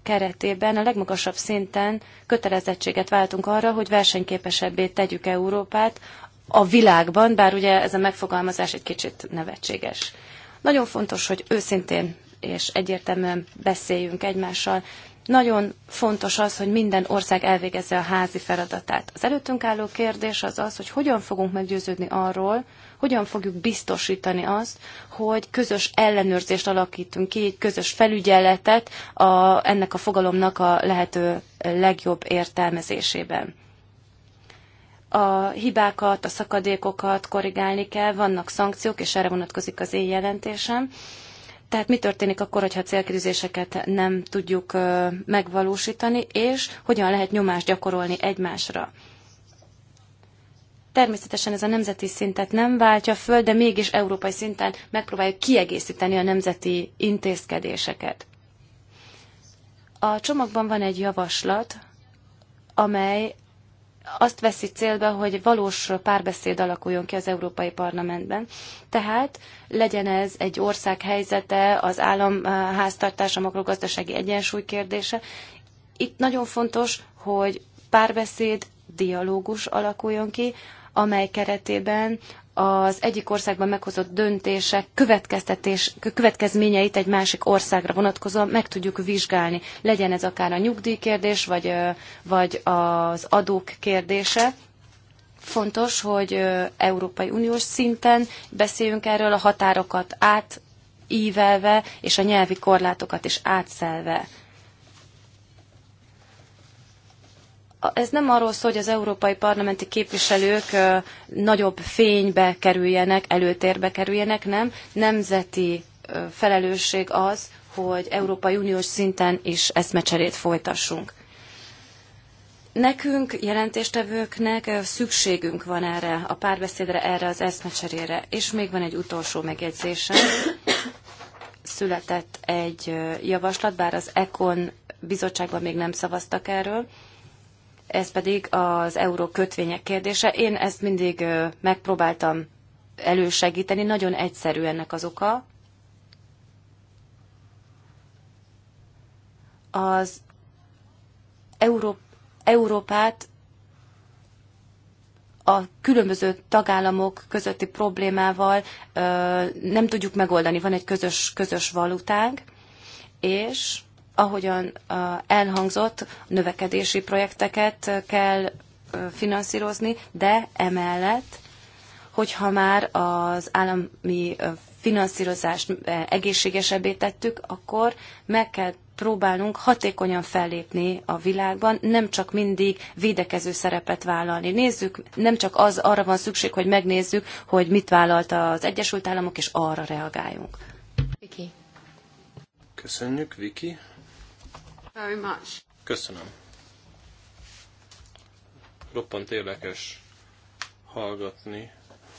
keretében a legmagasabb szinten kötelezettséget váltunk arra, hogy versenyképesebbé tegyük Európát a világban, bár ugye ez a megfogalmazás egy kicsit nevetséges. Nagyon fontos, hogy őszintén és egyértelműen beszéljünk egymással. Nagyon fontos az, hogy minden ország elvégezze a házi feladatát. Az előttünk álló kérdés az az, hogy hogyan fogunk meggyőződni arról, hogyan fogjuk biztosítani azt, hogy közös ellenőrzést alakítunk ki, egy közös felügyeletet a, ennek a fogalomnak a lehető legjobb értelmezésében a hibákat, a szakadékokat korrigálni kell, vannak szankciók, és erre vonatkozik az én jelentésem, tehát mi történik akkor, hogyha a nem tudjuk megvalósítani, és hogyan lehet nyomást gyakorolni egymásra? Természetesen ez a nemzeti szintet nem váltja föl, de mégis európai szinten megpróbáljuk kiegészíteni a nemzeti intézkedéseket. A csomagban van egy javaslat, amely azt veszi célba, hogy valós párbeszéd alakuljon ki az Európai Parlamentben. Tehát legyen ez egy ország helyzete, az államháztartás, a makrogazdasági egyensúly kérdése. Itt nagyon fontos, hogy párbeszéd, dialógus alakuljon ki, amely keretében az egyik országban meghozott döntések következtetés, következményeit egy másik országra vonatkozóan meg tudjuk vizsgálni. Legyen ez akár a nyugdíjkérdés, vagy, vagy az adók kérdése. Fontos, hogy Európai Uniós szinten beszéljünk erről a határokat átívelve, és a nyelvi korlátokat is átszelve. ez nem arról szól, hogy az európai parlamenti képviselők nagyobb fénybe kerüljenek, előtérbe kerüljenek, nem. Nemzeti felelősség az, hogy Európai Uniós szinten is eszmecserét folytassunk. Nekünk, jelentéstevőknek szükségünk van erre, a párbeszédre, erre az eszmecserére. És még van egy utolsó megjegyzésem. Született egy javaslat, bár az ECON bizottságban még nem szavaztak erről ez pedig az euró kötvények kérdése. Én ezt mindig megpróbáltam elősegíteni, nagyon egyszerű ennek az oka. Az Euró- Európát a különböző tagállamok közötti problémával ö, nem tudjuk megoldani. Van egy közös, közös valutánk, és ahogyan elhangzott, növekedési projekteket kell finanszírozni, de emellett, hogyha már az állami finanszírozást egészségesebbé tettük, akkor meg kell próbálnunk hatékonyan fellépni a világban, nem csak mindig védekező szerepet vállalni. Nézzük, nem csak az arra van szükség, hogy megnézzük, hogy mit vállalta az Egyesült Államok, és arra reagáljunk. Viki. Köszönjük, Viki very much. Köszönöm. Roppant érdekes hallgatni,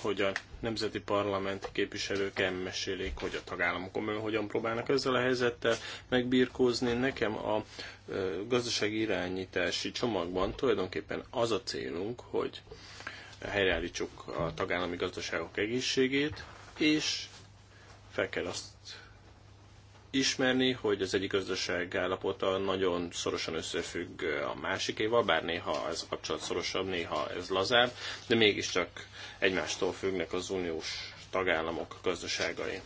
hogy a nemzeti parlamenti képviselők elmesélik, hogy a tagállamokon hogyan próbálnak ezzel a helyzettel megbirkózni. Nekem a gazdasági irányítási csomagban tulajdonképpen az a célunk, hogy helyreállítsuk a tagállami gazdaságok egészségét, és fel kell azt ismerni, hogy az egyik gazdaság állapota nagyon szorosan összefügg a másikéval, bár néha ez a kapcsolat szorosabb, néha ez lazább, de mégiscsak egymástól függnek az uniós tagállamok gazdaságai.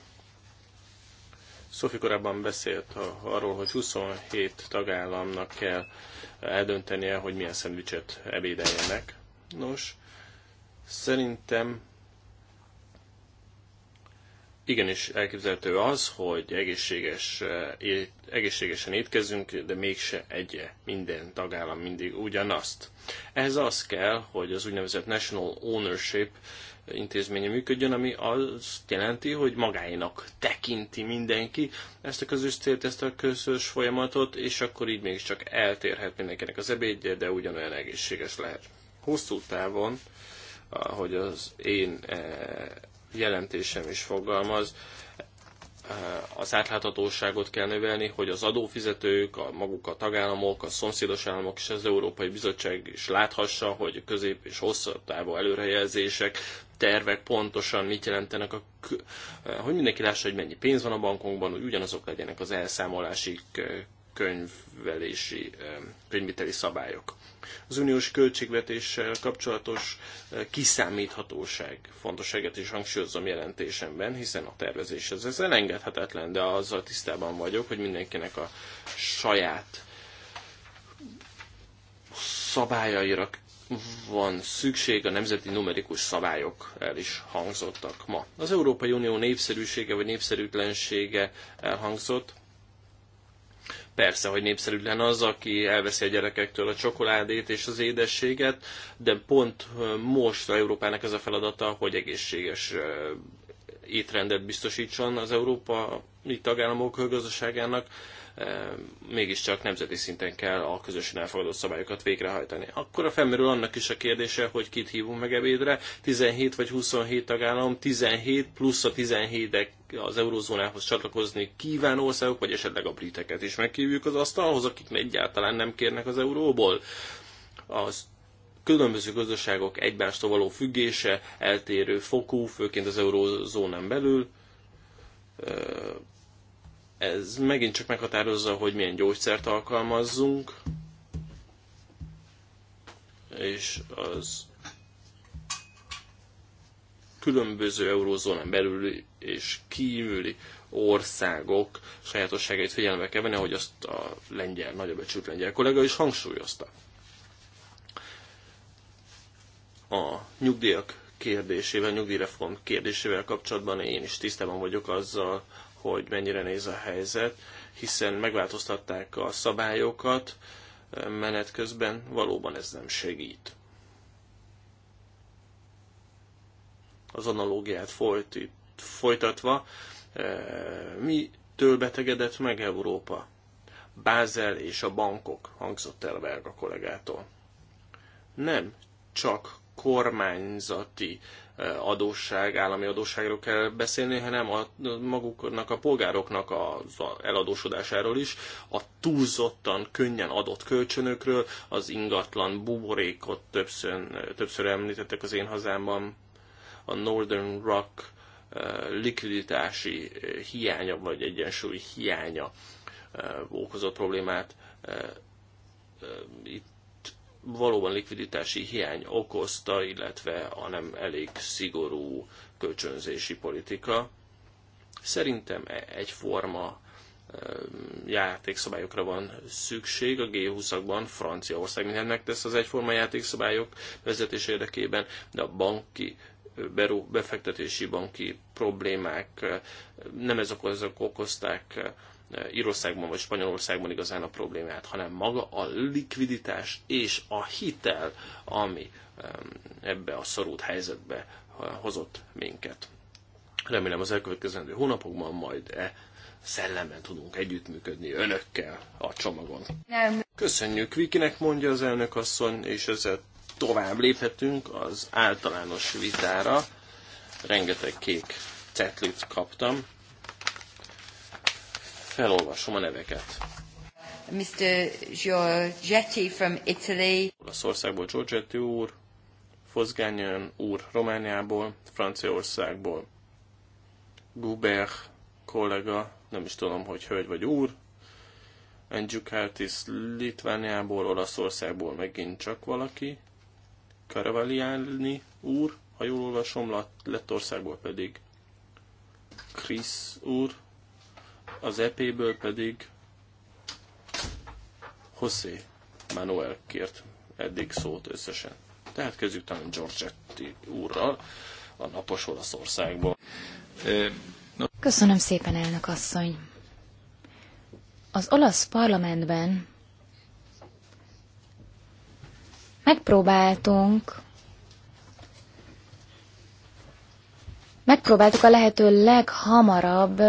Szofi korábban beszélt arról, hogy 27 tagállamnak kell eldöntenie, hogy milyen szendvicset ebédeljenek. Nos, szerintem igenis elképzelhető az, hogy egészséges, eh, egészségesen étkezünk, de mégse egye minden tagállam mindig ugyanazt. Ehhez az kell, hogy az úgynevezett National Ownership intézménye működjön, ami azt jelenti, hogy magáinak tekinti mindenki ezt a közös célt, ezt a közös folyamatot, és akkor így mégiscsak eltérhet mindenkinek az ebédje, de ugyanolyan egészséges lehet. Hosszú távon, ahogy az én eh, jelentésem is fogalmaz, az átláthatóságot kell növelni, hogy az adófizetők, a maguk a tagállamok, a szomszédos államok és az Európai Bizottság is láthassa, hogy közép és hosszabb távú előrejelzések, tervek pontosan mit jelentenek, a, hogy mindenki lássa, hogy mennyi pénz van a bankunkban, hogy ugyanazok legyenek az elszámolási könyvelési, könyviteli szabályok az uniós költségvetéssel kapcsolatos eh, kiszámíthatóság fontosságát is hangsúlyozom jelentésemben, hiszen a tervezés ez, ez elengedhetetlen, de azzal tisztában vagyok, hogy mindenkinek a saját szabályaira van szükség, a nemzeti numerikus szabályok el is hangzottak ma. Az Európai Unió népszerűsége vagy népszerűtlensége elhangzott, Persze, hogy népszerű lenne az, aki elveszi a gyerekektől a csokoládét és az édességet, de pont most a Európának ez a feladata, hogy egészséges étrendet biztosítson az Európa tagállamok gazdaságának Eh, mégiscsak nemzeti szinten kell a közösen elfogadott szabályokat végrehajtani. Akkor a felmerül annak is a kérdése, hogy kit hívunk meg ebédre, 17 vagy 27 tagállam, 17 plusz a 17 az eurózónához csatlakozni kívánó országok, vagy esetleg a briteket is megkívjuk az asztalhoz, akik egyáltalán nem kérnek az euróból. Az különböző gazdaságok egymástól való függése eltérő fokú, főként az eurózónán belül eh, ez megint csak meghatározza, hogy milyen gyógyszert alkalmazzunk, és az különböző eurózónán belüli és kívüli országok sajátosságait figyelembe kell venni, ahogy azt a lengyel, nagyobb becsült lengyel kollega is hangsúlyozta. A nyugdíjak kérdésével, nyugdíjreform kérdésével kapcsolatban én is tisztában vagyok azzal, hogy mennyire néz a helyzet, hiszen megváltoztatták a szabályokat, menet közben valóban ez nem segít. Az analógiát folyt, folytatva, e, mi től betegedett meg Európa? Bázel és a bankok, hangzott el Verga kollégától. Nem csak kormányzati Eh, adósság, állami adósságról kell beszélni, hanem a, maguknak a polgároknak az eladósodásáról is, a túlzottan könnyen adott kölcsönökről, az ingatlan buborékot többször, többször említettek az én hazámban, a Northern Rock eh, likviditási eh, hiánya, vagy egyensúly hiánya okozott problémát. Itt valóban likviditási hiány okozta, illetve a nem elég szigorú kölcsönzési politika. Szerintem e- egyforma játékszabályokra van szükség. A G20-akban Franciaország mindennek megtesz az egyforma játékszabályok vezetés érdekében, de a banki befektetési banki problémák nem ezek azok okozták Írországban vagy Spanyolországban igazán a problémát, hanem maga a likviditás és a hitel, ami ebbe a szorult helyzetbe eh, hozott minket. Remélem az elkövetkezendő hónapokban majd e szellemben tudunk együttműködni önökkel a csomagon. Nem. Köszönjük Vikinek, mondja az elnök asszony, és ezzel tovább léphetünk az általános vitára. Rengeteg kék cetlit kaptam. Felolvasom a neveket. Mr. Giorgetti from Italy. Olaszországból Giorgetti úr, Fozgányan úr Romániából, Franciaországból. Gubert kollega, nem is tudom, hogy hölgy vagy úr, Andjukaitis Litvániából, Olaszországból megint csak valaki, Caravaliani úr, ha jól olvasom, Lettországból pedig Krisz úr, az EP-ből pedig José Manuel kért eddig szót összesen. Tehát kezdjük talán Giorgetti úrral, a napos Olaszországból. Köszönöm szépen, elnök asszony. Az olasz parlamentben megpróbáltunk megpróbáltuk a lehető leghamarabb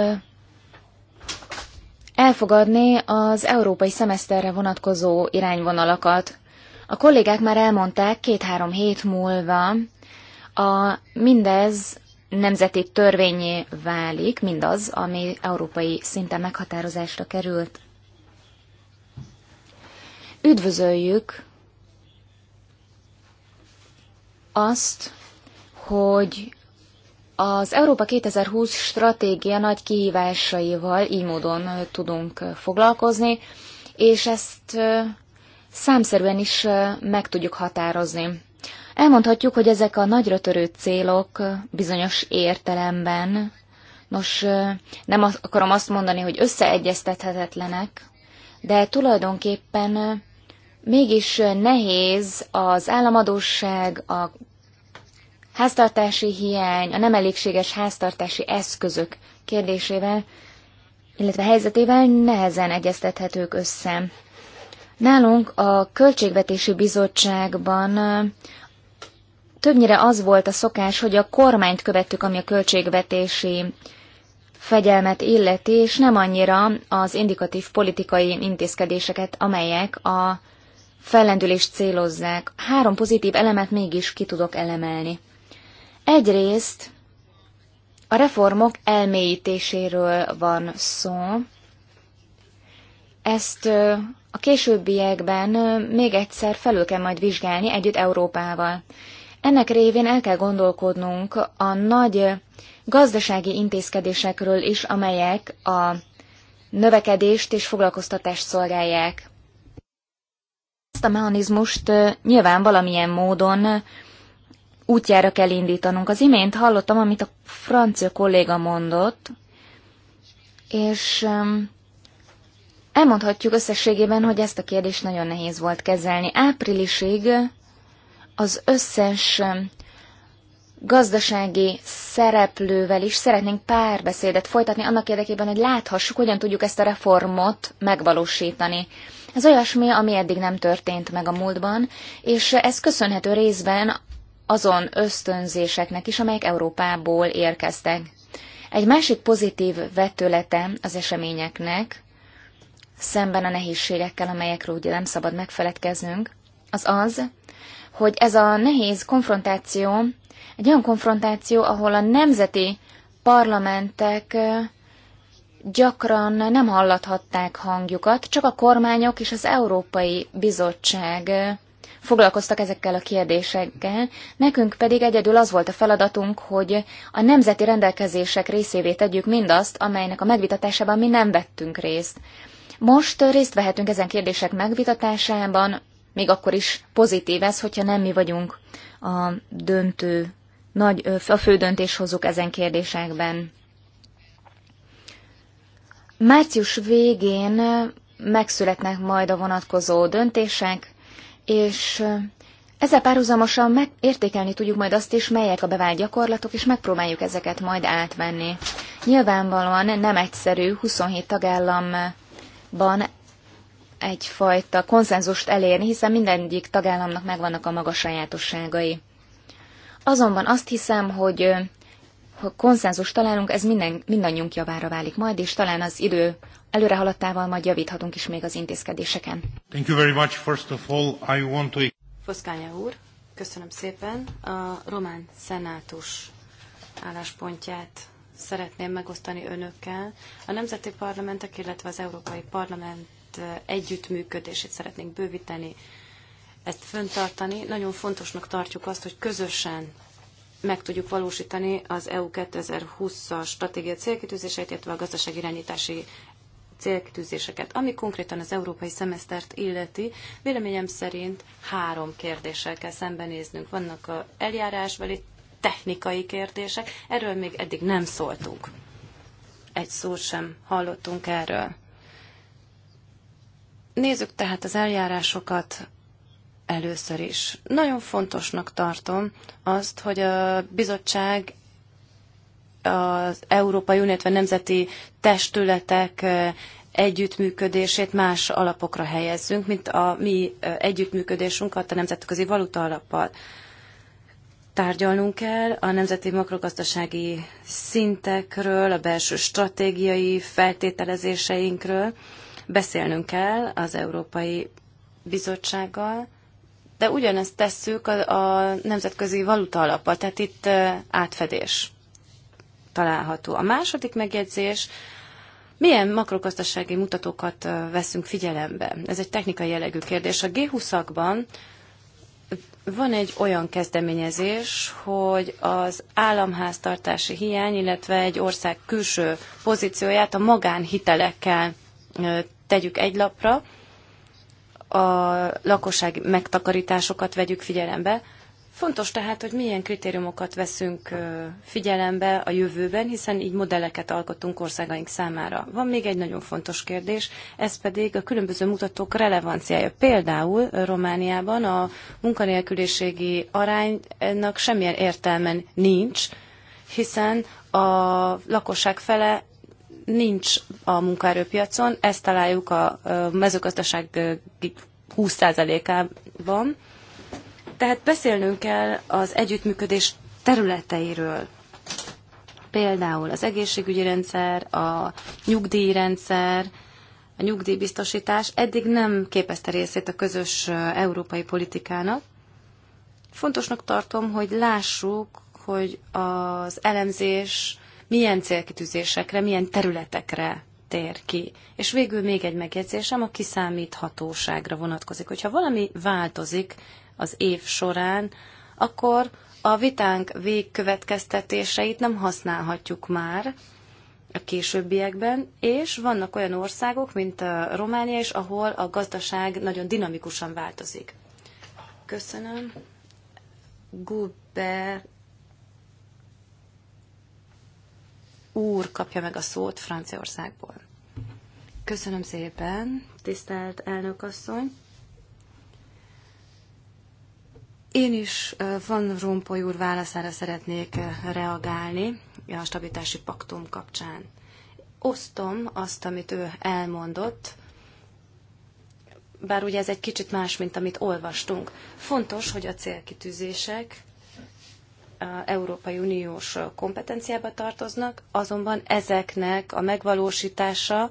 elfogadni az európai szemeszterre vonatkozó irányvonalakat. A kollégák már elmondták két-három hét múlva, a mindez nemzeti törvényé válik, mindaz, ami európai szinten meghatározásra került. Üdvözöljük azt, hogy az Európa 2020 stratégia nagy kihívásaival így módon tudunk foglalkozni, és ezt számszerűen is meg tudjuk határozni. Elmondhatjuk, hogy ezek a nagyra törő célok bizonyos értelemben, nos, nem akarom azt mondani, hogy összeegyeztethetetlenek, de tulajdonképpen mégis nehéz az államadóság, a háztartási hiány, a nem elégséges háztartási eszközök kérdésével, illetve helyzetével nehezen egyeztethetők össze. Nálunk a Költségvetési Bizottságban többnyire az volt a szokás, hogy a kormányt követtük, ami a költségvetési fegyelmet illeti, és nem annyira az indikatív politikai intézkedéseket, amelyek a fellendülést célozzák. Három pozitív elemet mégis ki tudok elemelni. Egyrészt a reformok elmélyítéséről van szó. Ezt a későbbiekben még egyszer felül kell majd vizsgálni együtt Európával. Ennek révén el kell gondolkodnunk a nagy gazdasági intézkedésekről is, amelyek a növekedést és foglalkoztatást szolgálják. Ezt a mechanizmust nyilván valamilyen módon útjára kell indítanunk. Az imént hallottam, amit a francia kolléga mondott, és um, elmondhatjuk összességében, hogy ezt a kérdést nagyon nehéz volt kezelni. Áprilisig az összes um, gazdasági szereplővel is szeretnénk párbeszédet folytatni annak érdekében, hogy láthassuk, hogyan tudjuk ezt a reformot megvalósítani. Ez olyasmi, ami eddig nem történt meg a múltban, és ez köszönhető részben azon ösztönzéseknek is, amelyek Európából érkeztek. Egy másik pozitív vetülete az eseményeknek, szemben a nehézségekkel, amelyekről ugye nem szabad megfeledkeznünk, az az, hogy ez a nehéz konfrontáció egy olyan konfrontáció, ahol a nemzeti parlamentek gyakran nem hallathatták hangjukat, csak a kormányok és az Európai Bizottság foglalkoztak ezekkel a kérdésekkel, nekünk pedig egyedül az volt a feladatunk, hogy a nemzeti rendelkezések részévé tegyük mindazt, amelynek a megvitatásában mi nem vettünk részt. Most részt vehetünk ezen kérdések megvitatásában, még akkor is pozitív ez, hogyha nem mi vagyunk a döntő, nagy, a fő döntéshozók ezen kérdésekben. Március végén megszületnek majd a vonatkozó döntések, és ezzel párhuzamosan megértékelni tudjuk majd azt is, melyek a bevált gyakorlatok, és megpróbáljuk ezeket majd átvenni. Nyilvánvalóan nem egyszerű 27 tagállamban egyfajta konszenzust elérni, hiszen mindegyik tagállamnak megvannak a maga sajátosságai. Azonban azt hiszem, hogy ha konszenzus találunk, ez minden, mindannyiunk javára válik majd, és talán az idő előre haladtával majd javíthatunk is még az intézkedéseken. Thank you very much. First of all, I want to... Foszkánya úr, köszönöm szépen. A román szenátus álláspontját szeretném megosztani önökkel. A nemzeti parlamentek, illetve az Európai Parlament együttműködését szeretnénk bővíteni, ezt föntartani. Nagyon fontosnak tartjuk azt, hogy közösen meg tudjuk valósítani az EU 2020-as stratégia célkitűzéseit, illetve a gazdasági irányítási célkitűzéseket. Ami konkrétan az európai szemesztert illeti, véleményem szerint három kérdéssel kell szembenéznünk. Vannak a eljárásbeli technikai kérdések, erről még eddig nem szóltunk. Egy szót sem hallottunk erről. Nézzük tehát az eljárásokat, először is. Nagyon fontosnak tartom azt, hogy a bizottság az Európai Unió, illetve nemzeti testületek együttműködését más alapokra helyezzünk, mint a mi együttműködésünket a Nemzetközi Valuta Alappal. Tárgyalnunk kell a nemzeti makrogazdasági szintekről, a belső stratégiai feltételezéseinkről, beszélnünk kell az Európai Bizottsággal, de ugyanezt tesszük a, a nemzetközi valuta alapba, tehát itt átfedés található. A második megjegyzés, milyen makrogazdasági mutatókat veszünk figyelembe? Ez egy technikai jellegű kérdés. A G20-akban van egy olyan kezdeményezés, hogy az államháztartási hiány, illetve egy ország külső pozícióját a magánhitelekkel tegyük egy lapra, a lakosság megtakarításokat vegyük figyelembe. Fontos tehát, hogy milyen kritériumokat veszünk figyelembe a jövőben, hiszen így modelleket alkotunk országaink számára. Van még egy nagyon fontos kérdés, ez pedig a különböző mutatók relevanciája. Például Romániában a munkanélküliségi aránynak semmilyen értelmen nincs, hiszen a lakosság fele nincs a munkaerőpiacon, ezt találjuk a mezőgazdaság 20%-ában. Tehát beszélnünk kell az együttműködés területeiről. Például az egészségügyi rendszer, a nyugdíjrendszer, a nyugdíjbiztosítás eddig nem képezte részét a közös európai politikának. Fontosnak tartom, hogy lássuk, hogy az elemzés, milyen célkitűzésekre, milyen területekre tér ki. És végül még egy megjegyzésem a kiszámíthatóságra vonatkozik. Hogyha valami változik az év során, akkor a vitánk végkövetkeztetéseit nem használhatjuk már a későbbiekben, és vannak olyan országok, mint a Románia is, ahol a gazdaság nagyon dinamikusan változik. Köszönöm. Guber úr kapja meg a szót Franciaországból. Köszönöm szépen, tisztelt asszony. Én is Van Rompoly úr válaszára szeretnék reagálni a stabilitási paktum kapcsán. Osztom azt, amit ő elmondott, bár ugye ez egy kicsit más, mint amit olvastunk. Fontos, hogy a célkitűzések Európai Uniós kompetenciába tartoznak, azonban ezeknek a megvalósítása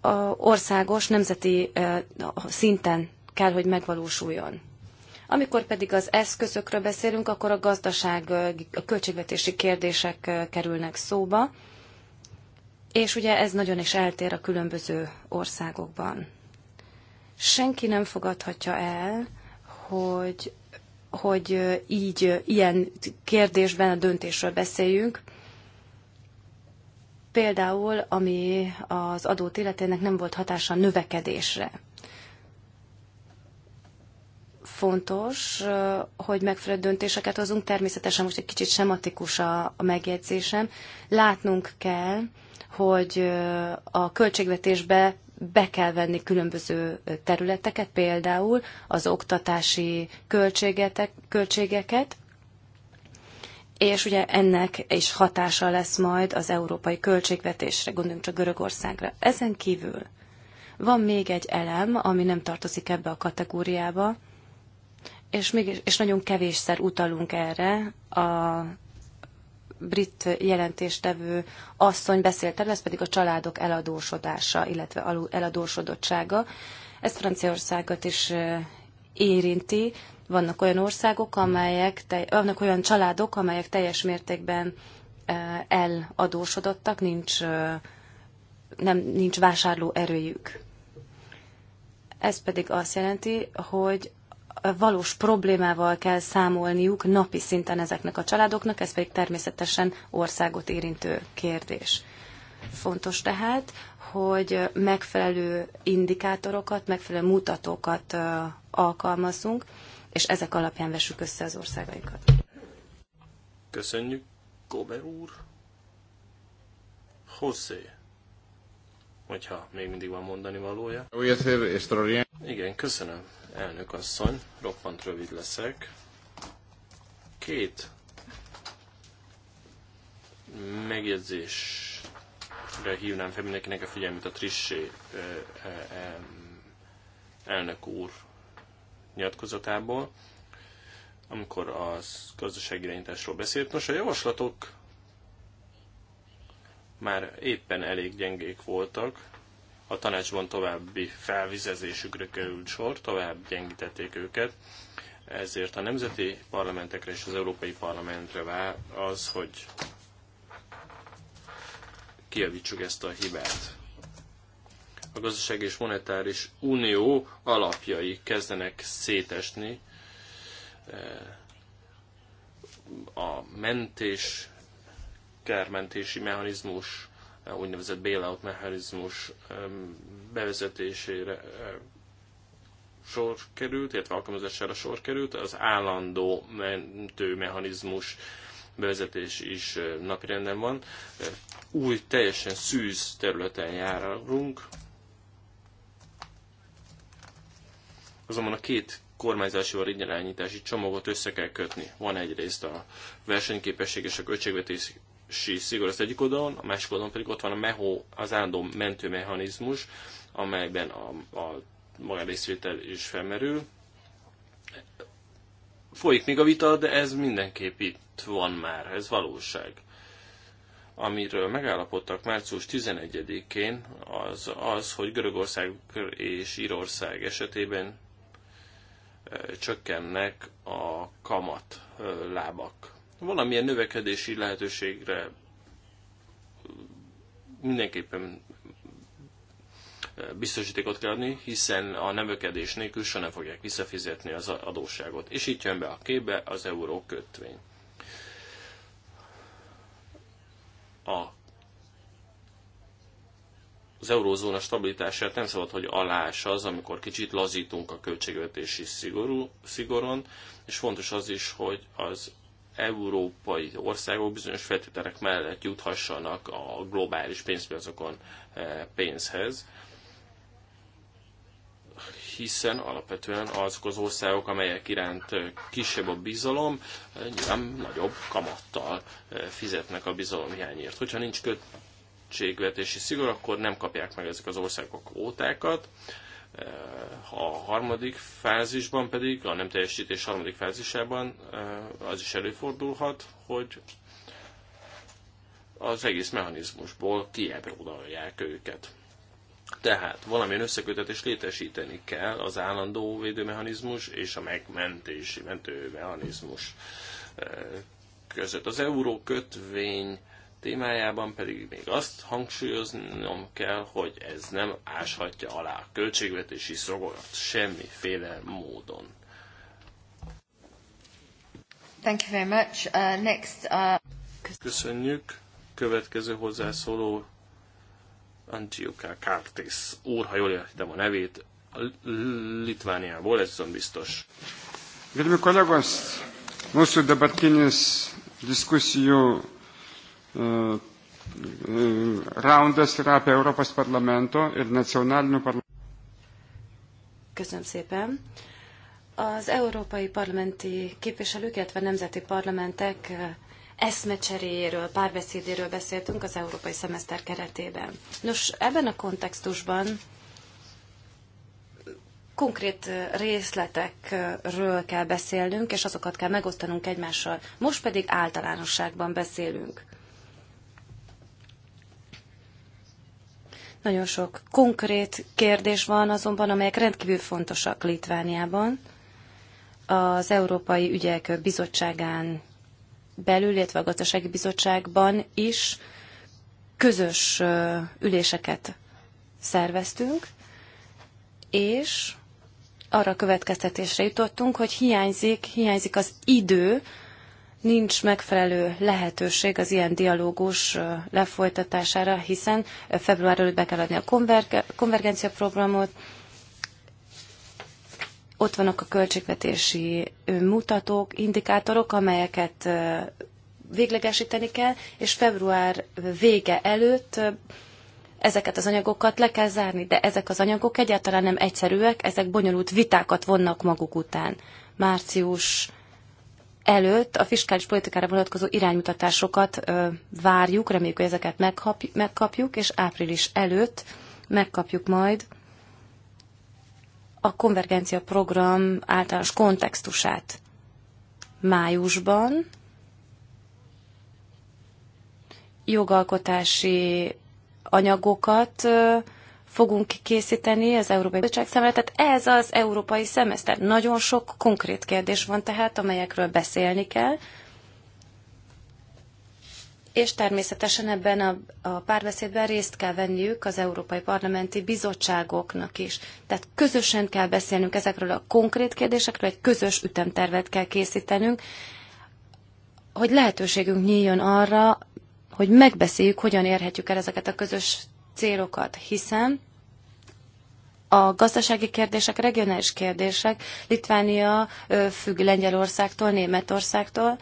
a országos, nemzeti szinten kell, hogy megvalósuljon. Amikor pedig az eszközökről beszélünk, akkor a gazdaság, a költségvetési kérdések kerülnek szóba, és ugye ez nagyon is eltér a különböző országokban. Senki nem fogadhatja el, hogy hogy így, ilyen kérdésben a döntésről beszéljünk. Például, ami az adót életének nem volt hatása a növekedésre. Fontos, hogy megfelelő döntéseket hozunk. Természetesen most egy kicsit sematikus a, a megjegyzésem. Látnunk kell, hogy a költségvetésbe be kell venni különböző területeket, például az oktatási költségeket, és ugye ennek is hatása lesz majd az európai költségvetésre, gondoljunk csak Görögországra. Ezen kívül van még egy elem, ami nem tartozik ebbe a kategóriába, és, mégis, és nagyon kevésszer utalunk erre a brit jelentéstevő asszony beszélt el, ez pedig a családok eladósodása, illetve eladósodottsága. Ez Franciaországot is érinti. Vannak olyan országok, amelyek, vannak olyan családok, amelyek teljes mértékben eladósodottak, nincs, nem, nincs vásárló erőjük. Ez pedig azt jelenti, hogy valós problémával kell számolniuk napi szinten ezeknek a családoknak, ez pedig természetesen országot érintő kérdés. Fontos tehát, hogy megfelelő indikátorokat, megfelelő mutatókat alkalmazunk, és ezek alapján vessük össze az országaikat. Köszönjük, Gober úr! José hogyha még mindig van mondani valója. Igen, köszönöm, elnök asszony, roppant rövid leszek. Két megjegyzésre hívnám fel mindenkinek a figyelmet a Trissé elnök úr nyilatkozatából, amikor gazdasági irányításról beszélt. Nos, a javaslatok már éppen elég gyengék voltak, a tanácsban további felvizezésükre került sor, tovább gyengítették őket, ezért a nemzeti parlamentekre és az Európai Parlamentre vár az, hogy kijavítsuk ezt a hibát. A gazdaság és monetáris unió alapjai kezdenek szétesni, eh, a mentés kármentési mechanizmus, úgynevezett bailout mechanizmus bevezetésére sor került, illetve alkalmazására sor került, az állandó mentő mechanizmus bevezetés is napirenden van. Új, teljesen szűz területen járunk. Azonban a két kormányzási irányítási csomagot össze kell kötni. Van egyrészt a versenyképesség és a költségvetési sí szigor az egyik oldalon, a másik oldalon pedig ott van a MEHO, az állandó mentőmechanizmus, amelyben a, a magánrészvétel is felmerül. Folyik még a vita, de ez mindenképp itt van már, ez valóság. Amiről megállapodtak március 11-én, az az, hogy Görögország és Írország esetében eh, csökkennek a kamat eh, lábak valamilyen növekedési lehetőségre mindenképpen eh, biztosítékot kell adni, hiszen a növekedés nélkül soha nem fogják visszafizetni az adósságot. És itt jön be a képbe az euró kötvény. A az eurózóna stabilitását nem szabad, hogy alás az, amikor kicsit lazítunk a költségvetési szigorú, szigoron, és fontos az is, hogy az európai országok bizonyos feltételek mellett juthassanak a globális pénzpiacokon eh, pénzhez, hiszen alapvetően azok az országok, amelyek iránt eh, kisebb a bizalom, eh, nyilván nagyobb kamattal fizetnek a bizalom hiányért. Hogyha nincs kötségvetési szigor, akkor nem kapják meg ezek az országok ótákat, a harmadik fázisban pedig, a nem teljesítés harmadik fázisában eh, az is előfordulhat, hogy az egész mechanizmusból kiebródalják őket. Tehát valamilyen összekötetést létesíteni kell az állandó védőmechanizmus és a megmentési mentőmechanizmus eh, között. Az eurókötvény témájában pedig még azt hangsúlyoznom kell, hogy ez nem áshatja alá a költségvetési szogorat semmiféle módon. Thank you very much. Uh, next, uh... Köszönjük. Következő hozzászóló Antioka Kártész úr, ha jól értem a nevét, a Litvániából, ez azon biztos. Gerbiami kolegos, mūsų dabartinis diskuszió raundas yra apie Europos parlamento ir nacionalinių parlamentų. Köszönöm szépen. Az európai parlamenti képviselők, illetve nemzeti parlamentek eszmecseréjéről, párbeszédéről beszéltünk az európai szemeszter keretében. Nos, ebben a kontextusban konkrét részletekről kell beszélnünk, és azokat kell megosztanunk egymással. Most pedig általánosságban beszélünk. Nagyon sok konkrét kérdés van azonban, amelyek rendkívül fontosak Litvániában. Az Európai Ügyek Bizottságán belül, illetve a Gazdasági Bizottságban is közös üléseket szerveztünk, és arra következtetésre jutottunk, hogy hiányzik, hiányzik az idő nincs megfelelő lehetőség az ilyen dialógus lefolytatására, hiszen február előtt be kell adni a konvergencia programot, ott vannak a költségvetési mutatók, indikátorok, amelyeket véglegesíteni kell, és február vége előtt ezeket az anyagokat le kell zárni, de ezek az anyagok egyáltalán nem egyszerűek, ezek bonyolult vitákat vonnak maguk után. Március előtt a fiskális politikára vonatkozó iránymutatásokat várjuk, reméljük, hogy ezeket megkapjuk, és április előtt megkapjuk majd a konvergencia program általános kontextusát májusban jogalkotási anyagokat fogunk készíteni az Európai Bizottság szemre. Tehát ez az európai szemeszter. Nagyon sok konkrét kérdés van tehát, amelyekről beszélni kell. És természetesen ebben a, a párbeszédben részt kell venniük az Európai Parlamenti Bizottságoknak is. Tehát közösen kell beszélnünk ezekről a konkrét kérdésekről, egy közös ütemtervet kell készítenünk, hogy lehetőségünk nyíljon arra, hogy megbeszéljük, hogyan érhetjük el ezeket a közös célokat, hiszen a gazdasági kérdések, regionális kérdések, Litvánia függ Lengyelországtól, Németországtól,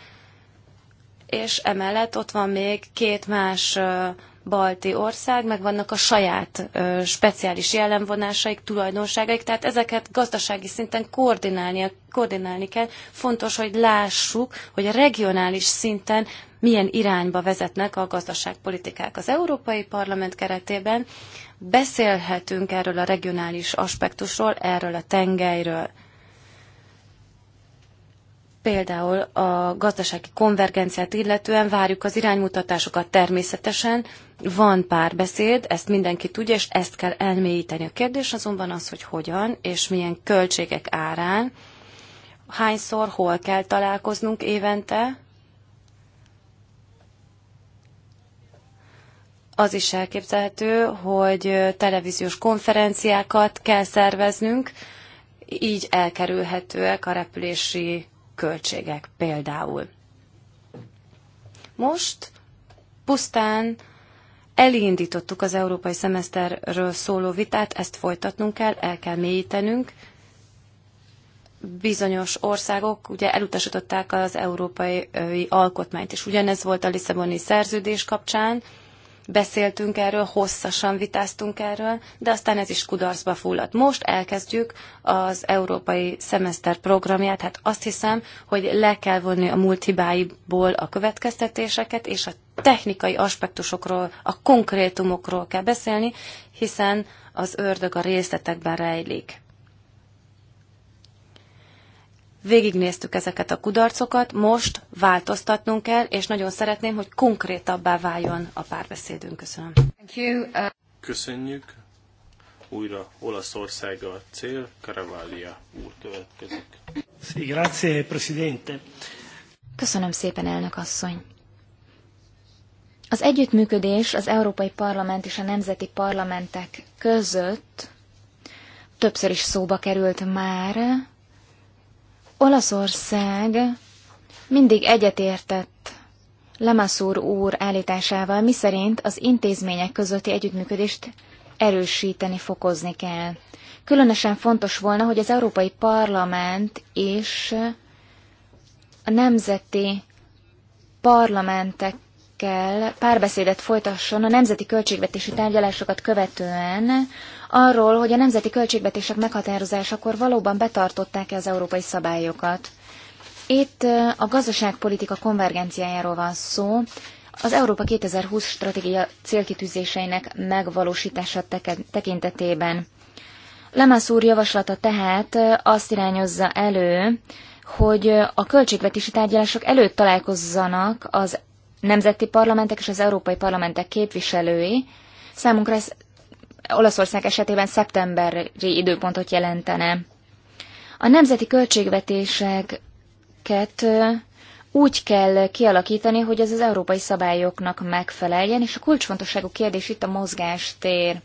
és emellett ott van még két más balti ország, meg vannak a saját ö, speciális jellemvonásaik, tulajdonságaik, tehát ezeket gazdasági szinten koordinálni, koordinálni kell. Fontos, hogy lássuk, hogy a regionális szinten milyen irányba vezetnek a gazdaságpolitikák. Az Európai Parlament keretében beszélhetünk erről a regionális aspektusról, erről a tengelyről például a gazdasági konvergenciát illetően várjuk az iránymutatásokat természetesen, van párbeszéd, ezt mindenki tudja, és ezt kell elmélyíteni. A kérdés azonban az, hogy hogyan és milyen költségek árán, hányszor, hol kell találkoznunk évente, az is elképzelhető, hogy televíziós konferenciákat kell szerveznünk, így elkerülhetőek a repülési költségek például. Most pusztán elindítottuk az európai szemeszterről szóló vitát, ezt folytatnunk kell, el kell mélyítenünk. Bizonyos országok ugye elutasították az európai alkotmányt, és ugyanez volt a Lisszaboni szerződés kapcsán, beszéltünk erről, hosszasan vitáztunk erről, de aztán ez is kudarcba fulladt. Most elkezdjük az európai szemeszter programját, hát azt hiszem, hogy le kell vonni a múlt hibáiból a következtetéseket, és a technikai aspektusokról, a konkrétumokról kell beszélni, hiszen az ördög a részletekben rejlik. Végignéztük ezeket a kudarcokat, most változtatnunk kell, és nagyon szeretném, hogy konkrétabbá váljon a párbeszédünk. Köszönöm. Uh, Köszönjük. Újra Olaszország a cél, Caravaglia úr következik. Sí, grazie, Presidente. Köszönöm szépen, elnök asszony. Az együttműködés az Európai Parlament és a nemzeti parlamentek között többször is szóba került már, Olaszország mindig egyetértett Lemaszúr úr állításával, miszerint az intézmények közötti együttműködést erősíteni, fokozni kell. Különösen fontos volna, hogy az Európai Parlament és a nemzeti parlamentekkel párbeszédet folytasson a nemzeti költségvetési tárgyalásokat követően, arról, hogy a nemzeti költségvetések meghatározásakor valóban betartották-e az európai szabályokat. Itt a gazdaságpolitika konvergenciájáról van szó, az Európa 2020 stratégia célkitűzéseinek megvalósítása tekintetében. Lemász úr javaslata tehát azt irányozza elő, hogy a költségvetési tárgyalások előtt találkozzanak az nemzeti parlamentek és az európai parlamentek képviselői. Számunkra ez Olaszország esetében szeptemberi időpontot jelentene. A nemzeti költségvetéseket úgy kell kialakítani, hogy ez az európai szabályoknak megfeleljen, és a kulcsfontosságú kérdés itt a mozgástér.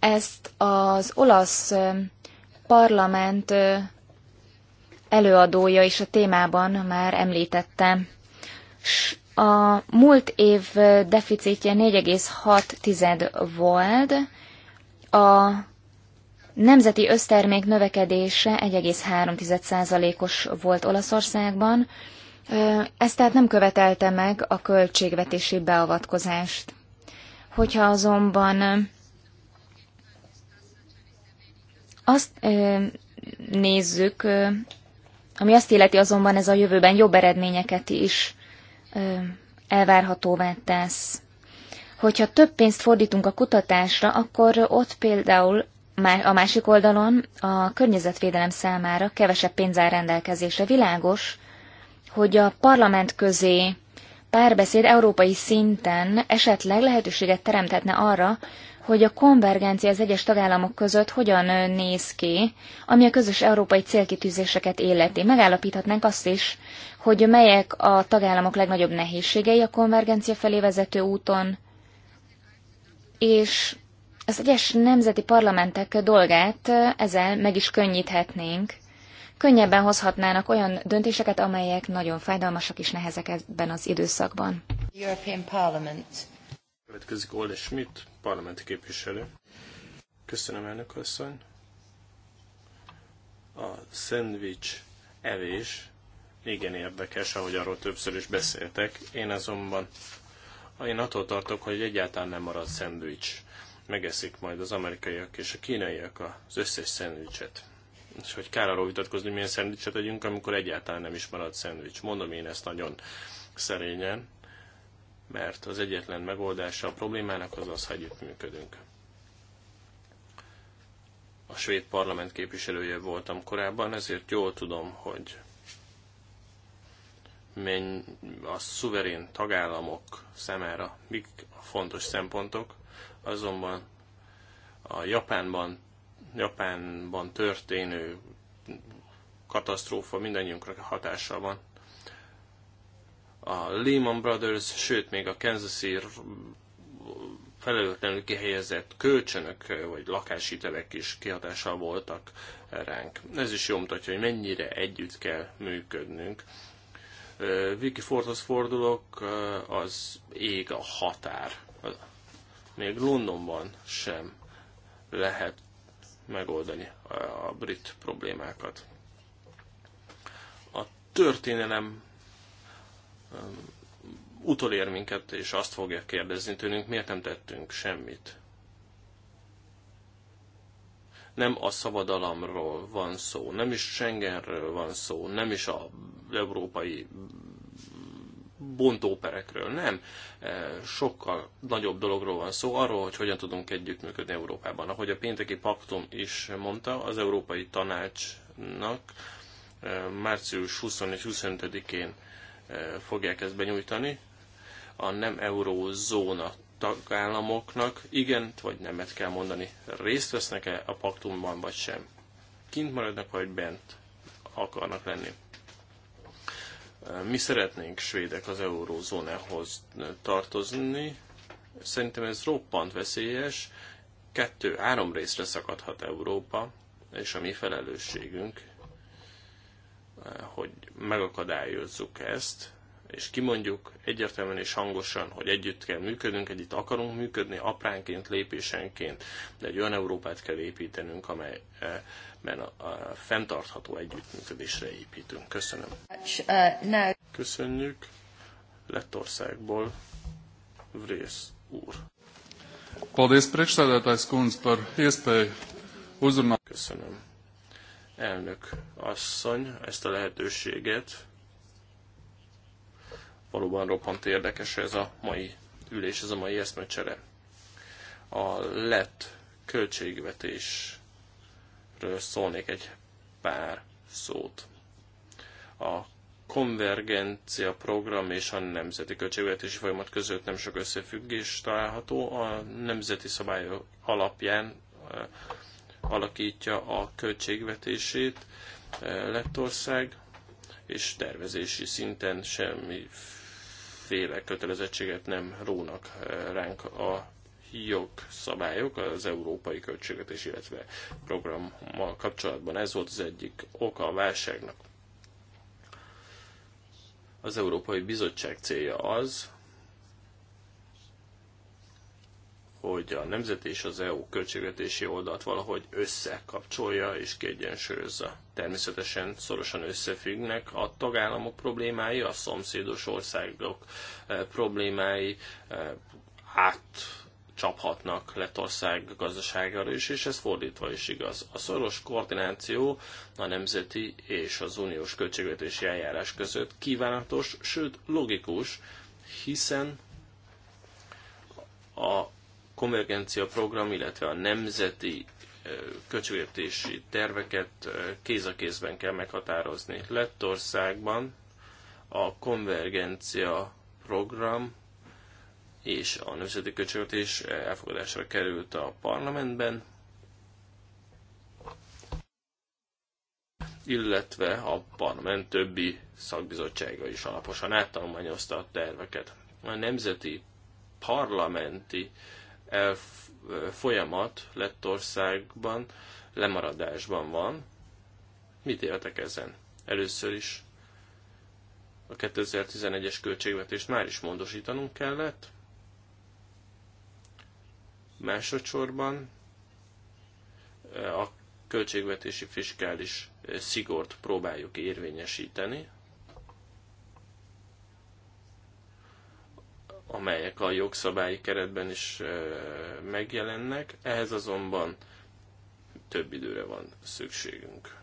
Ezt az olasz parlament előadója is a témában már említette. S a múlt év deficitje 4,6 volt, a nemzeti össztermék növekedése 1,3%-os volt Olaszországban, ez tehát nem követelte meg a költségvetési beavatkozást. Hogyha azonban azt nézzük, ami azt illeti azonban ez a jövőben jobb eredményeket is elvárhatóvá tesz. Hogyha több pénzt fordítunk a kutatásra, akkor ott például a másik oldalon a környezetvédelem számára kevesebb pénz áll rendelkezésre. Világos, hogy a parlament közé párbeszéd európai szinten esetleg lehetőséget teremthetne arra, hogy a konvergencia az egyes tagállamok között hogyan néz ki, ami a közös európai célkitűzéseket illeti. Megállapíthatnánk azt is, hogy melyek a tagállamok legnagyobb nehézségei a konvergencia felé vezető úton, és az egyes nemzeti parlamentek dolgát ezzel meg is könnyíthetnénk. Könnyebben hozhatnának olyan döntéseket, amelyek nagyon fájdalmasak és nehezek ebben az időszakban. European Parliament Következik Olde Schmidt, parlamenti képviselő. Köszönöm, elnök asszony. A szendvics evés igen érdekes, ahogy arról többször is beszéltek. Én azonban én attól tartok, hogy egyáltalán nem marad szendvics. Megeszik majd az amerikaiak és a kínaiak az összes szendvicset. És hogy kár arról vitatkozni, milyen szendvicset adjunk, amikor egyáltalán nem is marad szendvics. Mondom én ezt nagyon szerényen mert az egyetlen megoldása a problémának az az, ha működünk. A svéd parlament képviselője voltam korábban, ezért jól tudom, hogy a szuverén tagállamok szemára mik a fontos szempontok, azonban a Japánban, Japánban történő katasztrófa mindannyiunkra hatással van a Lehman Brothers, sőt még a kansas City felelőtlenül kihelyezett kölcsönök vagy lakáshitelek is kihatással voltak ránk. Ez is jó mutatja, hogy mennyire együtt kell működnünk. Vicky Fordhoz fordulok, az ég a határ. Még Londonban sem lehet megoldani a brit problémákat. A történelem utolér minket, és azt fogja kérdezni tőlünk, miért nem tettünk semmit. Nem a szabadalomról van szó, nem is Schengenről van szó, nem is a európai bontóperekről, nem. Sokkal nagyobb dologról van szó, arról, hogy hogyan tudunk együttműködni Európában. Ahogy a pénteki paktum is mondta, az Európai Tanácsnak március 24-25-én fogják ezt benyújtani. A nem eurózóna tagállamoknak igent vagy nemet kell mondani, részt vesznek-e a paktumban vagy sem. Kint maradnak vagy bent akarnak lenni. Mi szeretnénk svédek az eurózónához tartozni. Szerintem ez roppant veszélyes. Kettő-három részre szakadhat Európa, és a mi felelősségünk hogy megakadályozzuk ezt, és kimondjuk egyértelműen és hangosan, hogy együtt kell működnünk, együtt akarunk működni, apránként, lépésenként, de egy olyan Európát kell építenünk, amelyben eh, a fenntartható együttműködésre építünk. Köszönöm. Köszönjük Lettországból Vrész úr. Paldies priekšsēdētājs kundz par iespēju uzrunāt. Köszönöm elnök asszony ezt a lehetőséget. Valóban roppant érdekes ez a mai ülés, ez a mai eszmecsere. A lett költségvetésről szólnék egy pár szót. A konvergencia program és a nemzeti költségvetési folyamat között nem sok összefüggés található. A nemzeti szabályok alapján alakítja a költségvetését eh, Lettország, és tervezési szinten semmiféle kötelezettséget nem rónak eh, ránk a jogszabályok az európai költségvetés, illetve programmal kapcsolatban. Ez volt az egyik oka a válságnak. Az Európai Bizottság célja az, hogy a nemzet és az EU költségvetési oldalt valahogy összekapcsolja és kiegyensúlyozza. Természetesen szorosan összefüggnek a tagállamok problémái, a szomszédos országok eh, problémái eh, át csaphatnak Letország gazdaságára is, és ez fordítva is igaz. A szoros koordináció a nemzeti és az uniós költségvetési eljárás között kívánatos, sőt logikus, hiszen a konvergencia program, illetve a nemzeti költségvetési terveket kéz a kézben kell meghatározni. Lettországban a konvergencia program és a nemzeti költségvetés elfogadásra került a parlamentben, illetve a parlament többi szakbizottsága is alaposan áttanulmányozta a terveket. A nemzeti parlamenti el folyamat Lettországban lemaradásban van. Mit éltek ezen? Először is a 2011-es költségvetést már is módosítanunk kellett. Másodszorban a költségvetési fiskális szigort próbáljuk érvényesíteni, amelyek a jogszabályi keretben is megjelennek, ehhez azonban több időre van szükségünk.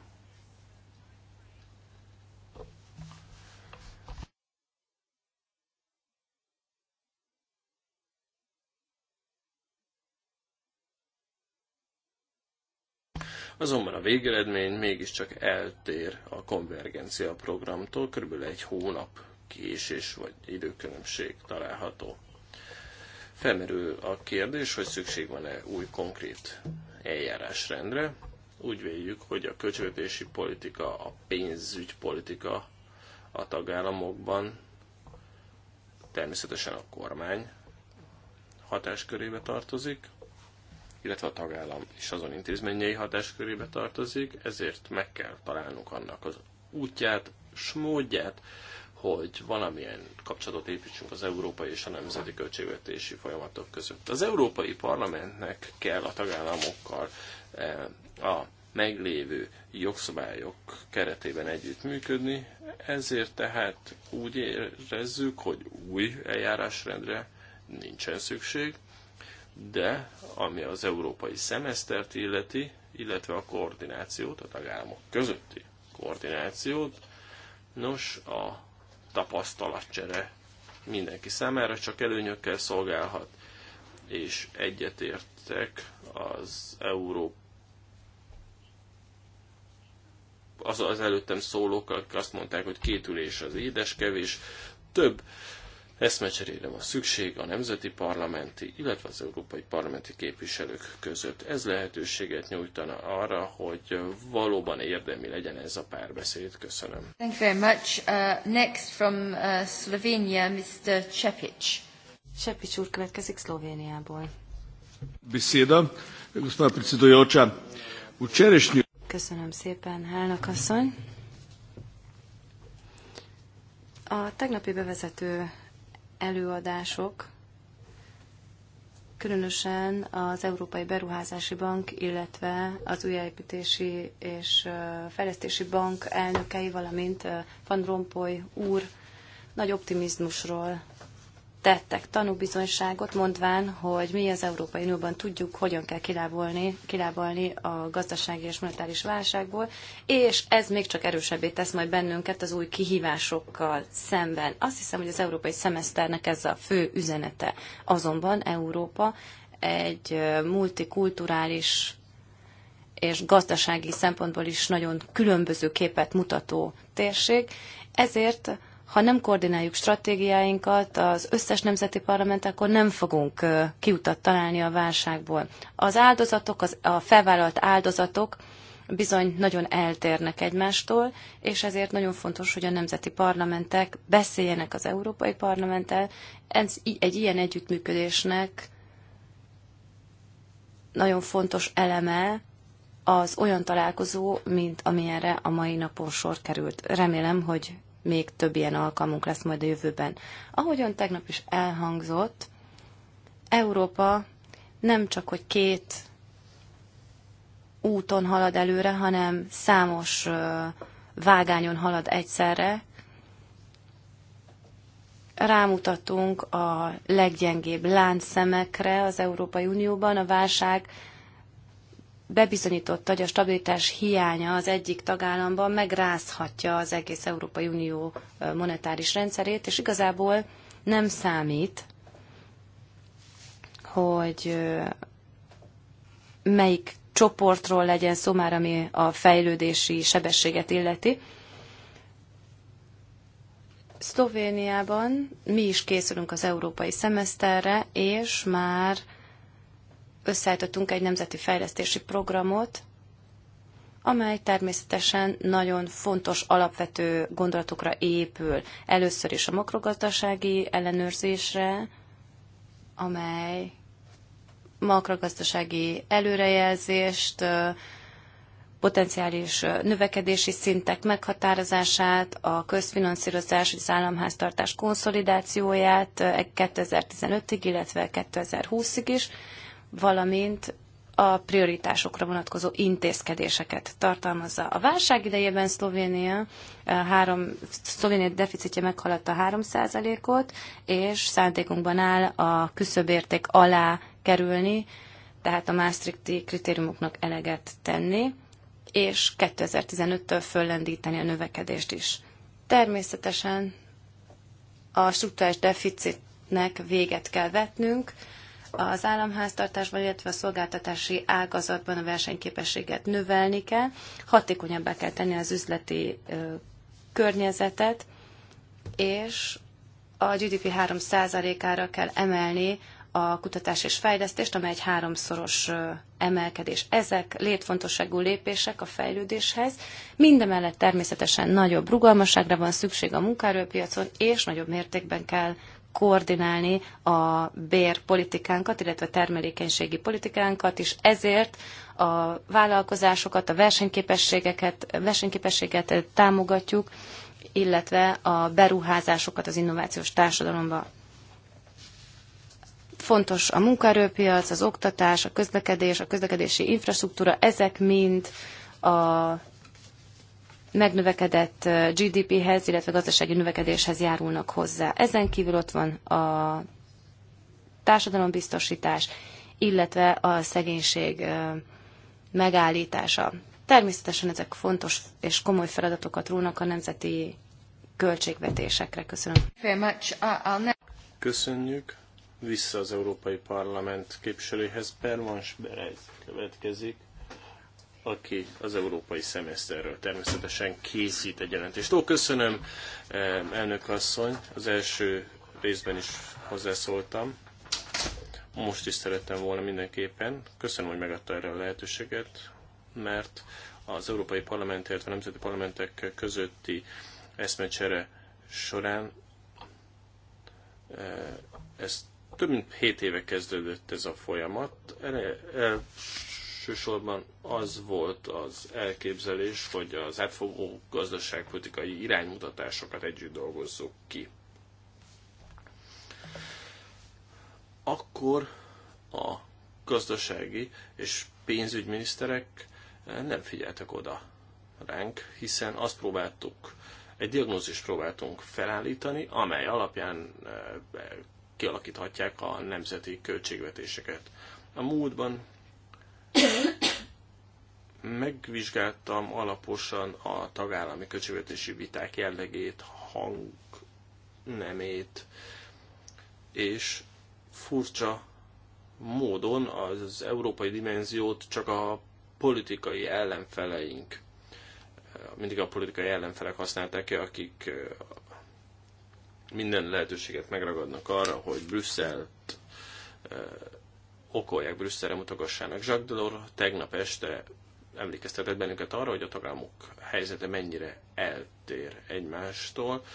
Azonban a végeredmény mégiscsak eltér a konvergencia programtól, kb. egy hónap késés vagy időkülönbség található. Felmerül a kérdés, hogy szükség van-e új konkrét eljárásrendre. Úgy véljük, hogy a költségvetési politika, a pénzügypolitika a tagállamokban természetesen a kormány hatáskörébe tartozik, illetve a tagállam és azon intézményei hatáskörébe tartozik, ezért meg kell találnunk annak az útját, smódját, hogy valamilyen kapcsolatot építsünk az európai és a nemzeti költségvetési folyamatok között. Az Európai Parlamentnek kell a tagállamokkal eh, a meglévő jogszabályok keretében együttműködni, ezért tehát úgy érezzük, hogy új eljárásrendre nincsen szükség, de ami az európai szemesztert illeti, illetve a koordinációt, a tagállamok közötti koordinációt, nos, a tapasztalatcsere mindenki számára csak előnyökkel szolgálhat, és egyetértek az Európa az, az előttem szólók, akik azt mondták, hogy két ülés az édes kevés, több eszmecserére van szükség a nemzeti parlamenti, illetve az európai parlamenti képviselők között. Ez lehetőséget nyújtana arra, hogy valóban érdemi legyen ez a párbeszéd. Köszönöm. Thank you very much. Uh, next from uh, Slovenia, Mr. Cepic. Cepic úr következik Szlovéniából. Beszéda, gospod predsedujoča. Včerajšnji... Köszönöm szépen, elnök asszony. A tegnapi bevezető előadások, különösen az Európai Beruházási Bank, illetve az Újjáépítési és Fejlesztési Bank elnökei, valamint Van Rompuy úr nagy optimizmusról tettek tanúbizonyságot, mondván, hogy mi az Európai Unióban tudjuk, hogyan kell kilábolni, kilábalni a gazdasági és monetáris válságból, és ez még csak erősebbé tesz majd bennünket az új kihívásokkal szemben. Azt hiszem, hogy az európai szemeszternek ez a fő üzenete. Azonban Európa egy multikulturális és gazdasági szempontból is nagyon különböző képet mutató térség, ezért ha nem koordináljuk stratégiáinkat az összes nemzeti parlament, akkor nem fogunk kiutat találni a válságból. Az áldozatok, az, a felvállalt áldozatok bizony nagyon eltérnek egymástól, és ezért nagyon fontos, hogy a nemzeti parlamentek beszéljenek az Európai Parlamenttel. Ez, egy ilyen együttműködésnek nagyon fontos eleme az olyan találkozó, mint amilyenre a mai napon sor került. Remélem, hogy még több ilyen alkalmunk lesz majd a jövőben. Ahogyan tegnap is elhangzott, Európa nem csak, hogy két úton halad előre, hanem számos vágányon halad egyszerre. Rámutatunk a leggyengébb láncszemekre az Európai Unióban, a válság bebizonyította, hogy a stabilitás hiánya az egyik tagállamban megrázhatja az egész Európai Unió monetáris rendszerét, és igazából nem számít, hogy melyik csoportról legyen szó már, ami a fejlődési sebességet illeti. Szlovéniában mi is készülünk az európai szemeszterre, és már összeállítottunk egy nemzeti fejlesztési programot, amely természetesen nagyon fontos alapvető gondolatokra épül. Először is a makrogazdasági ellenőrzésre, amely makrogazdasági előrejelzést, potenciális növekedési szintek meghatározását, a közfinanszírozás és államháztartás konszolidációját 2015-ig, illetve 2020-ig is, valamint a prioritásokra vonatkozó intézkedéseket tartalmazza. A válság idejében Szlovénia, eh, három, Szlovénia deficitje meghaladta 3%-ot, és szándékunkban áll a küszöbérték alá kerülni, tehát a Maastrichti kritériumoknak eleget tenni, és 2015-től föllendíteni a növekedést is. Természetesen a struktúrás deficitnek véget kell vetnünk, az államháztartásban, illetve a szolgáltatási ágazatban a versenyképességet növelni kell, hatékonyabbá kell tenni az üzleti környezetet, és a GDP 3%-ára kell emelni a kutatás és fejlesztést, amely egy háromszoros emelkedés. Ezek létfontosságú lépések a fejlődéshez. Mindemellett természetesen nagyobb rugalmasságra van szükség a munkaerőpiacon, és nagyobb mértékben kell koordinálni a bérpolitikánkat, illetve termelékenységi politikánkat, és ezért a vállalkozásokat, a versenyképességeket, versenyképességet támogatjuk, illetve a beruházásokat az innovációs társadalomba. Fontos a munkaerőpiac, az oktatás, a közlekedés, a közlekedési infrastruktúra, ezek mind a megnövekedett GDP-hez, illetve gazdasági növekedéshez járulnak hozzá. Ezen kívül ott van a társadalombiztosítás, illetve a szegénység megállítása. Természetesen ezek fontos és komoly feladatokat rúnak a nemzeti költségvetésekre. Köszönöm. Köszönjük. Vissza az Európai Parlament képviselőhez. Permans Berez következik aki az európai szemeszterről természetesen készít egy jelentést. Ó, köszönöm, eh, elnök asszony, az első részben is hozzászóltam. Most is szerettem volna mindenképpen. Köszönöm, hogy megadta erre a lehetőséget, mert az Európai Parlament, illetve a Nemzeti Parlamentek közötti eszmecsere során eh, ez több mint 7 éve kezdődött ez a folyamat. Elsősorban az volt az elképzelés, hogy az átfogó gazdaságpolitikai iránymutatásokat együtt dolgozzuk ki. Akkor a gazdasági és pénzügyminiszterek nem figyeltek oda ránk, hiszen azt próbáltuk, egy diagnózist próbáltunk felállítani, amely alapján eh, kialakíthatják a nemzeti költségvetéseket. A múltban Megvizsgáltam alaposan a tagállami költségvetési viták jellegét, hangnemét, és furcsa módon az európai dimenziót csak a politikai ellenfeleink, mindig a politikai ellenfelek használták ki, akik minden lehetőséget megragadnak arra, hogy Brüsszelt okolják Brüsszelre mutogassának. Jacques Delors tegnap este emlékeztetett bennünket arra, hogy a tagállamok helyzete mennyire eltér egymástól,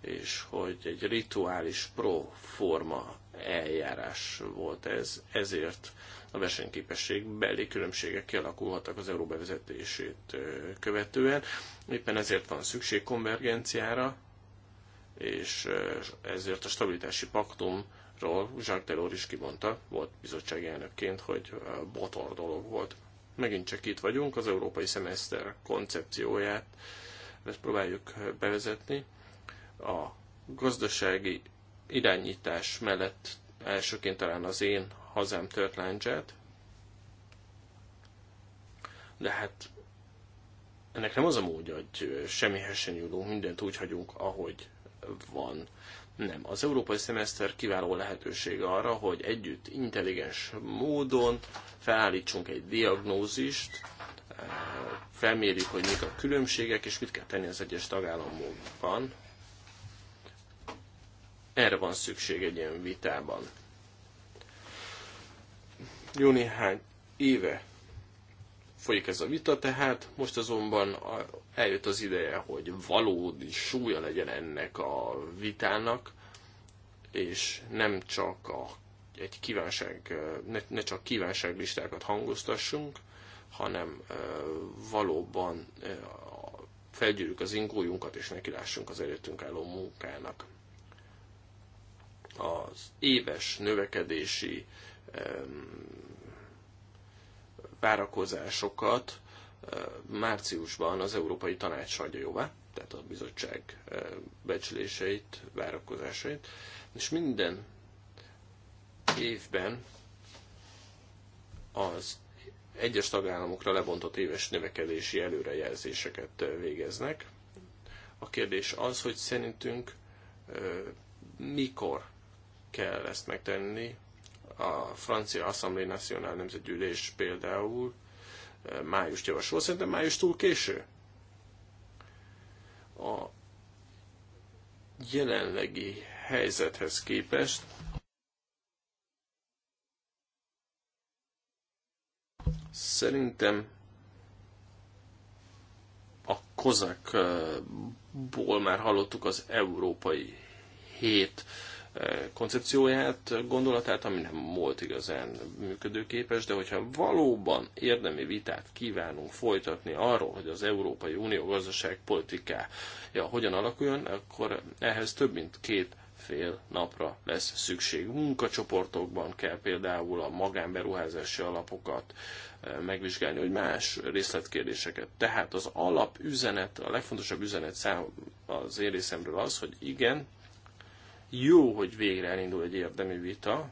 és hogy egy rituális pro-forma eljárás volt ez, ezért a versenyképesség beli különbségek kialakulhattak az euró bevezetését követően. Éppen ezért van szükség konvergenciára, és ezért a stabilitási paktum ról Jacques Delors is kimondta, volt bizottsági elnökként, hogy botor dolog volt. Megint csak itt vagyunk, az európai szemeszter koncepcióját ezt próbáljuk bevezetni. A gazdasági irányítás mellett elsőként talán az én hazám tört láncsát, de hát ennek nem az a módja, hogy semmihez sem nyúlunk, mindent úgy hagyunk, ahogy van. Nem. Az európai szemeszter kiváló lehetőség arra, hogy együtt intelligens módon felállítsunk egy diagnózist, eh, felmérjük, hogy mik a különbségek, és mit kell tenni az egyes tagállamokban. Erre van szükség egy ilyen vitában. Jó néhány éve folyik ez a vita, tehát most azonban eljött az ideje, hogy valódi súlya legyen ennek a vitának, és nem csak a, egy kívánság, ne, ne csak kívánságlistákat hangoztassunk, hanem e, valóban e, felgyűrjük az ingójunkat, és nekilássunk az előttünk álló munkának. Az éves növekedési e, várakozásokat márciusban az Európai Tanács hagyja jóvá, tehát a bizottság becsléseit, várakozásait, és minden évben az egyes tagállamokra lebontott éves növekedési előrejelzéseket végeznek. A kérdés az, hogy szerintünk mikor kell ezt megtenni, a francia Assemblée Nationale nemzetgyűlés például eh, május javasol. Szerintem május túl késő. A jelenlegi helyzethez képest szerintem a kozakból már hallottuk az európai hét koncepcióját, gondolatát, ami nem volt igazán működőképes, de hogyha valóban érdemi vitát kívánunk folytatni arról, hogy az Európai Unió gazdaságpolitikája hogyan alakuljon, akkor ehhez több mint két fél napra lesz szükség. Munkacsoportokban kell például a magánberuházási alapokat eh, megvizsgálni, hogy más részletkérdéseket. Tehát az alapüzenet, a legfontosabb üzenet szám az én részemről az, hogy igen, jó, hogy végre elindul egy érdemi vita,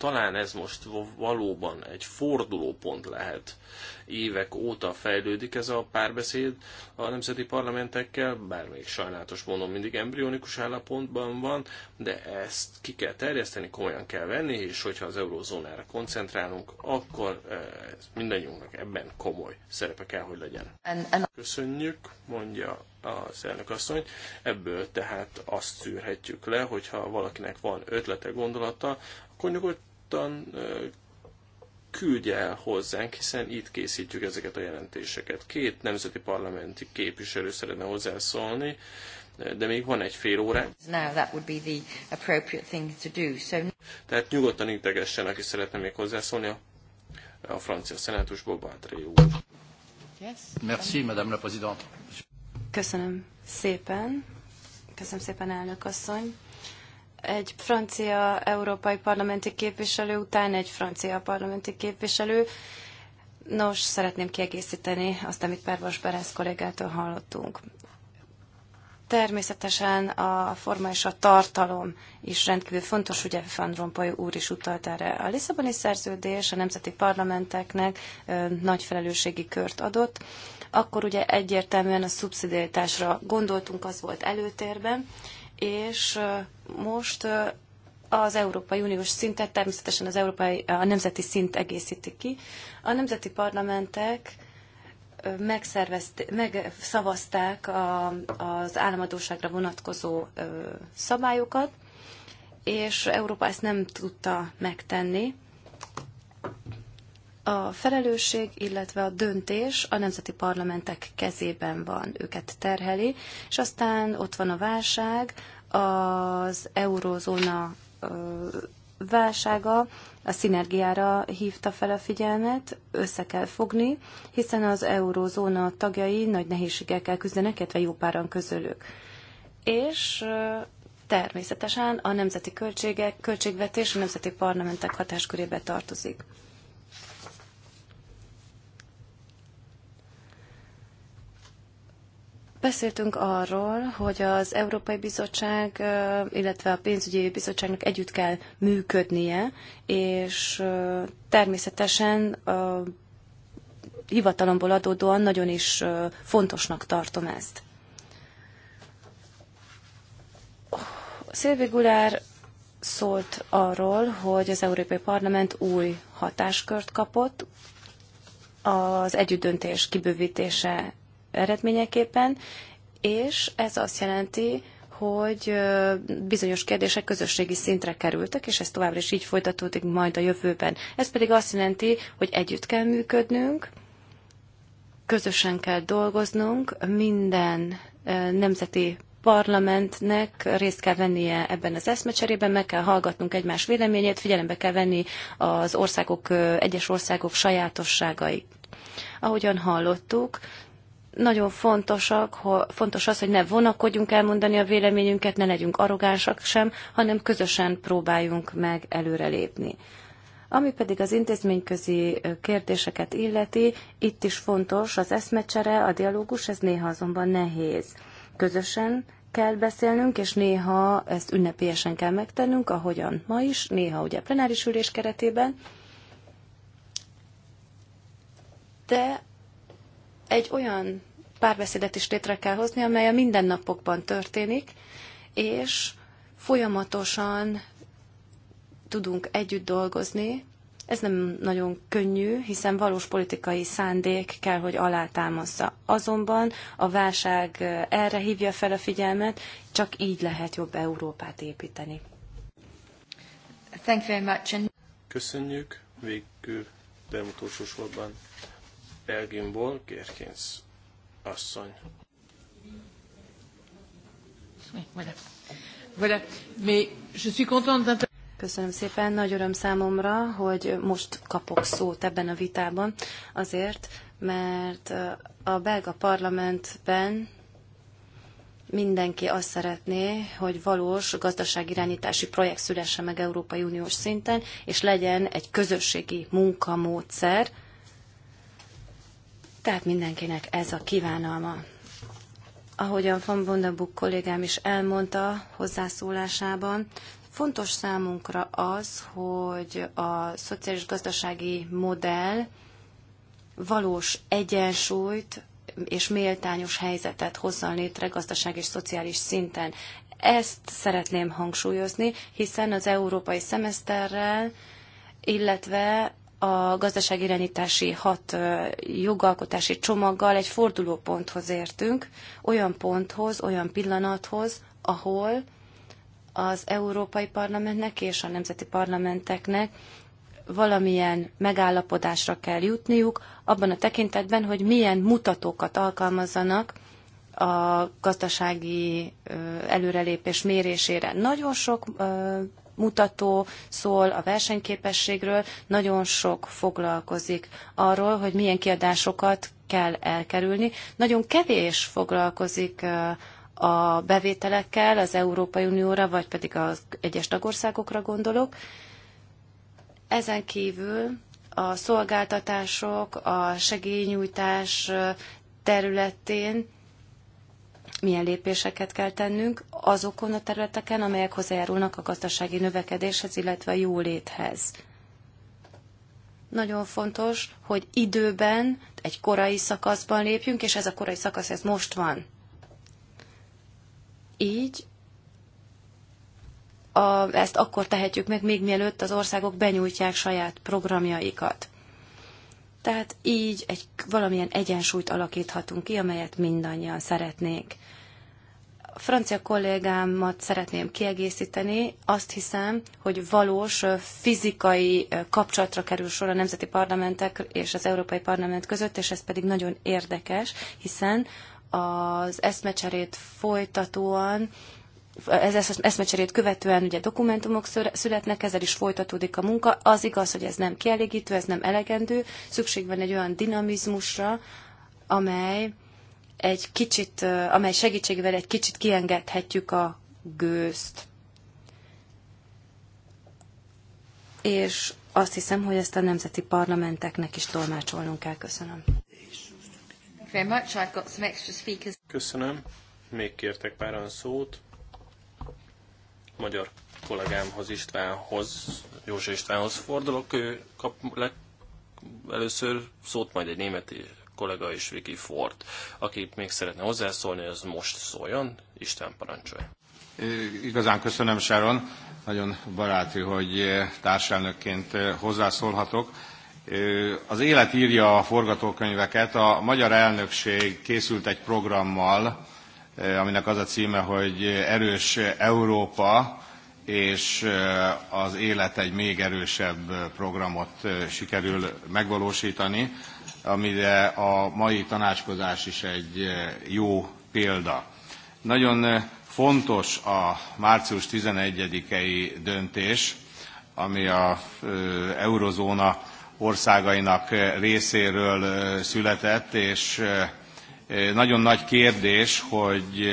talán ez most valóban egy fordulópont lehet. Évek óta fejlődik ez a párbeszéd a nemzeti parlamentekkel, bár még sajnálatos mondom, mindig embryonikus állapotban van, de ezt ki kell terjeszteni, komolyan kell venni, és hogyha az eurozónára koncentrálunk, akkor ez eh, mindannyiunknak ebben komoly szerepe kell, hogy legyen. Köszönjük, mondja az elnök asszony. Ebből tehát azt szűrhetjük le, hogyha valakinek van ötlete, gondolata, akkor nyugodt nyugodtan küldje el hozzánk, hiszen itt készítjük ezeket a jelentéseket. Két nemzeti parlamenti képviselő szeretne hozzászólni, de még van egy fél óra. Tehát nyugodtan integessen, aki szeretne még hozzászólni a, a francia szenátusból, Bátré úr. Merci, madame la présidente. Köszönöm szépen. Köszönöm szépen, elnök asszony egy francia európai parlamenti képviselő után egy francia parlamenti képviselő. Nos, szeretném kiegészíteni azt, amit Pervas Berez kollégától hallottunk. Természetesen a forma és a tartalom is rendkívül fontos, ugye Van Rompuy úr is utalt erre. A Lisszaboni szerződés a nemzeti parlamenteknek nagy felelősségi kört adott, akkor ugye egyértelműen a szubszidiaritásra gondoltunk, az volt előtérben, és most az Európai Uniós szintet természetesen az európai, a nemzeti szint egészíti ki. A nemzeti parlamentek megszavazták a, az államadóságra vonatkozó szabályokat, és Európa ezt nem tudta megtenni a felelősség, illetve a döntés a nemzeti parlamentek kezében van, őket terheli, és aztán ott van a válság, az eurózóna válsága a szinergiára hívta fel a figyelmet, össze kell fogni, hiszen az eurózóna tagjai nagy nehézségekkel küzdenek, illetve jó páran közülük. És természetesen a nemzeti költségek, költségvetés a nemzeti parlamentek hatáskörébe tartozik. Beszéltünk arról, hogy az Európai Bizottság, illetve a pénzügyi bizottságnak együtt kell működnie, és természetesen a hivatalomból adódóan nagyon is fontosnak tartom ezt. Szilvi Gulár szólt arról, hogy az Európai Parlament új hatáskört kapott az együttdöntés kibővítése eredményeképpen, és ez azt jelenti, hogy bizonyos kérdések közösségi szintre kerültek, és ez továbbra is így folytatódik majd a jövőben. Ez pedig azt jelenti, hogy együtt kell működnünk, közösen kell dolgoznunk, minden nemzeti parlamentnek részt kell vennie ebben az eszmecserében, meg kell hallgatnunk egymás véleményét, figyelembe kell venni az országok, egyes országok sajátosságait. Ahogyan hallottuk, nagyon fontosak, fontos az, hogy ne vonakodjunk elmondani a véleményünket, ne legyünk arrogánsak sem, hanem közösen próbáljunk meg előrelépni. Ami pedig az intézményközi kérdéseket illeti, itt is fontos az eszmecsere, a dialógus, ez néha azonban nehéz. Közösen kell beszélnünk, és néha ezt ünnepélyesen kell megtennünk, ahogyan ma is, néha ugye plenáris ülés keretében. De egy olyan párbeszédet is létre kell hozni, amely a mindennapokban történik, és folyamatosan tudunk együtt dolgozni. Ez nem nagyon könnyű, hiszen valós politikai szándék kell, hogy alátámaszza. Azonban a válság erre hívja fel a figyelmet, csak így lehet jobb Európát építeni. Thank you very much. Köszönjük. Végül, de utolsó sorban Belgiumból, Gérkénz asszony. Köszönöm szépen, nagy öröm számomra, hogy most kapok szót ebben a vitában, azért, mert a belga parlamentben mindenki azt szeretné, hogy valós gazdaságirányítási projekt szülesse meg Európai Uniós szinten, és legyen egy közösségi munkamódszer, tehát mindenkinek ez a kívánalma. Ahogyan Van Bondabuk kollégám is elmondta hozzászólásában, fontos számunkra az, hogy a szociális gazdasági modell valós egyensúlyt és méltányos helyzetet hozzon létre gazdaság és szociális szinten. Ezt szeretném hangsúlyozni, hiszen az európai szemeszterrel, illetve a gazdaságirányítási hat jogalkotási csomaggal egy fordulóponthoz értünk, olyan ponthoz, olyan pillanathoz, ahol az Európai Parlamentnek és a nemzeti parlamenteknek valamilyen megállapodásra kell jutniuk, abban a tekintetben, hogy milyen mutatókat alkalmazzanak a gazdasági előrelépés mérésére. Nagyon sok mutató szól a versenyképességről, nagyon sok foglalkozik arról, hogy milyen kiadásokat kell elkerülni. Nagyon kevés foglalkozik a bevételekkel az Európai Unióra, vagy pedig az egyes tagországokra gondolok. Ezen kívül a szolgáltatások, a segélynyújtás területén milyen lépéseket kell tennünk azokon a területeken, amelyek hozzájárulnak a gazdasági növekedéshez, illetve a jóléthez. Nagyon fontos, hogy időben, egy korai szakaszban lépjünk, és ez a korai szakasz, ez most van. Így a, ezt akkor tehetjük meg, még mielőtt az országok benyújtják saját programjaikat. Tehát így egy valamilyen egyensúlyt alakíthatunk ki, amelyet mindannyian szeretnék. A francia kollégámat szeretném kiegészíteni. Azt hiszem, hogy valós fizikai kapcsolatra kerül sor a nemzeti parlamentek és az Európai Parlament között, és ez pedig nagyon érdekes, hiszen az eszmecserét folytatóan ez eszmecserét követően ugye dokumentumok születnek, ezzel is folytatódik a munka. Az igaz, hogy ez nem kielégítő, ez nem elegendő, szükség van egy olyan dinamizmusra, amely egy kicsit, amely segítségével egy kicsit kiengedhetjük a gőzt. És azt hiszem, hogy ezt a nemzeti parlamenteknek is tolmácsolnunk kell. Köszönöm. Köszönöm. Még kértek páran szót magyar kollégámhoz Istvánhoz, József Istvánhoz fordulok, ő kap le, először szót majd egy németi kollega is Vicky Ford. Aki még szeretne hozzászólni, az most szóljon. Isten parancsolja. Igazán köszönöm, Sharon. Nagyon baráti, hogy társelnökként hozzászólhatok. Az élet írja a forgatókönyveket. A magyar elnökség készült egy programmal, E, aminek az a címe, hogy erős Európa, és e, az élet egy még erősebb programot e, sikerül megvalósítani, amire a mai tanácskozás is egy jó példa. Nagyon fontos a március 11-i döntés, ami a eurozóna országainak részéről született, és nagyon nagy kérdés, hogy e,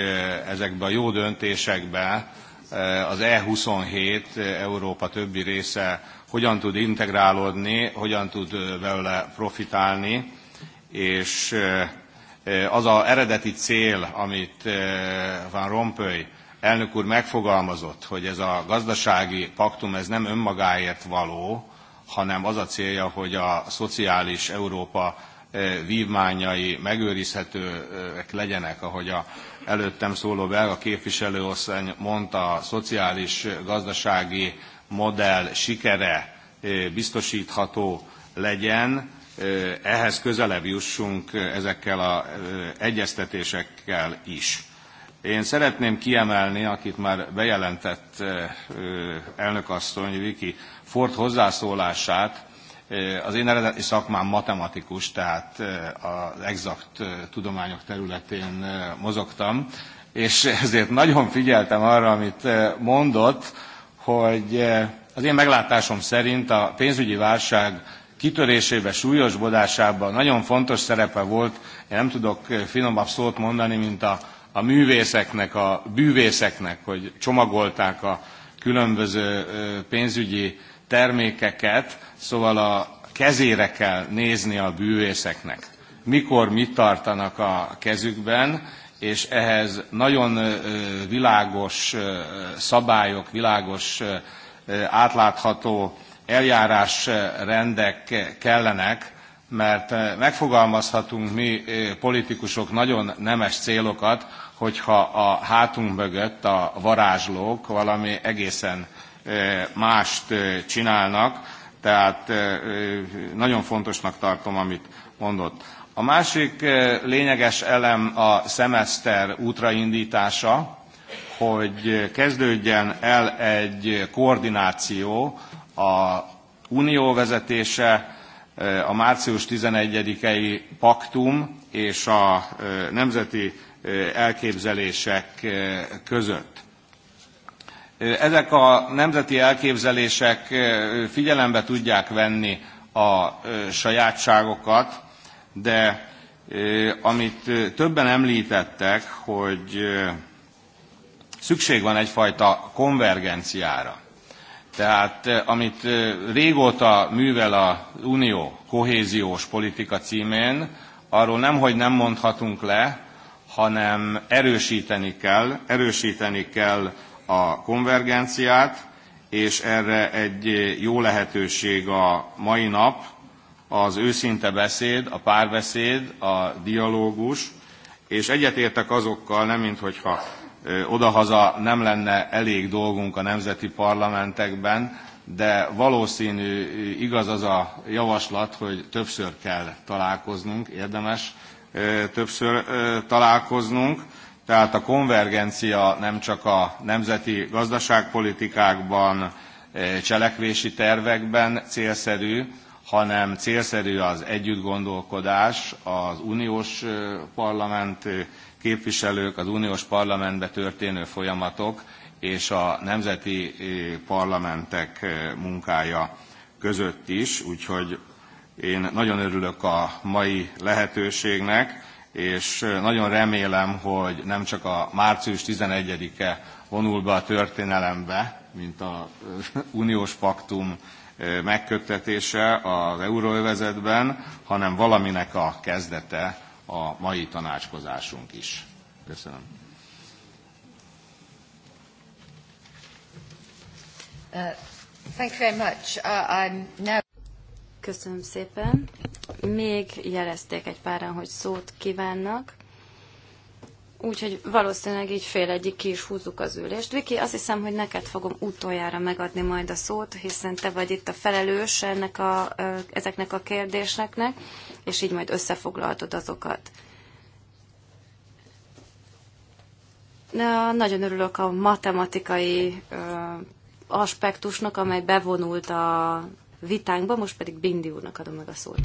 ezekbe a jó döntésekbe e, az E27 Európa többi része hogyan tud integrálódni, hogyan tud e, vele profitálni, és az a eredeti cél, amit Van Rompuy elnök úr megfogalmazott, hogy ez a gazdasági paktum ez nem önmagáért való, hanem az a célja, hogy a szociális Európa vívmányai megőrizhetőek legyenek, ahogy a előttem szóló belga asszony mondta, a szociális gazdasági modell sikere biztosítható legyen, ehhez közelebb jussunk ezekkel az egyeztetésekkel is. Én szeretném kiemelni, akit már bejelentett asszony Viki Ford hozzászólását, az én eredeti szakmám matematikus, tehát az exakt tudományok területén mozogtam, és ezért nagyon figyeltem arra, amit mondott, hogy az én meglátásom szerint a pénzügyi válság kitörésébe, súlyosbodásába nagyon fontos szerepe volt, én nem tudok finomabb szót mondani, mint a, a művészeknek, a bűvészeknek, hogy csomagolták a különböző pénzügyi termékeket, szóval a kezére kell nézni a bűvészeknek. Mikor mit tartanak a kezükben, és ehhez nagyon világos szabályok, világos átlátható eljárásrendek kellenek, mert megfogalmazhatunk mi politikusok nagyon nemes célokat, hogyha a hátunk mögött a varázslók valami egészen mást csinálnak, tehát nagyon fontosnak tartom, amit mondott. A másik lényeges elem a szemeszter útraindítása, hogy kezdődjen el egy koordináció a unió vezetése, a március 11-i paktum és a nemzeti elképzelések között. Ezek a nemzeti elképzelések figyelembe tudják venni a sajátságokat, de amit többen említettek, hogy szükség van egyfajta konvergenciára. Tehát amit régóta művel az Unió kohéziós politika címén, arról nemhogy nem mondhatunk le, hanem erősíteni kell, erősíteni kell a konvergenciát, és erre egy jó lehetőség a mai nap, az őszinte beszéd, a párbeszéd, a dialógus, és egyetértek azokkal, nem minthogyha odahaza nem lenne elég dolgunk a nemzeti parlamentekben, de valószínű igaz az a javaslat, hogy többször kell találkoznunk, érdemes többször találkoznunk, tehát a konvergencia nem csak a nemzeti gazdaságpolitikákban, eh, cselekvési tervekben célszerű, hanem célszerű az együttgondolkodás az uniós eh, parlament eh, képviselők, az uniós parlamentbe történő folyamatok és a nemzeti parlamentek munkája között is, úgyhogy én nagyon örülök a mai lehetőségnek, és nagyon remélem, hogy nem csak a március 11-e vonul be a történelembe, mint a (laughs) uniós paktum megköttetése az euróövezetben, hanem valaminek a kezdete a mai tanácskozásunk is. Köszönöm. Uh, thank you very much. Uh, I'm now Köszönöm szépen. Még jelezték egy páran, hogy szót kívánnak. Úgyhogy valószínűleg így fél egyik ki is húzzuk az ülést. Viki, azt hiszem, hogy neked fogom utoljára megadni majd a szót, hiszen te vagy itt a felelős ennek a, ezeknek a kérdéseknek, és így majd összefoglaltod azokat. Na, nagyon örülök a matematikai ö, aspektusnak, amely bevonult a vitánkba, most pedig Bindi úrnak adom meg a szót.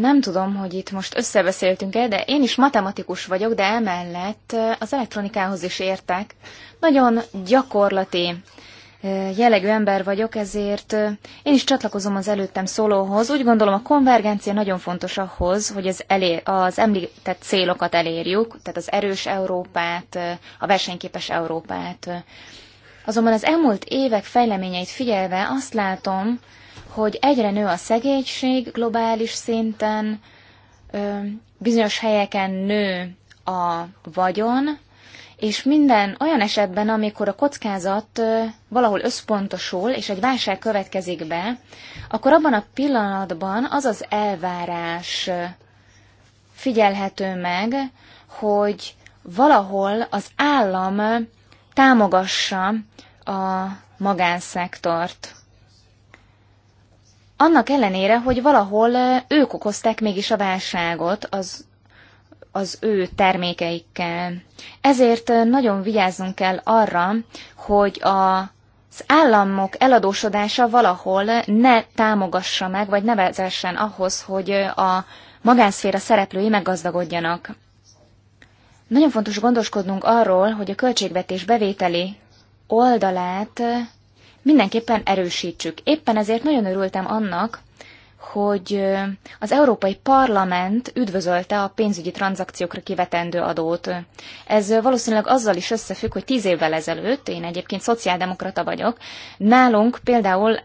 Nem tudom, hogy itt most összebeszéltünk-e, de én is matematikus vagyok, de emellett az elektronikához is értek. Nagyon gyakorlati jellegű ember vagyok, ezért én is csatlakozom az előttem szólóhoz. Úgy gondolom, a konvergencia nagyon fontos ahhoz, hogy az, elér, az említett célokat elérjük, tehát az erős Európát, a versenyképes Európát Azonban az elmúlt évek fejleményeit figyelve azt látom, hogy egyre nő a szegénység globális szinten, bizonyos helyeken nő a vagyon, és minden olyan esetben, amikor a kockázat valahol összpontosul, és egy válság következik be, akkor abban a pillanatban az az elvárás figyelhető meg, hogy valahol az állam támogassa a magánszektort. Annak ellenére, hogy valahol ők okozták mégis a válságot az, az ő termékeikkel. Ezért nagyon vigyázzunk kell arra, hogy a az államok eladósodása valahol ne támogassa meg, vagy ne vezessen ahhoz, hogy a magánszféra szereplői meggazdagodjanak. Nagyon fontos gondoskodnunk arról, hogy a költségvetés bevételi oldalát eh, mindenképpen erősítsük. Éppen ezért nagyon örültem annak, hogy eh, az Európai Parlament üdvözölte a pénzügyi tranzakciókra kivetendő adót. Ez eh, valószínűleg azzal is összefügg, hogy tíz évvel ezelőtt, én egyébként szociáldemokrata vagyok, nálunk például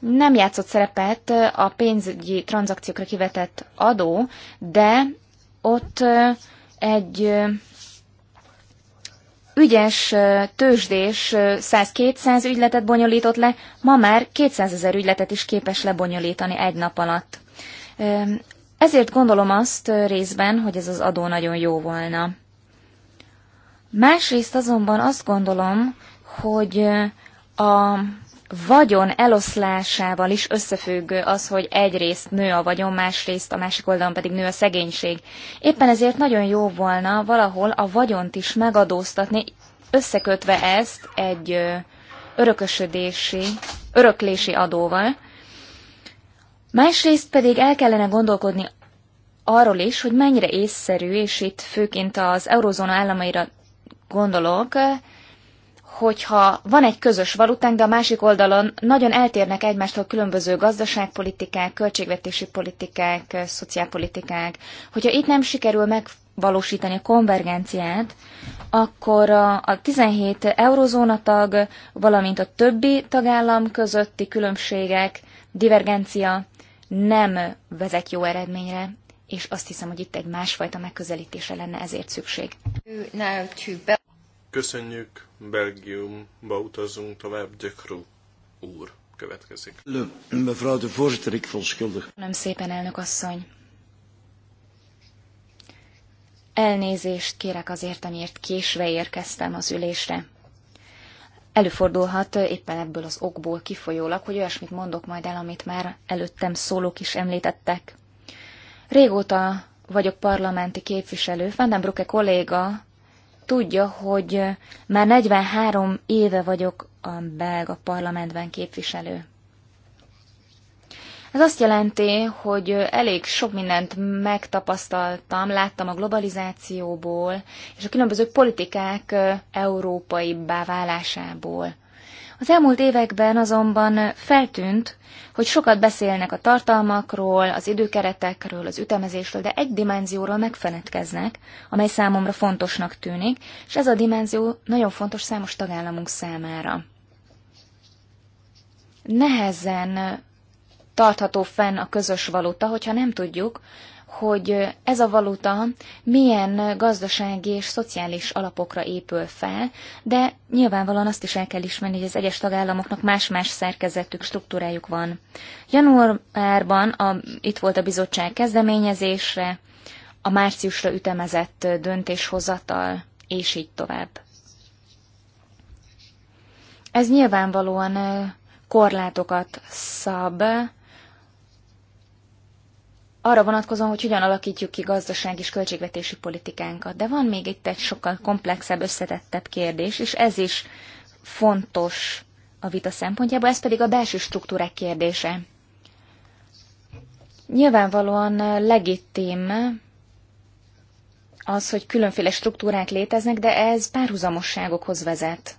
nem játszott szerepet a pénzügyi tranzakciókra kivetett adó, de ott egy ügyes tőzsdés 100-200 ügyletet bonyolított le, ma már 200 ezer ügyletet is képes lebonyolítani egy nap alatt. Ezért gondolom azt részben, hogy ez az adó nagyon jó volna. Másrészt azonban azt gondolom, hogy a vagyon eloszlásával is összefüggő az, hogy egyrészt nő a vagyon, másrészt a másik oldalon pedig nő a szegénység. Éppen ezért nagyon jó volna valahol a vagyont is megadóztatni, összekötve ezt egy örökösödési, öröklési adóval. Másrészt pedig el kellene gondolkodni arról is, hogy mennyire észszerű, és itt főként az eurozóna államaira gondolok, hogyha van egy közös valutánk, de a másik oldalon nagyon eltérnek egymástól különböző gazdaságpolitikák, költségvetési politikák, szociálpolitikák. Hogyha itt nem sikerül megvalósítani a konvergenciát, akkor a 17 eurozóna tag, valamint a többi tagállam közötti különbségek, divergencia nem vezet jó eredményre, és azt hiszem, hogy itt egy másfajta megközelítése lenne ezért szükség. Köszönjük, Belgiumba utazunk tovább, De úr következik. Mevrouw de voorzitter, ik verontschuldig. Nem szépen, elnök asszony. Elnézést kérek azért, amiért késve érkeztem az ülésre. Előfordulhat éppen ebből az okból kifolyólag, hogy olyasmit mondok majd el, amit már előttem szólók is említettek. Régóta vagyok parlamenti képviselő, Van kolléga tudja, hogy már 43 éve vagyok a belga parlamentben képviselő. Ez azt jelenti, hogy elég sok mindent megtapasztaltam, láttam a globalizációból és a különböző politikák európai válásából. Az elmúlt években azonban feltűnt, hogy sokat beszélnek a tartalmakról, az időkeretekről, az ütemezésről, de egy dimenzióról megfenetkeznek, amely számomra fontosnak tűnik, és ez a dimenzió nagyon fontos számos tagállamunk számára. Nehezen tartható fenn a közös valuta, hogyha nem tudjuk, hogy ez a valuta milyen gazdasági és szociális alapokra épül fel, de nyilvánvalóan azt is el kell ismerni, hogy az egyes tagállamoknak más-más szerkezetük, struktúrájuk van. Januárban a, itt volt a bizottság kezdeményezésre, a márciusra ütemezett döntéshozatal, és így tovább. Ez nyilvánvalóan korlátokat szab arra vonatkozom, hogy hogyan alakítjuk ki gazdaság és költségvetési politikánkat. De van még itt egy sokkal komplexebb, összetettebb kérdés, és ez is fontos a vita szempontjából, ez pedig a belső struktúrák kérdése. Nyilvánvalóan legitim az, hogy különféle struktúrák léteznek, de ez párhuzamosságokhoz vezet.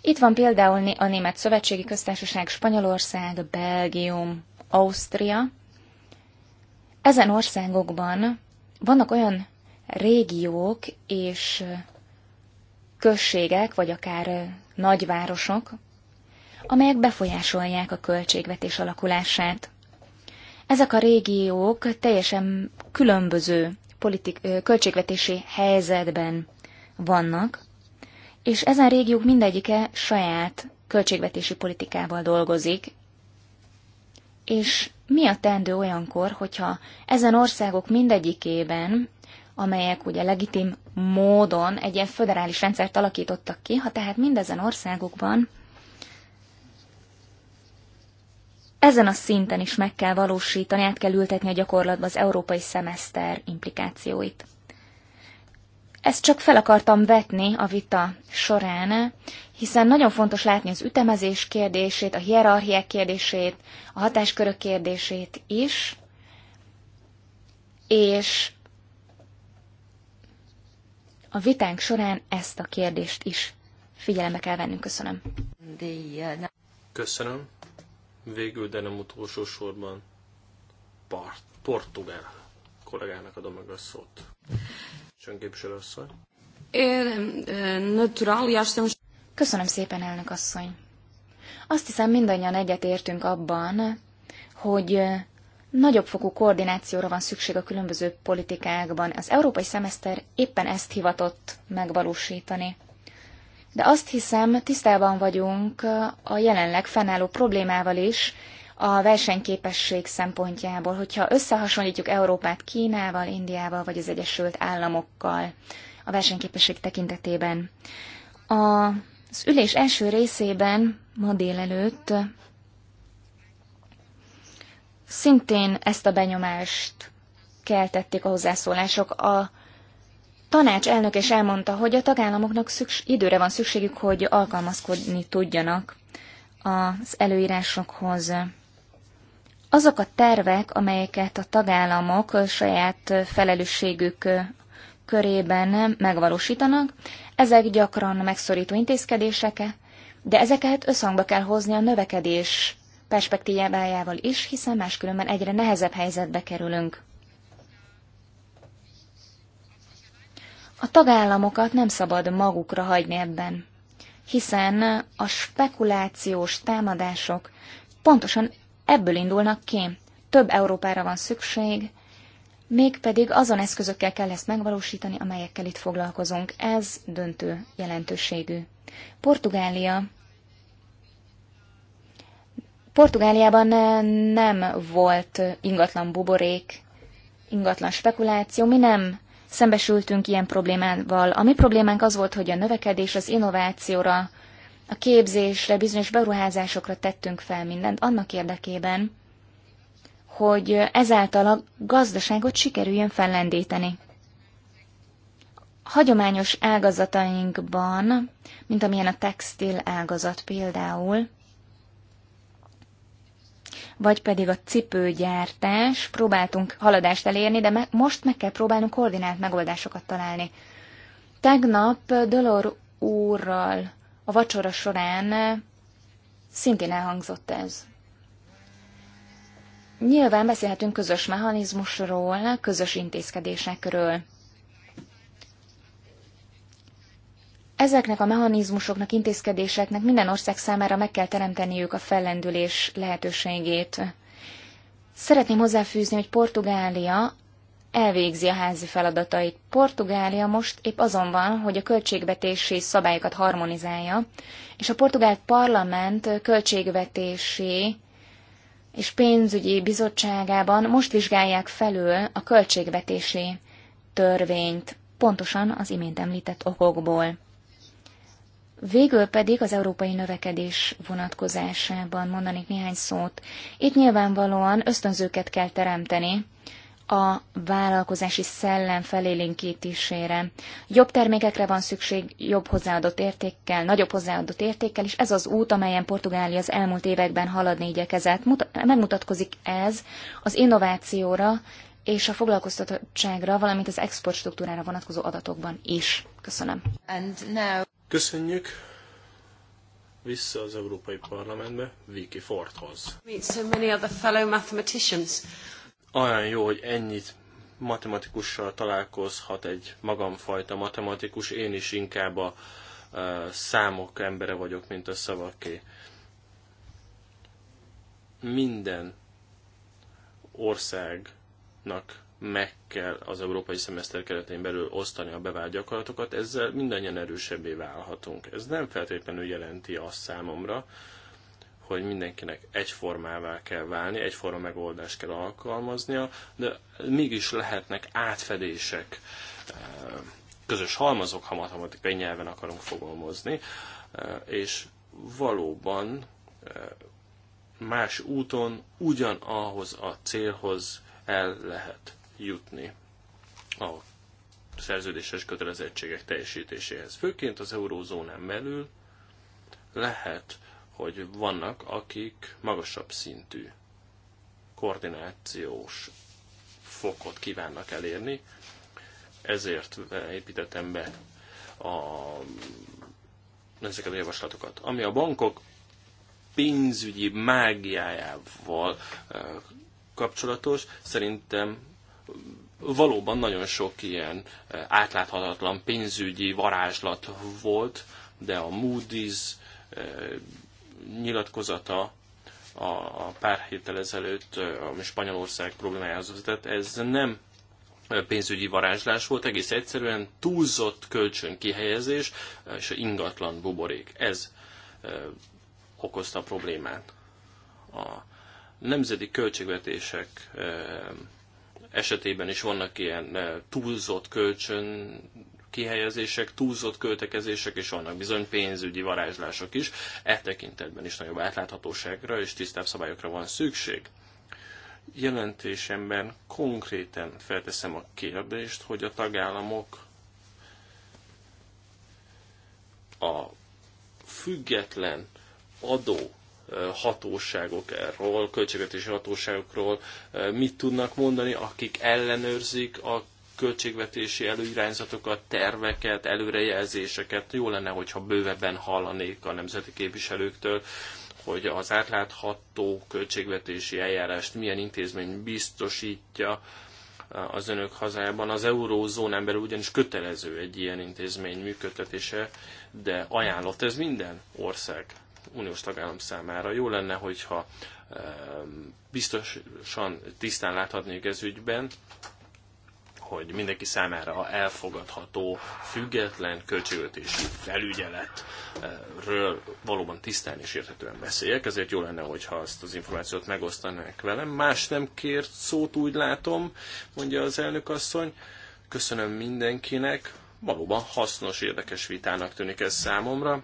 Itt van például a Német Szövetségi Köztársaság, Spanyolország, Belgium, Ausztria, ezen országokban vannak olyan régiók és községek, vagy akár nagyvárosok, amelyek befolyásolják a költségvetés alakulását. Ezek a régiók teljesen különböző politik- költségvetési helyzetben vannak, és ezen régiók mindegyike saját költségvetési politikával dolgozik, és mi a tendő olyankor, hogyha ezen országok mindegyikében, amelyek ugye legitim módon egy ilyen föderális rendszert alakítottak ki, ha tehát mindezen országokban ezen a szinten is meg kell valósítani, át kell ültetni a gyakorlatba az európai szemeszter implikációit. Ezt csak fel akartam vetni a vita során, hiszen nagyon fontos látni az ütemezés kérdését, a hierarchiák kérdését, a hatáskörök kérdését is, és a vitánk során ezt a kérdést is figyelembe kell vennünk. Köszönöm. Köszönöm. Végül, de nem utolsó sorban portugál kollégának adom meg a szót. Sönképviselőasszony. Köszönöm szépen, elnök asszony. Azt hiszem mindannyian egyetértünk abban, hogy nagyobb fokú koordinációra van szükség a különböző politikákban. Az európai szemeszter éppen ezt hivatott megvalósítani. De azt hiszem, tisztában vagyunk a jelenleg fennálló problémával is, a versenyképesség szempontjából, hogyha összehasonlítjuk Európát Kínával, Indiával vagy az Egyesült Államokkal a versenyképesség tekintetében. Az ülés első részében ma délelőtt szintén ezt a benyomást keltették a hozzászólások. A tanács elnök is elmondta, hogy a tagállamoknak szüks- időre van szükségük, hogy alkalmazkodni tudjanak az előírásokhoz azok a tervek, amelyeket a tagállamok saját felelősségük körében megvalósítanak, ezek gyakran megszorító intézkedések, de ezeket összhangba kell hozni a növekedés perspektívájával is, hiszen máskülönben egyre nehezebb helyzetbe kerülünk. A tagállamokat nem szabad magukra hagyni ebben, hiszen a spekulációs támadások pontosan Ebből indulnak ki. Több Európára van szükség, mégpedig azon eszközökkel kell ezt megvalósítani, amelyekkel itt foglalkozunk. Ez döntő jelentőségű. Portugália Portugáliában nem volt ingatlan buborék, ingatlan spekuláció, mi nem szembesültünk ilyen problémával. A mi problémánk az volt, hogy a növekedés az innovációra, a képzésre, bizonyos beruházásokra tettünk fel mindent annak érdekében, hogy ezáltal a gazdaságot sikerüljön fellendíteni. Hagyományos ágazatainkban, mint amilyen a textil ágazat például, vagy pedig a cipőgyártás, próbáltunk haladást elérni, de me- most meg kell próbálnunk koordinált megoldásokat találni. Tegnap Dolor úrral a vacsora során eh, szintén elhangzott ez. Nyilván beszélhetünk közös mechanizmusról, közös intézkedésekről. Ezeknek a mechanizmusoknak, intézkedéseknek minden ország számára meg kell teremteniük a fellendülés lehetőségét. Szeretném hozzáfűzni, hogy Portugália elvégzi a házi feladatait. Portugália most épp azon van, hogy a költségvetési szabályokat harmonizálja, és a portugál parlament költségvetési és pénzügyi bizottságában most vizsgálják felül a költségvetési törvényt, pontosan az imént említett okokból. Végül pedig az európai növekedés vonatkozásában mondanék néhány szót. Itt nyilvánvalóan ösztönzőket kell teremteni a vállalkozási szellem felélénkítésére. Jobb termékekre van szükség, jobb hozzáadott értékkel, nagyobb hozzáadott értékkel, és ez az út, amelyen Portugália az elmúlt években haladni igyekezett. megmutatkozik ez az innovációra és a foglalkoztatottságra, valamint az export struktúrára vonatkozó adatokban is. Köszönöm. And now... Köszönjük. Vissza az Európai Parlamentbe, Vicky Fordhoz. Meet so many other fellow mathematicians olyan jó, hogy ennyit matematikussal találkozhat egy magamfajta matematikus, én is inkább a számok embere vagyok, mint a szavaké. Minden országnak meg kell az európai szemeszter keretén belül osztani a bevált gyakorlatokat, ezzel mindannyian erősebbé válhatunk. Ez nem feltétlenül jelenti azt számomra, hogy mindenkinek egyformává kell válni, egyforma megoldást kell alkalmaznia, de mégis lehetnek átfedések, eh, közös halmazok, ha matematikai nyelven akarunk fogalmazni, eh, és valóban eh, más úton ugyanahhoz a célhoz el lehet jutni a szerződéses kötelezettségek teljesítéséhez. Főként az eurózónán belül lehet hogy vannak, akik magasabb szintű koordinációs fokot kívánnak elérni, ezért építettem be a, ezeket a javaslatokat. Ami a bankok pénzügyi mágiájával eh, kapcsolatos, szerintem valóban nagyon sok ilyen eh, átláthatatlan pénzügyi varázslat volt, de a Moody's eh, nyilatkozata a, a pár héttel ezelőtt a Spanyolország problémájához vezetett, ez nem pénzügyi varázslás volt, egész egyszerűen túlzott kölcsönkihelyezés és ingatlan buborék. Ez okozta a problémát. A nemzeti költségvetések esetében is vannak ilyen túlzott kölcsön kihelyezések, túlzott költekezések, és vannak bizony pénzügyi varázslások is. E tekintetben is nagyobb átláthatóságra és tisztább szabályokra van szükség. Jelentésemben konkrétan felteszem a kérdést, hogy a tagállamok a független adó hatóságokról, költségvetési hatóságokról mit tudnak mondani, akik ellenőrzik a költségvetési előirányzatokat, terveket, előrejelzéseket. Jó lenne, hogyha bővebben hallanék a nemzeti képviselőktől, hogy az átlátható költségvetési eljárást milyen intézmény biztosítja az önök hazájában. Az eurózón ember ugyanis kötelező egy ilyen intézmény működtetése, de ajánlott ez minden ország uniós tagállam számára. Jó lenne, hogyha ehm, biztosan tisztán láthatnék ez ügyben, hogy mindenki számára elfogadható, független költségvetési felügyeletről valóban tisztán és érthetően beszéljek, ezért jó lenne, hogyha azt az információt megosztanák velem. Más nem kért szót, úgy látom, mondja az elnök asszony. Köszönöm mindenkinek, valóban hasznos, érdekes vitának tűnik ez számomra.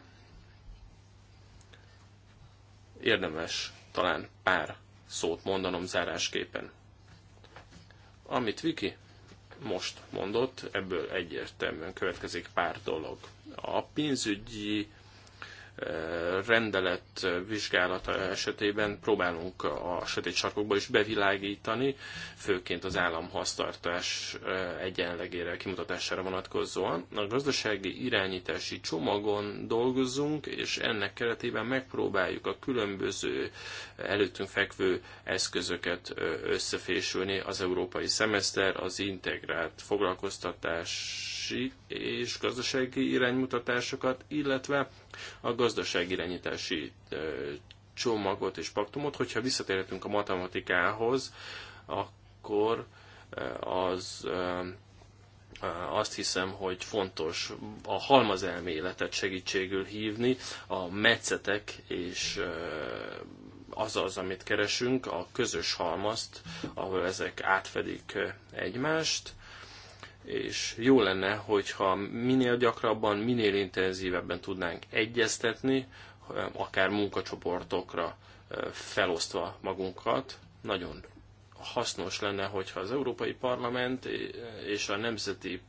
Érdemes talán pár szót mondanom zárásképpen. Amit Viki most mondott, ebből egyértelműen következik pár dolog. A pénzügyi rendelet vizsgálata esetében próbálunk a sötét sarkokba is bevilágítani, főként az államhasztartás egyenlegére, kimutatására vonatkozóan. A gazdasági irányítási csomagon dolgozunk, és ennek keretében megpróbáljuk a különböző előttünk fekvő eszközöket összefésülni. Az európai szemeszter, az integrált foglalkoztatás irányítási és gazdasági iránymutatásokat, illetve a gazdasági irányítási csomagot és paktumot. Hogyha visszatérhetünk a matematikához, akkor az azt hiszem, hogy fontos a halmazelméletet segítségül hívni, a metszetek és az az, amit keresünk, a közös halmazt, ahol ezek átfedik egymást és jó lenne, hogyha minél gyakrabban, minél intenzívebben tudnánk egyeztetni, akár munkacsoportokra felosztva magunkat. Nagyon hasznos lenne, hogyha az Európai Parlament és a nemzeti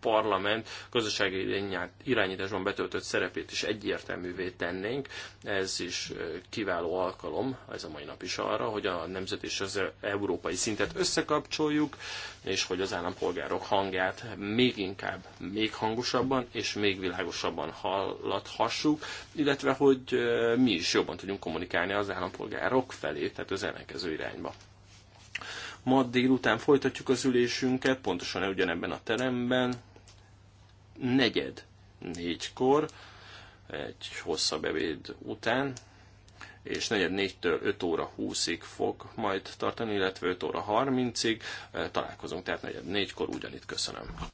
parlament gazdasági irányításban betöltött szerepét is egyértelművé tennénk. Ez is kiváló alkalom, ez a mai nap is arra, hogy a nemzet és az európai szintet összekapcsoljuk, és hogy az állampolgárok hangját még inkább, még hangosabban és még világosabban hallathassuk, illetve hogy mi is jobban tudjunk kommunikálni az állampolgárok felé, tehát az ellenkező irányba. Ma délután folytatjuk az ülésünket, pontosan ugyanebben a teremben, negyed négykor, egy hosszabb ebéd után, és negyed négytől 5 óra 20-ig fog majd tartani, illetve 5 óra 30-ig eh, találkozunk, tehát negyed négykor ugyanitt köszönöm.